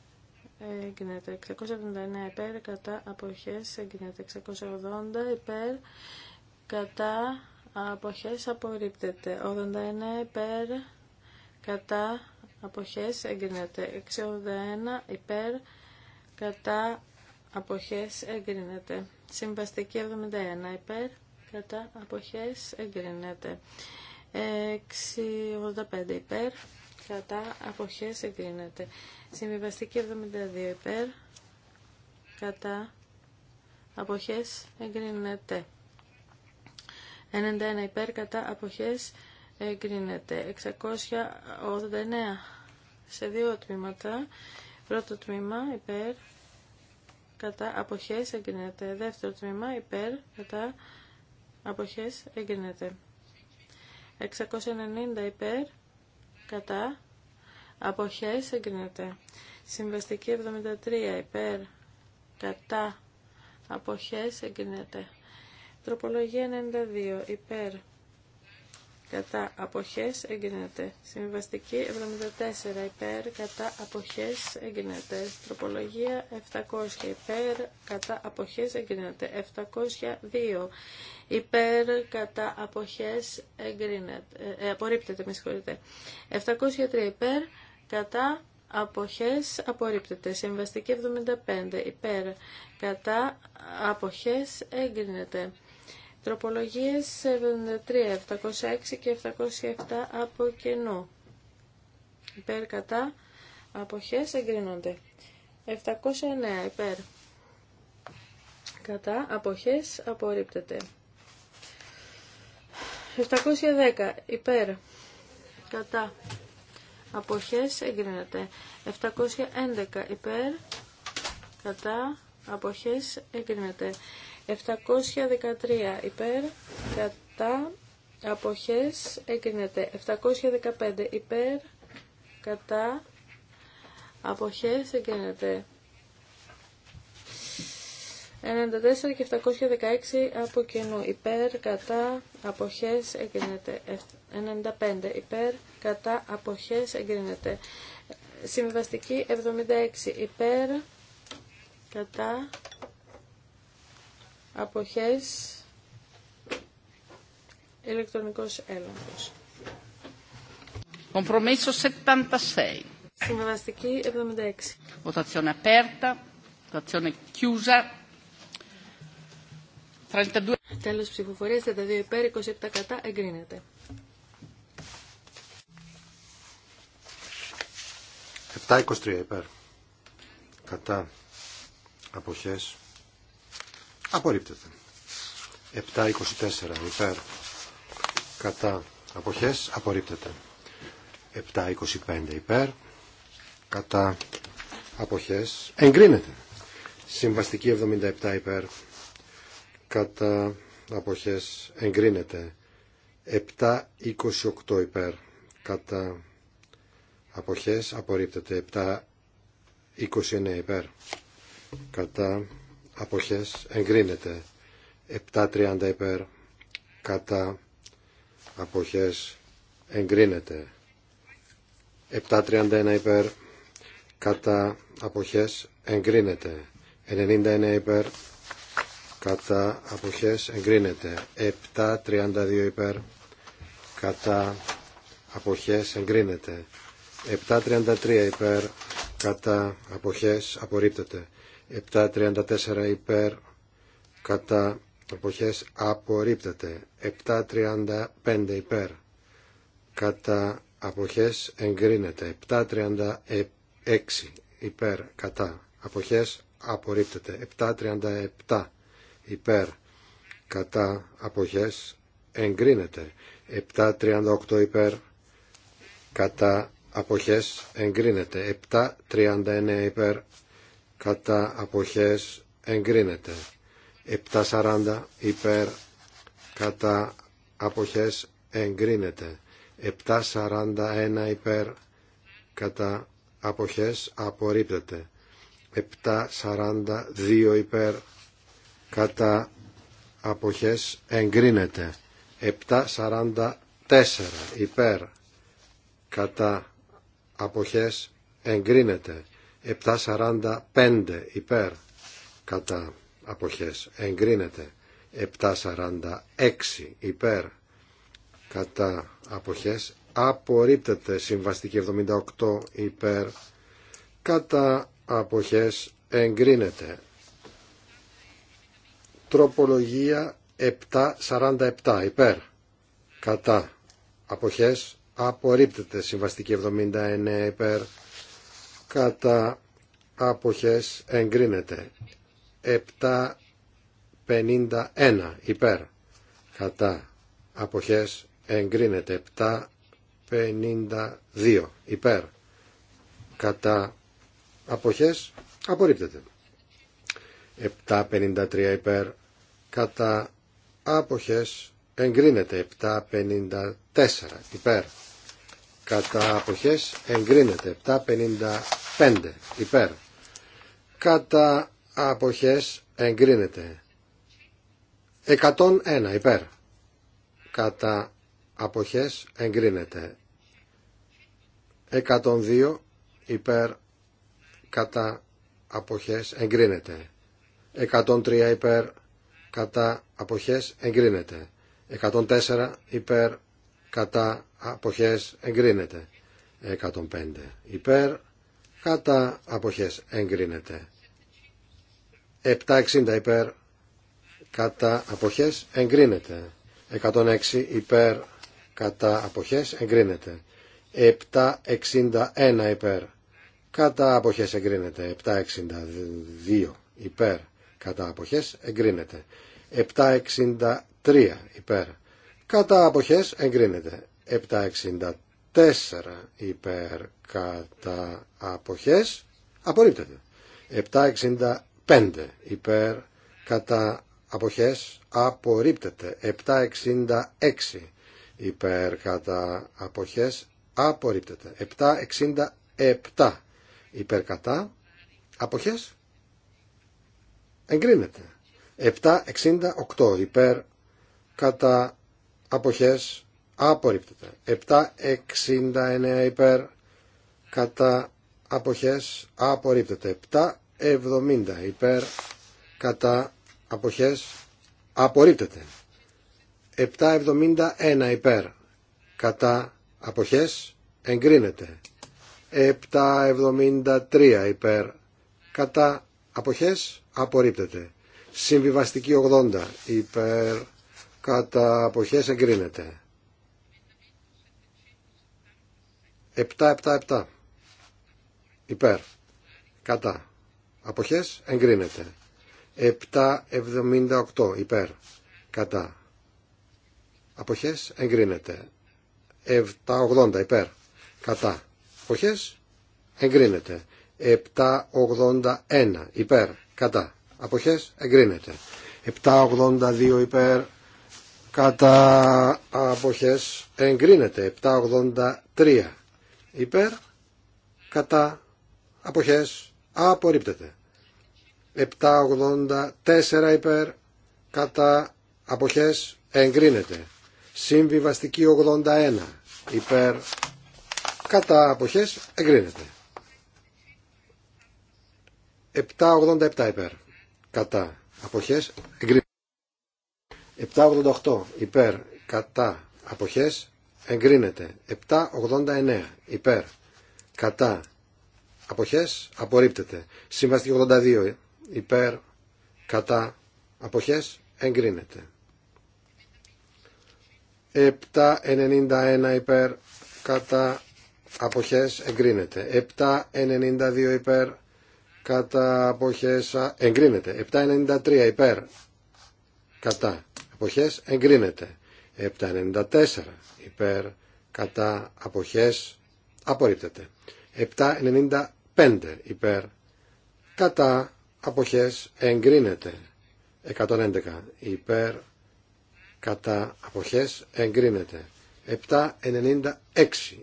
εγκρίνεται 679 υπέρ κατά αποχές εγκρίνεται 680 υπέρ κατά αποχές απορρίπτεται 89 υπέρ κατά αποχές εγκρίνεται 681 υπέρ κατά αποχές εγκρίνεται συμβαστική 71 υπέρ κατά αποχές εγκρίνεται 685 υπέρ κατά αποχές εγκρίνεται. Συμβιβαστική 72 υπέρ, κατά αποχές εγκρίνεται. 91 υπέρ, κατά αποχές εγκρίνεται. 689 σε δύο τμήματα. Πρώτο τμήμα υπέρ, κατά αποχές εγκρίνεται. Δεύτερο τμήμα υπέρ, κατά αποχές εγκρίνεται. 690 υπέρ, κατά αποχές εγκρίνεται. Συμβαστική 73 υπέρ κατά αποχές εγκρίνεται. Τροπολογία 92 υπέρ κατά αποχές εγκρίνεται. Συμβαστική 74 υπέρ κατά αποχές εγκρίνεται. Τροπολογία 700 υπέρ κατά αποχές εγκρίνεται. 702 υπέρ κατά αποχές εγκρίνεται. Ε, ε απορρίπτεται, με συγχωρείτε. 703 υπέρ κατά αποχές απορρίπτεται. Συμβαστική 75 υπέρ κατά αποχές εγκρίνεται. Τροπολογίες 73, ε, 706 και 707 από κενό. Υπέρ κατά αποχές εγκρίνονται. 709 υπέρ κατά αποχές απορρίπτεται. 710 υπέρ κατά αποχές εγκρίνεται. 711 υπέρ κατά αποχές εγκρίνεται. 713 υπέρ, κατά, αποχές, εγκρίνεται. 715 υπέρ, κατά, αποχές, εγκρίνεται. 94 και 716 από κοινού υπέρ, κατά, αποχές, εγκρίνεται. 95 υπέρ, κατά, αποχές, εγκρίνεται. Συμβαστική 76 υπέρ, κατά, αποχές ηλεκτρονικός έλεγχος. Compromesso 76. Συμβαστική 76. Votazione aperta, votazione chiusa. 32. Τέλος ψηφοφορίας 32 υπέρ 27 κατά Τα 7-23 υπέρ. Κατά αποχές Απορρίπτεται. 724 υπέρ κατά αποχές απορρίπτεται. 725 υπέρ κατά αποχές εγκρίνεται. Συμβαστική 77 υπέρ κατά αποχές εγκρίνεται. 728 υπέρ κατά αποχές απορρίπτεται. 729 υπέρ κατά αποχές εγκρίνεται 7.30 υπέρ κατά αποχές εγκρίνεται 7.31 υπέρ κατά αποχές εγκρίνεται 99 υπέρ κατά αποχές εγκρίνεται 7.32 υπέρ κατά αποχές εγκρίνεται 7.33 υπέρ κατά αποχές απορρίπτεται 734 υπέρ κατά αποχές απορρίπτεται 735 υπέρ κατά αποχές εγκρίνεται 736 υπέρ κατά αποχές απορρίπτεται 737 υπέρ κατά αποχές εγκρίνεται 738 υπέρ κατά αποχές εγκρίνεται 739 υπέρ κατά αποχές εγκρίνεται 740 υπέρ κατά αποχές εγκρίνεται 741 υπέρ κατά αποχές απορρίπτεται 742 υπέρ κατά αποχές εγκρίνεται 744 υπέρ κατά αποχές εγκρίνεται 7.45 υπέρ κατά αποχές εγκρίνεται 7.46 υπέρ κατά αποχές απορρίπτεται συμβαστική 78 υπέρ κατά αποχές εγκρίνεται τροπολογία 747 υπέρ κατά αποχές απορρίπτεται συμβαστική 79 υπέρ κατά αποχές εγκρίνεται 751 υπέρ κατά αποχές εγκρίνεται 752 υπέρ κατά αποχές απορρίπτεται 753 υπέρ κατά άποχες εγκρίνεται 754 υπέρ κατά αποχές εγκρίνεται 755 υπέρ κατά αποχές εγκρίνεται 101 υπέρ κατά αποχές εγκρίνεται 102 υπέρ κατά αποχές εγκρίνεται 103 υπέρ κατά αποχές εγκρίνεται 104 υπέρ κατά αποχές εγκρίνεται 105 υπέρ κατά αποχές εγκρίνεται 760 υπέρ κατά αποχές εγκρίνεται 106 υπέρ κατά αποχές εγκρίνεται 761 υπέρ κατά αποχές εγκρίνεται 762 υπέρ κατά αποχές εγκρίνεται 763 υπέρ κατά αποχές εγκρίνεται 764 υπέρ κατά αποχές απορρίπτεται 765 υπέρ κατά αποχές απορρίπτεται 766 υπέρ κατά αποχές απορρίπτεται 767 υπέρ κατά αποχές εγκρίνεται 768 υπέρ κατά αποχές Απορρίπτεται. 769 υπέρ κατά αποχές. Απορρίπτεται. 770 υπέρ κατά αποχές. Απορρίπτεται. 771 υπέρ κατά αποχές. Εγκρίνεται. 773 υπέρ κατά αποχές. Απορρίπτεται. Συμβιβαστική 80 υπέρ κατά αποχές εγκρίνεται. 777 υπέρ κατά αποχές εγκρίνεται 778 υπέρ κατά αποχές εγκρίνεται 780 υπέρ κατά αποχές εγκρίνεται 781 υπέρ κατά αποχές εγκρίνεται 782 υπέρ κατά αποχές εγκρίνεται 783 υπέρ κατά αποχές απορρίπτεται 784 υπέρ κατά αποχές εγκρίνεται συμβιβαστική 81 υπέρ κατά αποχές εγκρίνεται 787 υπέρ κατά αποχές εγκρίνεται 788 υπέρ κατά αποχές εγκρίνεται 789 υπέρ κατά αποχές απορρίπτεται συμβαστική 82 υπέρ κατά αποχές εγκρίνεται 791 υπέρ κατά αποχές εγκρίνεται 792 υπέρ κατά αποχές εγκρίνεται 793 υπέρ κατά αποχές εγκρίνεται 794 υπέρ κατά αποχές απορρίπτεται. 795 υπέρ κατά αποχές εγκρίνεται. 111 υπέρ κατά αποχές εγκρίνεται. 796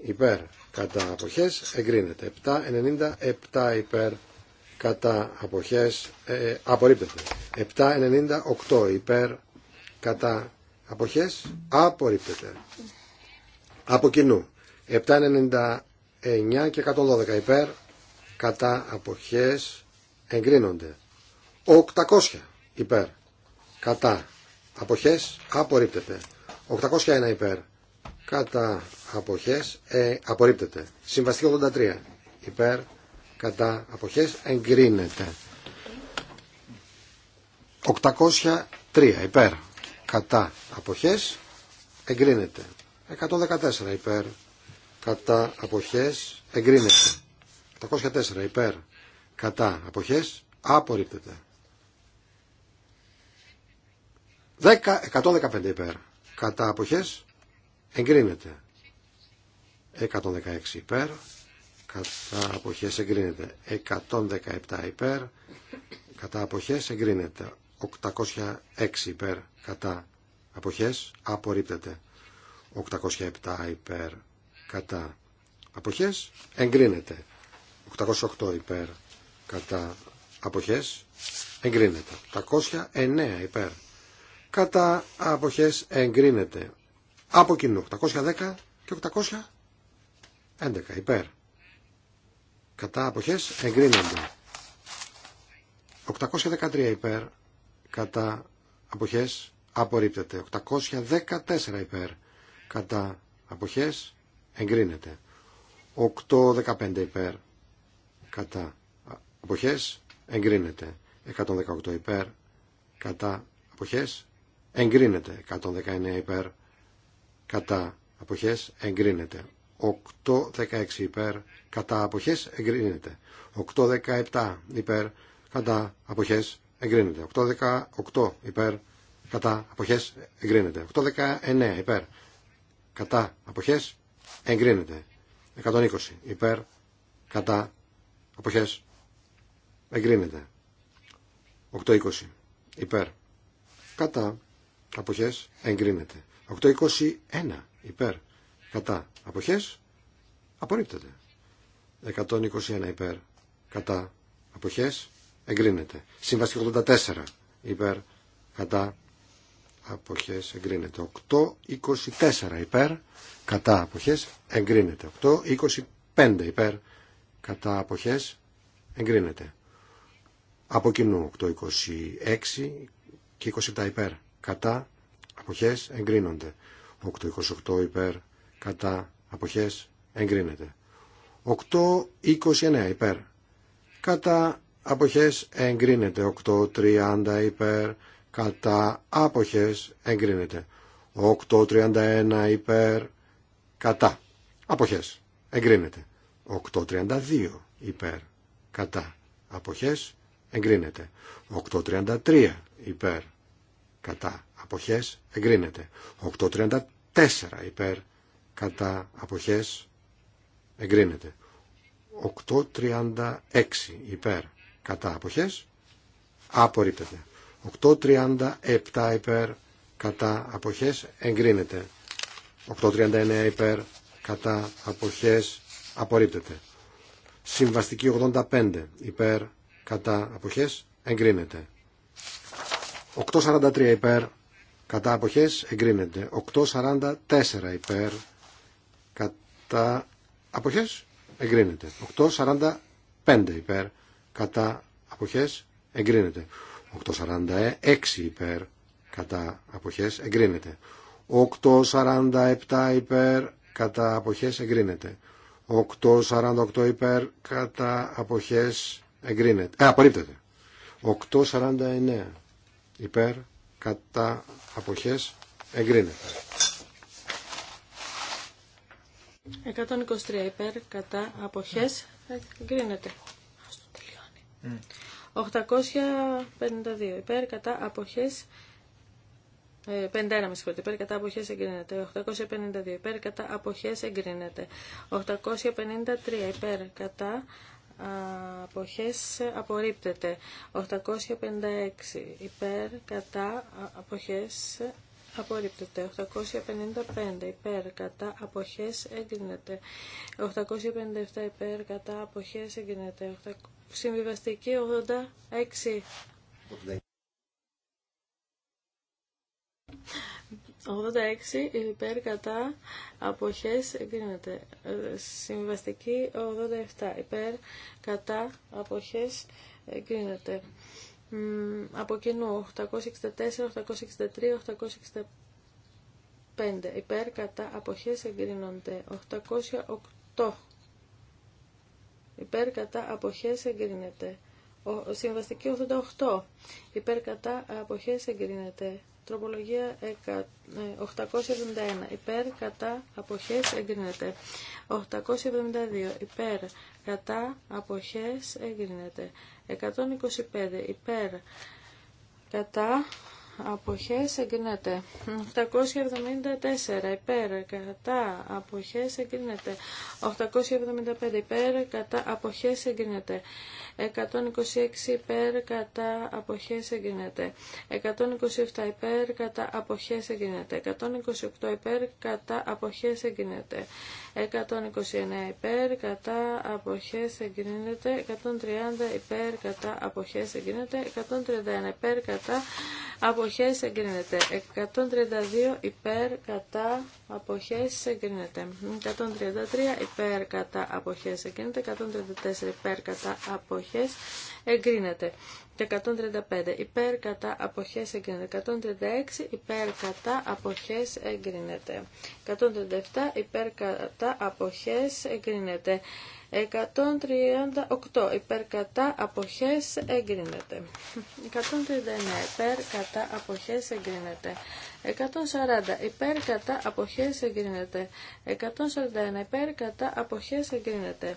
υπέρ κατά αποχές εγκρίνεται. 797 υπέρ κατά αποχές ε, απορρίπτεται. 798 υπέρ κατά Αποχές. Απορρίπτεται. Από κοινού. 799 και 112 υπέρ. Κατά αποχές. Εγκρίνονται. 800 υπέρ. Κατά αποχές. Απορρίπτεται. 801 υπέρ. Κατά αποχές. Ε, απορρίπτεται. Συμβαστική 83 υπέρ. Κατά αποχές. Εγκρίνεται. 803 υπέρ κατά αποχές εγκρίνεται 114 υπέρ κατά αποχές εγκρίνεται 704 υπέρ κατά αποχές απορρίπτεται 115 υπέρ κατά αποχές εγκρίνεται 116 υπέρ κατά αποχές εγκρίνεται 117 υπέρ κατά αποχές εγκρίνεται 806 υπέρ κατά αποχές απορρίπτεται 807 υπέρ κατά αποχές εγκρίνεται 808 υπέρ κατά αποχές εγκρίνεται 809 υπέρ κατά αποχές εγκρίνεται από κοινού 810 και 811 υπέρ κατά αποχές εγκρίνονται 813 υπέρ κατά αποχές απορρίπτεται. 814 υπέρ κατά αποχές εγκρίνεται. 815 υπέρ κατά αποχές εγκρίνεται. 118 υπέρ κατά αποχές εγκρίνεται. 119 υπέρ κατά αποχές 816 υπέρ κατά αποχές 817 υπέρ κατά αποχές εγκρίνεται. 818 υπέρ κατά αποχές εγκρίνεται. 819 υπέρ κατά αποχές εγκρίνεται. 120 υπέρ κατά αποχές εγκρίνεται. 820 υπέρ κατά αποχές εγκρίνεται. 821 υπέρ κατά αποχές απορρίπτεται. 121 υπέρ κατά αποχές εγκρίνεται. Σύμβαση 84 υπέρ κατά αποχές εγκρίνεται. 8.24 υπέρ κατά αποχές εγκρίνεται. 8.25 υπέρ κατά αποχές εγκρίνεται. Από κοινού 8.26 και 27 υπέρ κατά αποχές εγκρίνονται. 8.28 υπέρ κατά αποχές εγκρίνεται. 8.29 υπέρ κατά αποχές εγκρίνεται 8.30 υπέρ κατά αποχές εγκρίνεται 8.31 υπέρ κατά αποχές εγκρίνεται 8.32 υπέρ κατά αποχές εγκρίνεται 8.33 υπέρ κατά αποχές εγκρίνεται 8.34 υπέρ κατά αποχές εγκρίνεται 8.36 υπέρ κατά αποχές απορρίπτεται 8.37 υπέρ κατά αποχές εγκρίνεται 8.39 υπέρ κατά αποχές απορρίπτεται συμβαστική 85 υπέρ κατά αποχές εγκρίνεται 8.43 υπέρ κατά αποχές εγκρίνεται 8.44 υπέρ κατά αποχές εγκρίνεται 8.45 υπέρ κατά αποχές εγκρίνεται. 846 υπέρ κατά αποχές εγκρίνεται. 847 υπέρ κατά αποχές εγκρίνεται. 848 υπέρ κατά αποχές εγκρίνεται. Ε, απορρίπτεται. 849 υπέρ κατά αποχές εγκρίνεται. 123 υπέρ κατά αποχές εγκρίνεται. 852 υπέρ κατά αποχές 51 ε, με υπέρ κατά αποχές εγκρίνεται. 852 υπέρ κατά αποχές εγκρίνεται. 853 υπέρ κατά αποχές απορρίπτεται. 856 υπέρ κατά αποχές απορρίπτεται. 855 υπέρ κατά αποχές εγκρίνεται. 857 υπέρ κατά αποχές εγκρίνεται. Συμβιβαστική 86. 86 υπέρ κατά αποχές εγκρίνεται. Συμβαστική 87 υπέρ κατά αποχές εγκρίνεται. Από κοινού 864, 863, 865 υπέρ κατά αποχές εγκρίνονται. 808 υπέρ κατά αποχές εγκρίνεται. Ο, συμβαστική 88 υπέρ κατά αποχές εγκρίνεται. Τροπολογία 871 ε, υπέρ κατά αποχές εγκρίνεται. 872 υπέρ κατά αποχές εγκρίνεται. 125 υπέρ κατά αποχές εγκρίνεται. 874 υπέρ κατά αποχές εγκρίνεται. 875 υπέρ κατά αποχές εγκρίνεται. 126 υπέρ κατά αποχές εγκρίνεται. 127 υπέρ κατά αποχές εγκρίνεται. 128 υπέρ κατά αποχές εγκρίνεται. 129 υπέρ κατά αποχές εγκρίνεται. 130 υπέρ κατά αποχές εγκρίνεται. 131 υπέρ κατά αποχές εγκρίνεται. 132 υπέρ κατά αποχές εγκρίνεται. 133 υπέρ κατά αποχές εγκρίνεται. 134 υπέρ κατά αποχές αποχές εγκρίνεται. 135 υπέρ κατά αποχές εγκρίνεται. 136 υπέρ κατά αποχές εγκρίνεται. 137 υπέρ κατά αποχές εγκρίνεται. 138 υπέρ κατά αποχές εγκρίνεται. 139 υπέρ κατά αποχές εγκρίνεται. 140 υπέρ κατά αποχές εγκρίνεται. 141 υπέρ κατά αποχές εγκρίνεται.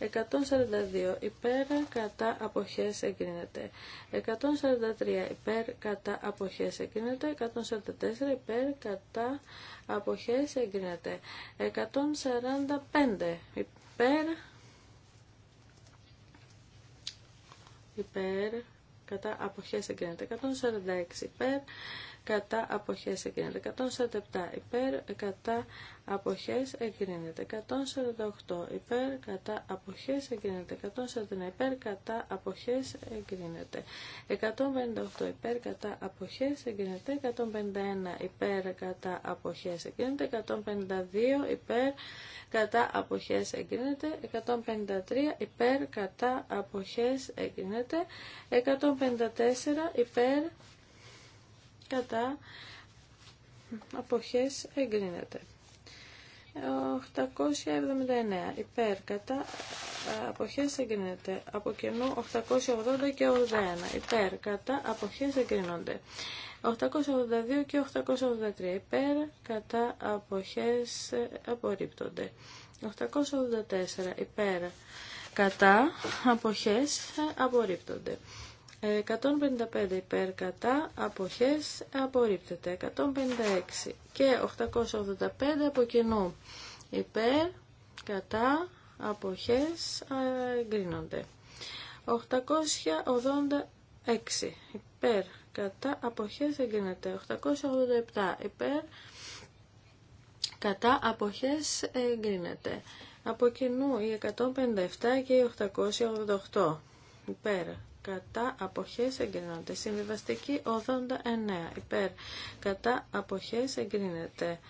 142 υπέρ κατά αποχές εγκρίνεται. 143 υπέρ κατά αποχές εγκρίνεται. 144 υπέρ κατά αποχές εγκρίνεται. 145 υπέρ υπέρ κατά αποχές εγκρίνεται. 146 υπέρ κατά αποχές εγκρίνεται 147 υπέρ κατά αποχές εγκρίνεται 148 υπέρ κατά αποχές εγκρίνεται 149 υπέρ κατά αποχές εγκρίνεται 158 υπέρ κατά αποχές εγκρίνεται 151 υπέρ κατά αποχές εγκρίνεται 152 υπέρ κατά αποχές εγκρίνεται 153 υπέρ κατά αποχές εγκρίνεται 154 υπέρ κατά αποχές εγκρίνεται. 879 υπέρ κατά αποχές εγκρίνεται. Από κοινού 880 και 81 υπέρ κατά αποχές εγκρίνονται. 882 και 883 υπέρ κατά αποχές απορρίπτονται. 884 υπέρ κατά αποχές απορρίπτονται. 155 υπέρ κατά αποχές απορρίπτεται 156 και 885 από κοινού υπέρ κατά αποχές εγκρίνονται 886 υπέρ κατά αποχές εγκρίνεται 887 υπέρ κατά αποχές εγκρίνεται από κοινού οι 157 και οι 888 υπέρ κατά αποχές εγκρίνονται. Συμβιβαστική 89 υπέρ κατά αποχές εγκρίνεται.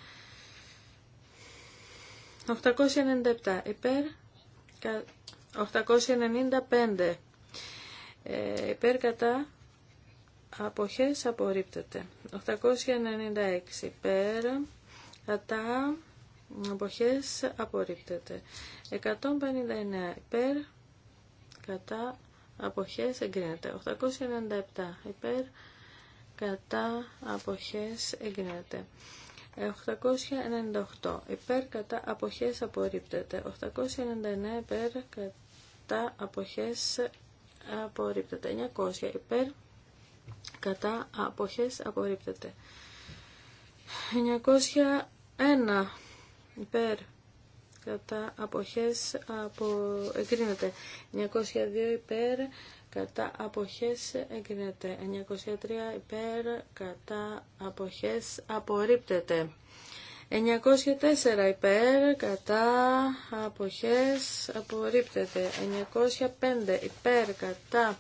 897 υπέρ 895 ε, υπέρ κατά αποχές απορρίπτεται. 896 υπέρ κατά αποχές απορρίπτεται. 159 υπέρ κατά αποχές εγκρίνεται. 897 υπέρ κατά αποχές εγκρίνεται. 898 ε, υπέρ κατά αποχές απορρίπτεται. 899 υπέρ κατά αποχές απορρίπτεται. 900 υπέρ κατά αποχές απορρίπτεται. 901 υπέρ κατά αποχές απο... εγκρίνεται. 902 υπέρ κατά αποχές εγκρίνεται. 903 υπέρ κατά αποχές απορρίπτεται. 904 υπέρ, κατά, αποχές, απορρίπτεται. 905 υπέρ, κατά,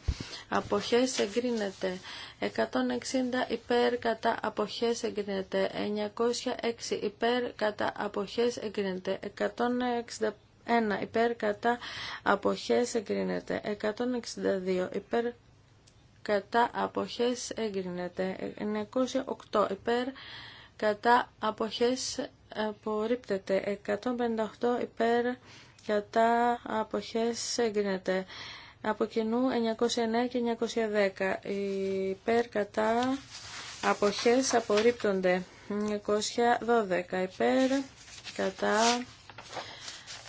αποχές, εγκρίνεται. 160 υπέρ, κατά, αποχές, εγκρίνεται. 906 υπέρ, κατά, αποχές, εγκρίνεται. 165 1. Υπέρ κατά αποχές εγκρίνεται. 162. Υπέρ κατά αποχές εγκρίνεται. 908. Υπέρ κατά αποχές απορρίπτεται 158 υπέρ κατά αποχές εγκρίνεται από κοινού 909 και 910 υπέρ κατά αποχές απορρίπτονται 912 υπέρ κατά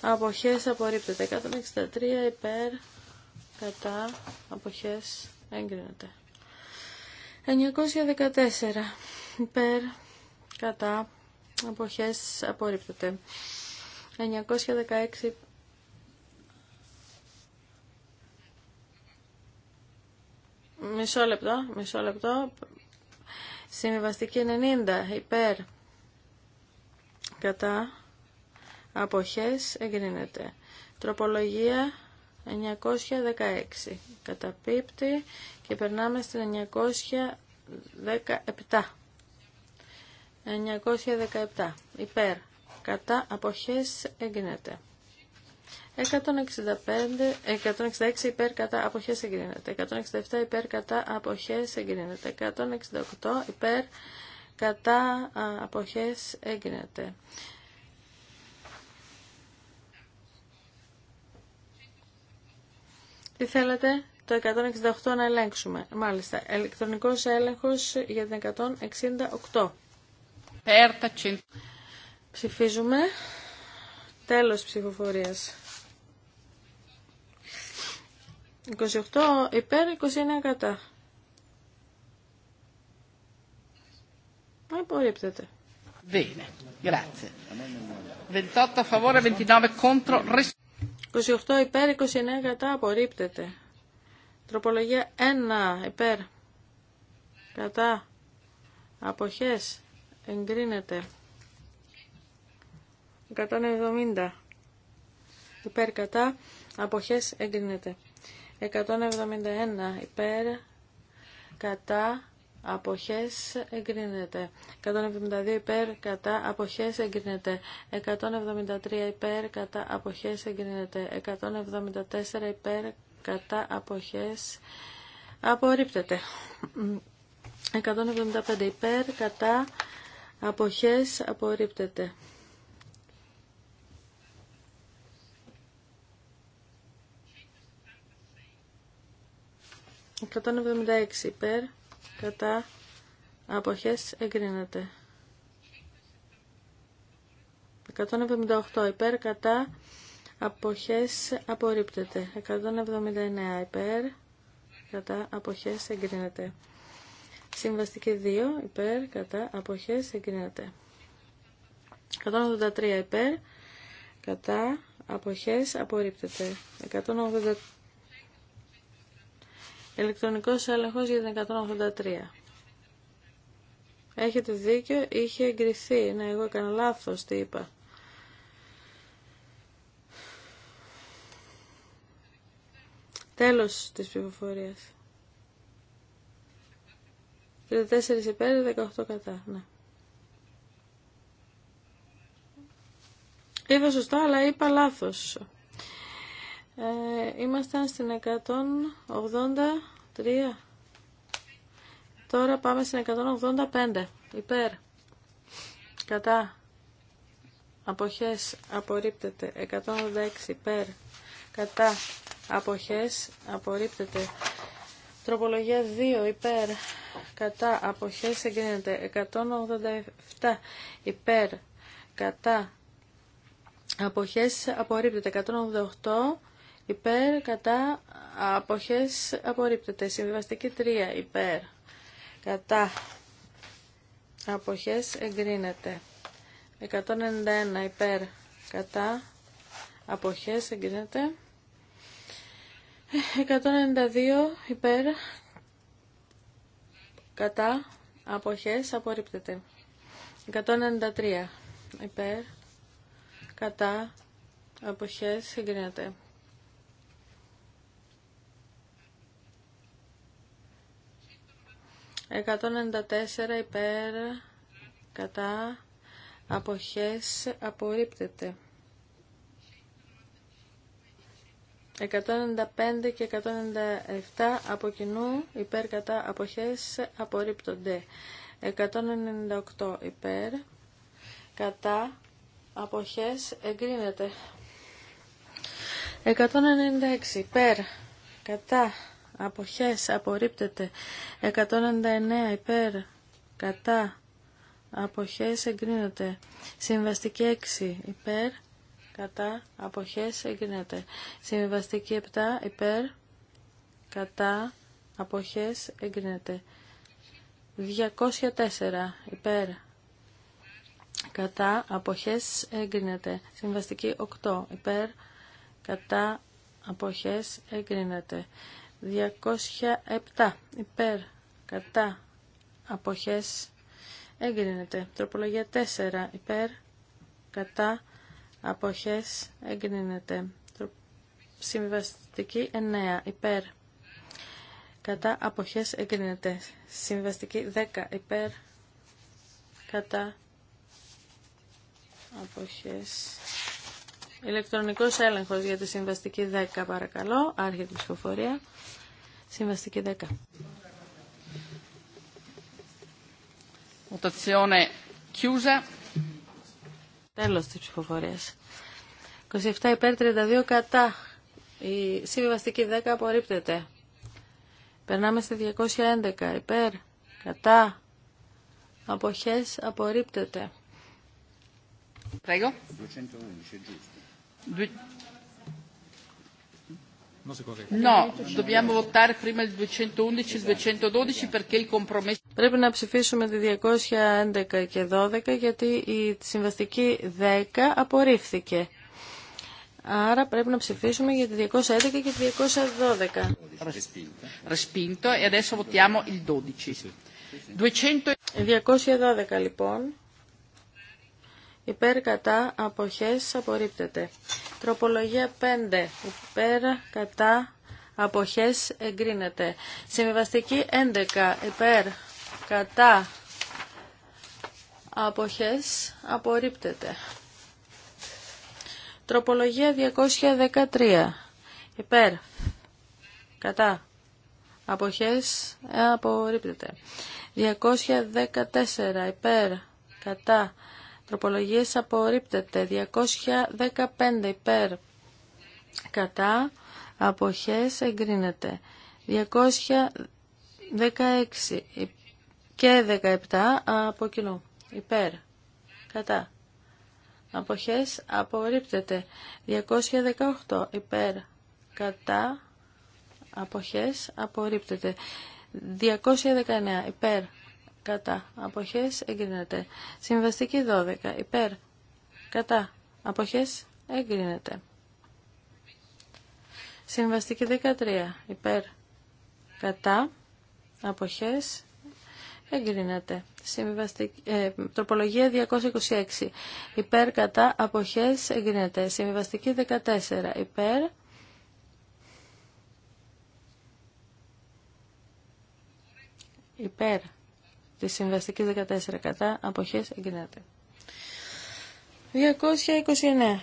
αποχές απορρίπτεται 163 υπέρ κατά αποχές εγκρίνεται 914 υπέρ κατά αποχές απορρίπτεται. 916 Μισό λεπτό, μισό λεπτό. Συμβιβαστική 90, υπέρ, κατά, αποχές, εγκρίνεται. Τροπολογία 916, καταπίπτει και περνάμε στην 917. 917 υπέρ κατά αποχές εγκρίνεται 165, 166 υπέρ κατά αποχές εγκρίνεται 167 υπέρ κατά αποχές εγκρίνεται 168 υπέρ κατά αποχές εγκρίνεται Τι θέλετε, το 168 να ελέγξουμε. Μάλιστα, ηλεκτρονικός έλεγχος για την 168 aperta. Ψηφίζουμε. Τέλος ψηφοφορίας. 28 υπέρ, 29 κατά. Απορρίπτεται. 28 a 29 contro. 28 υπέρ, 29 κατά, απορρίπτεται. Τροπολογία 1 υπέρ, κατά, αποχές, εγκρίνεται 170 υπέρ κατά αποχές εγκρίνεται 171 υπέρ κατά αποχές εγκρίνεται 172 υπέρ κατά αποχές εγκρίνεται 173 υπέρ κατά αποχές εγκρίνεται 174 υπέρ κατά αποχές απορρίπτεται 175 υπέρ κατά Αποχές απορρίπτεται. Εκατόν υπέρ, κατά, αποχές εγκρίνεται. 178 υπέρ, κατά, αποχές απορρίπτεται. 179 υπέρ, κατά, αποχές εγκρίνεται. Συμβαστική 2 υπέρ κατά αποχές εγκρίνεται. 183 υπέρ κατά αποχές απορρίπτεται. 180... Ηλεκτρονικός έλεγχος για την 183. Έχετε δίκιο, είχε εγκριθεί. Ναι, εγώ έκανα λάθος, τι είπα. Τέλος της ψηφοφορίας. 34 υπέρ, 18 κατά. Ναι. Είδα σωστά, αλλά είπα λάθος. Ε, ήμασταν στην 183. Τώρα πάμε στην 185. Υπέρ. Κατά. Αποχές απορρίπτεται. 186 υπέρ. Κατά. Αποχές απορρίπτεται. Τροπολογία 2 υπέρ κατά αποχές εγκρίνεται. 187 υπέρ κατά αποχές απορρίπτεται. 188 υπέρ κατά αποχές απορρίπτεται. Συμβιβαστική 3 υπέρ κατά αποχές εγκρίνεται. 191 υπέρ κατά αποχές εγκρίνεται. 192 υπέρ κατά αποχές απορρίπτεται 193 υπέρ κατά αποχές συγκρίνεται 194 υπέρ κατά αποχές απορρίπτεται 195 και 197 από κοινού υπέρ κατά αποχές απορρίπτονται. 198 υπέρ κατά αποχές εγκρίνεται. 196 υπέρ κατά αποχές απορρίπτεται. 199 υπέρ κατά αποχές εγκρίνεται. Συμβαστική 6 υπέρ κατά αποχές εγκρίνεται. Συμβιβαστική 7 υπέρ κατά αποχές εγκρίνεται. 204 υπέρ κατά αποχές εγκρίνεται. Συμβαστική 8 υπέρ κατά αποχές εγκρίνεται. 207 υπέρ κατά αποχές εγκρίνεται. Τροπολογία 4 υπέρ κατά αποχές εγκρίνεται. Συμβαστική 9 υπέρ κατά αποχές εγκρίνεται. Συμβαστική 10 υπέρ κατά αποχές. Ηλεκτρονικός έλεγχος για τη συμβαστική 10 παρακαλώ. Άρχεται η ψηφοφορία. Συμβαστική 10. Votazione chiusa. Τέλος της ψηφοφορίας. 27 υπέρ 32 κατά. Η συμβιβαστική 10 απορρίπτεται. Περνάμε στη 211 υπέρ κατά. Αποχές απορρίπτεται. Prego. 211 No, dobbiamo votare prima il 211 e il 212 perché il compromesso Πρέπει να ψηφίσουμε τη 211 και 12 γιατί η συμβαστική 10 απορρίφθηκε. Άρα πρέπει να ψηφίσουμε για τη 211 και τη 212. 212 e λοιπόν. Υπέρ κατά αποχές απορρίπτεται. Τροπολογία 5. Υπέρ κατά αποχές εγκρίνεται. Συμβαστική 11. Υπέρ κατά αποχές απορρίπτεται. Τροπολογία 213. Υπέρ. Κατά. Αποχές απορρίπτεται. 214. Υπέρ. Κατά. Τροπολογίες απορρίπτεται. 215. Υπέρ. Κατά. Αποχές εγκρίνεται. 216 και 17 από κοινού. Υπέρ. Κατά. Αποχές απορρίπτεται. 218 υπέρ. Κατά. Αποχές απορρίπτεται. 219 υπέρ. Κατά. Αποχές εγκρίνεται. Συμβαστική 12 υπέρ. Κατά. Αποχές εγκρίνεται. Συμβαστική 13 υπέρ. Κατά. Αποχές Εγκρίνεται. Συμβιβαστική, ε, τροπολογία 226. Υπέρ κατά αποχές εγκρίνεται. Συμβιβαστική 14. Υπέρ. Υπέρ Τη συμβαστική 14 κατά αποχές εγκρίνεται. 229.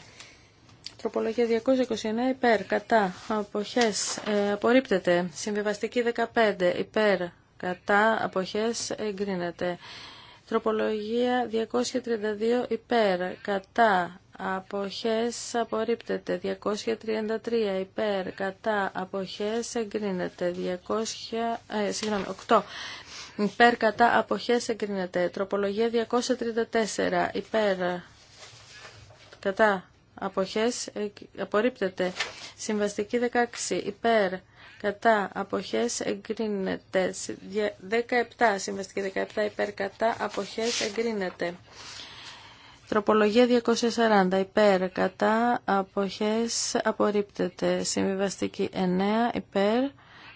Τροπολογία 229 υπέρ, κατά, αποχές, ε, απορρίπτεται, συμβιβαστική 15 υπέρ, κατά αποχές εγκρίνεται. Τροπολογία 232 υπέρ κατά αποχές απορρίπτεται. 233 υπέρ κατά αποχές εγκρίνεται. 200, ε, συγγνώμη, 8 υπέρ κατά αποχές εγκρίνεται. Τροπολογία 234 υπέρ κατά αποχές ε, απορρίπτεται. Συμβαστική 16 υπέρ κατά αποχές εγκρίνεται. 17 συμβαστική 17 υπέρ κατά αποχές εγκρίνεται. Τροπολογία 240 υπέρ κατά αποχές απορρίπτεται. Συμβιβαστική 9 υπέρ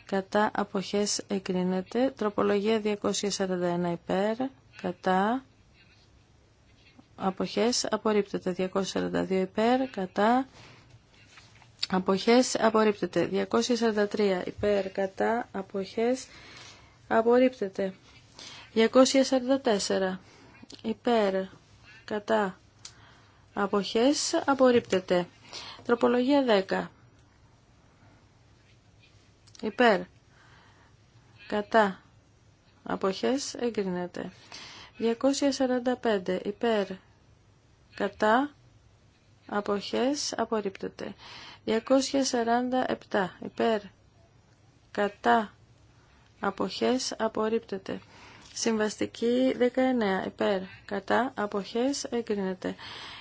κατά αποχές εγκρίνεται. Τροπολογία 241 υπέρ κατά αποχές απορρίπτεται. 242 υπέρ κατά Αποχές απορρίπτεται. 243 υπέρ κατά αποχές απορρίπτεται. 244 υπέρ κατά αποχές απορρίπτεται. Τροπολογία 10 υπέρ κατά αποχές εγκρίνεται. 245 υπέρ κατά αποχές απορρίπτεται. 247 υπέρ κατά αποχές απορρίπτεται. Συμβαστική 19 υπέρ κατά αποχές εγκρίνεται.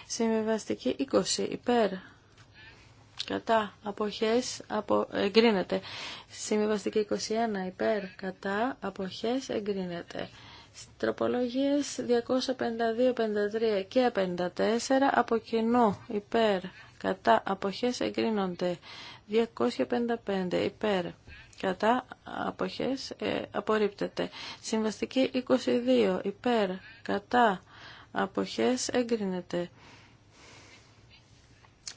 Συμβαστική 20 υπέρ κατά αποχές απο... εγκρίνεται. Συμβαστική 21 υπέρ κατά αποχές εγκρίνεται. Τροπολογίες 252, 53 και 54 από κοινού υπέρ κατά αποχές εγκρίνονται 255 υπέρ κατά αποχές ε, απορρίπτεται συμβαστική 22 υπέρ κατά αποχές εγκρίνεται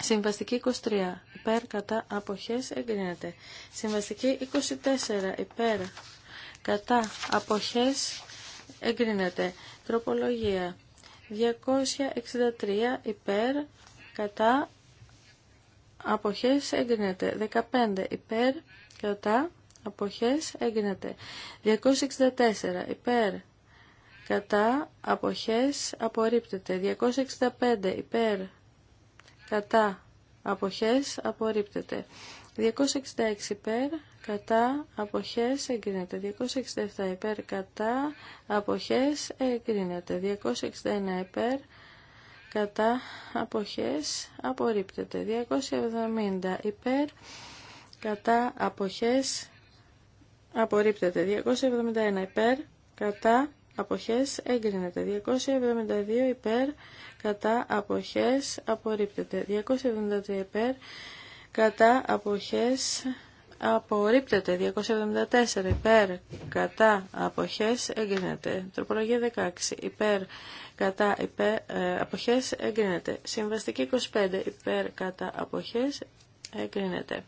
Συμβαστική 23. Υπέρ κατά αποχές εγκρίνεται. Συμβαστική 24. Υπέρ κατά αποχές εγκρίνεται. Τροπολογία 263. Υπέρ κατά αποχές έγκρινεται 15 υπέρ κατά αποχές έγκρινεται 264 υπέρ κατά αποχές απορρίπτεται 265 υπέρ κατά αποχές απορρίπτεται 266 υπέρ κατά αποχές εγκρίνεται 267 υπέρ κατά αποχές εγκρίνεται 269 υπέρ κατά αποχές απορρίπτεται 270 υπέρ κατά αποχές απορρίπτεται 271 υπέρ κατά αποχές εγκρίνεται 272 υπέρ κατά αποχές απορρίπτεται 273 υπέρ κατά αποχές απορρίπτεται 274 υπέρ κατά αποχές εγκρίνεται τροπολογία 16 υπέρ κατά υπέρ, ε, αποχές εγκρίνεται. Συμβαστική 25 υπέρ κατά αποχές εγκρίνεται.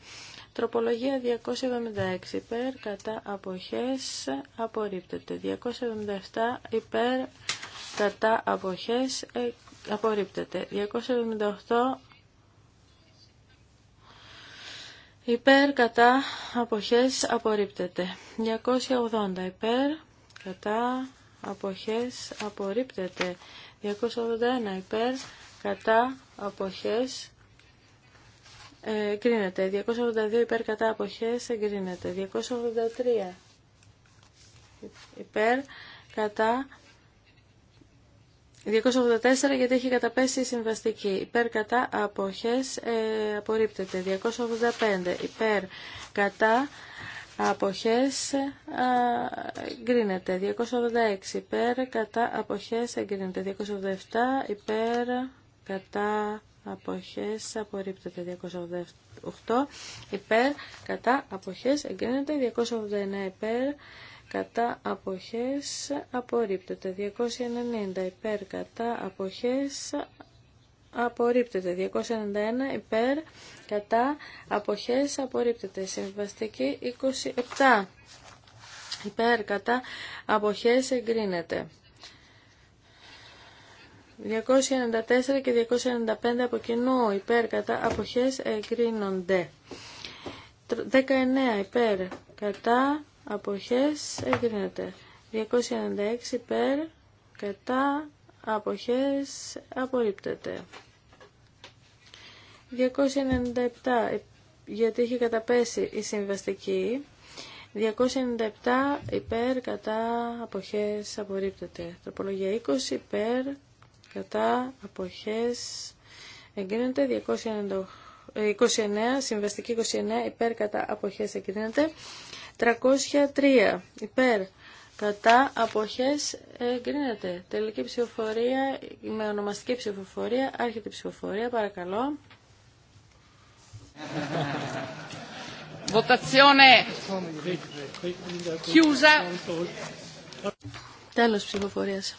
Τροπολογία 276 υπέρ κατά αποχές απορρίπτεται. 277 ε, υπέρ κατά αποχές απορρίπτεται. 278 Υπέρ κατά αποχές απορρίπτεται. 280 υπέρ κατά αποχές απορρίπτεται 281 υπέρ κατά αποχές εγκρίνεται 282 υπέρ κατά αποχές εγκρίνεται 283 υπέρ κατά 284 γιατί έχει καταπέσει η συμβαστική. Υπέρ κατά αποχές ε, απορρίπτεται. 285 υπέρ κατά αποχές εγκρίνεται 286 υπέρ κατά αποχές εγκρίνεται 287 υπέρ κατά αποχές απορρίπτεται 288 υπέρ κατά αποχές εγκρίνεται 289 υπέρ κατά αποχές απορρίπτεται 290 υπέρ κατά αποχές απορρίπτεται 291 υπέρ κατά αποχές απορρίπτεται. Συμβαστική 27 υπέρ κατά αποχές εγκρίνεται. 294 και 295 από κοινού υπέρ κατά αποχές εγκρίνονται. 19 υπέρ κατά αποχές εγκρίνεται. 296 υπέρ κατά αποχές απορρίπτεται. 297 ε, γιατί είχε καταπέσει η συμβαστική. 297 υπέρ κατά αποχές απορρίπτεται. Τροπολογία 20 υπέρ κατά αποχές εγκρίνεται. 298 29, ε, συμβαστική 29, υπέρ κατά αποχές εγκρίνεται. 303, υπέρ κατά αποχές εγκρίνεται. Τελική ψηφοφορία, με ονομαστική ψηφοφορία, άρχεται ψηφοφορία, παρακαλώ. Votazione chiusa. Τέλος ψηφοφορίας.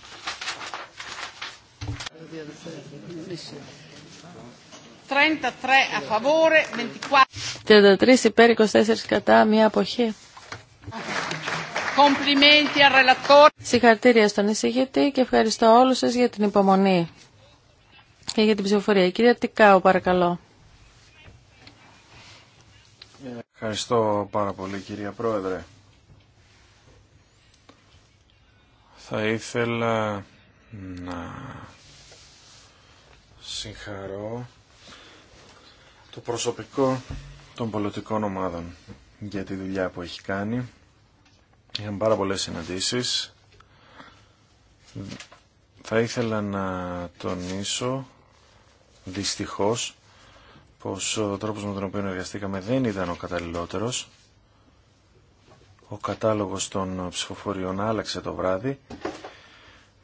24. 33 υπέρ 24 κατά μία αποχή. Συγχαρητήρια στον εισηγητή και ευχαριστώ όλους σας για την υπομονή και για την ψηφοφορία. Κυρία Τικάου, παρακαλώ. Ευχαριστώ πάρα πολύ κυρία Πρόεδρε. Θα ήθελα να συγχαρώ το προσωπικό των πολιτικών ομάδων για τη δουλειά που έχει κάνει. Είχαμε πάρα πολλές συναντήσεις. Θα ήθελα να τονίσω δυστυχώς πως ο τρόπος με τον οποίο εργαστήκαμε δεν ήταν ο καταλληλότερος. Ο κατάλογος των ψηφοφοριών άλλαξε το βράδυ.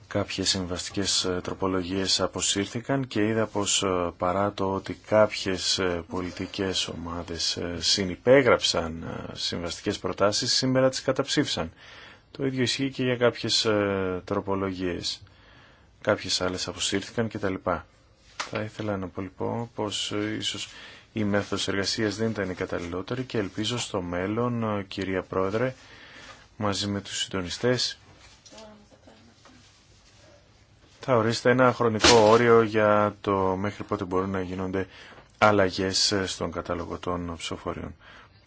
Κάποιες συμβαστικές ε, τροπολογίες αποσύρθηκαν και είδα πως ε, παρά το ότι κάποιες ε, πολιτικές ομάδες συνυπέγραψαν συμβαστικές προτάσεις, σήμερα τις καταψήφισαν. Το ίδιο ισχύει και για κάποιες τροπολογίες. Κάποιες άλλες αποσύρθηκαν κτλ. Θα ήθελα να πω λοιπόν πως ίσως η μέθοδος εργασίας δεν ήταν η καταλληλότερη και ελπίζω στο μέλλον, ε, κυρία Πρόεδρε, μαζί με τους συντονιστές, θα ορίσετε ένα χρονικό όριο για το μέχρι πότε μπορούν να γίνονται αλλαγές ε, στον κατάλογο των ψηφοφορίων.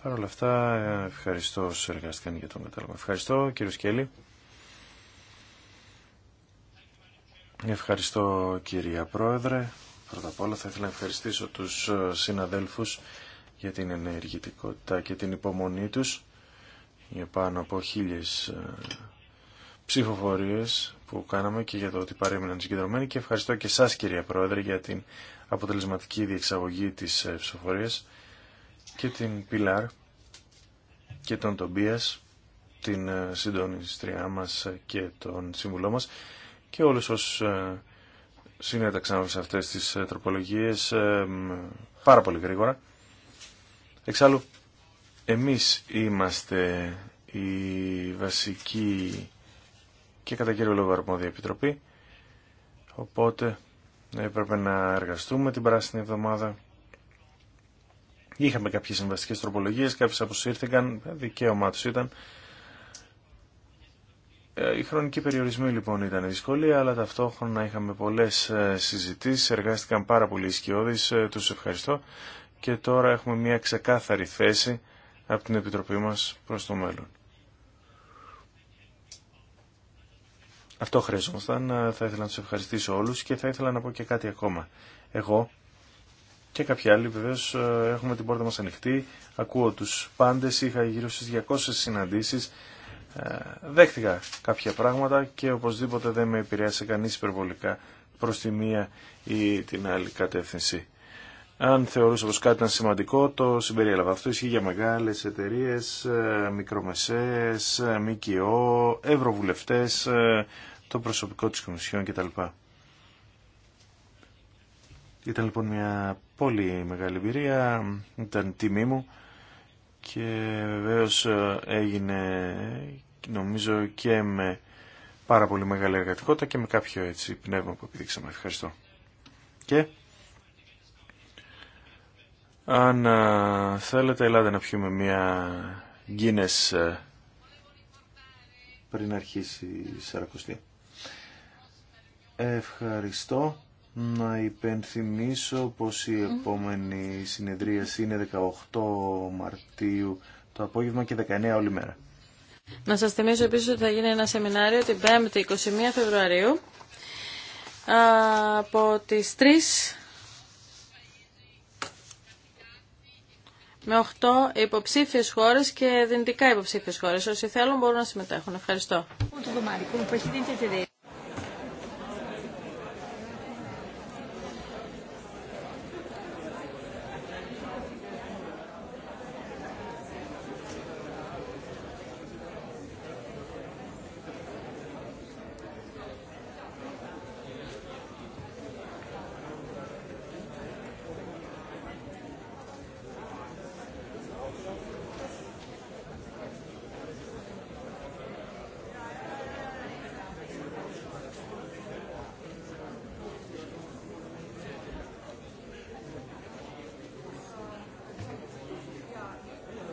Παρ' όλα αυτά, ε, ευχαριστώ όσους εργάστηκαν για τον κατάλογο. Ευχαριστώ, κύριο Σκέλη. Ευχαριστώ κυρία Πρόεδρε. Πρώτα απ' όλα θα ήθελα να ευχαριστήσω τους ε, συναδέλφους για την ενεργητικότητα και την υπομονή τους για πάνω από χίλιες ε, ψηφοφορίες που κάναμε και για το ότι παρέμειναν συγκεντρωμένοι και ευχαριστώ και εσάς κυρία Πρόεδρε για την αποτελεσματική διεξαγωγή της ε, ψηφοφορίας και την Πιλάρ και τον Τομπίας την συντονιστριά μας και τον σύμβουλό μας και όλους όσους ε, συνέταξαν σε αυτές τις ε, τροπολογίες ε, πάρα πολύ γρήγορα. Εξάλλου, εμείς είμαστε η βασική και κατά κύριο λόγο αρμόδια επιτροπή, οπότε έπρεπε να εργαστούμε την πράσινη εβδομάδα. Είχαμε κάποιες συμβαστικές τροπολογίες, κάποιες αποσύρθηκαν, δικαίωμά τους ήταν. Οι ε, χρονικοί περιορισμοί λοιπόν ήταν δύσκολοι, αλλά ταυτόχρονα είχαμε πολλές ε, συζητήσεις, εργάστηκαν πάρα πολύ ισχυώδεις, ε, τους ευχαριστώ και τώρα έχουμε μια ξεκάθαρη θέση από την Επιτροπή μας προς το μέλλον. Αυτό χρειαζόμασταν. Θα ήθελα να τους ευχαριστήσω όλους και θα ήθελα να πω και κάτι ακόμα. Εγώ και κάποιοι άλλοι βεβαίω έχουμε την πόρτα μας ανοιχτή, ακούω τους πάντες, είχα γύρω στις 200 συναντήσεις ε, δέχτηκα κάποια πράγματα και οπωσδήποτε δεν με επηρέασε κανείς υπερβολικά προς τη μία ή την άλλη κατεύθυνση. Αν θεωρούσα πως κάτι ήταν σημαντικό, το συμπεριέλαβα. Αυτό ισχύει για μεγάλες εταιρείες, ε, μικρομεσαίες, ε, ΜΚΟ, ευρωβουλευτές, το προσωπικό της Κομισιόν κτλ. Ήταν λοιπόν μια πολύ μεγάλη εμπειρία, ήταν τιμή μου και βεβαίω ε, έγινε νομίζω και με πάρα πολύ μεγάλη εργατικότητα και με κάποιο έτσι πνεύμα που επιδείξαμε. Ευχαριστώ. Και αν ε, θέλετε ελάτε να πιούμε μια γκίνες πριν αρχίσει η Σαρακοστή. Ευχαριστώ να υπενθυμίσω πως η επόμενη συνεδρίαση είναι 18 Μαρτίου το απόγευμα και 19 όλη μέρα. Να σας θυμίσω επίσης ότι θα γίνει ένα σεμινάριο την 5η 21 Φεβρουαρίου από τις 3 με 8 υποψήφιες χώρες και δυνητικά υποψήφιες χώρες. Όσοι θέλουν μπορούν να συμμετέχουν. Ευχαριστώ.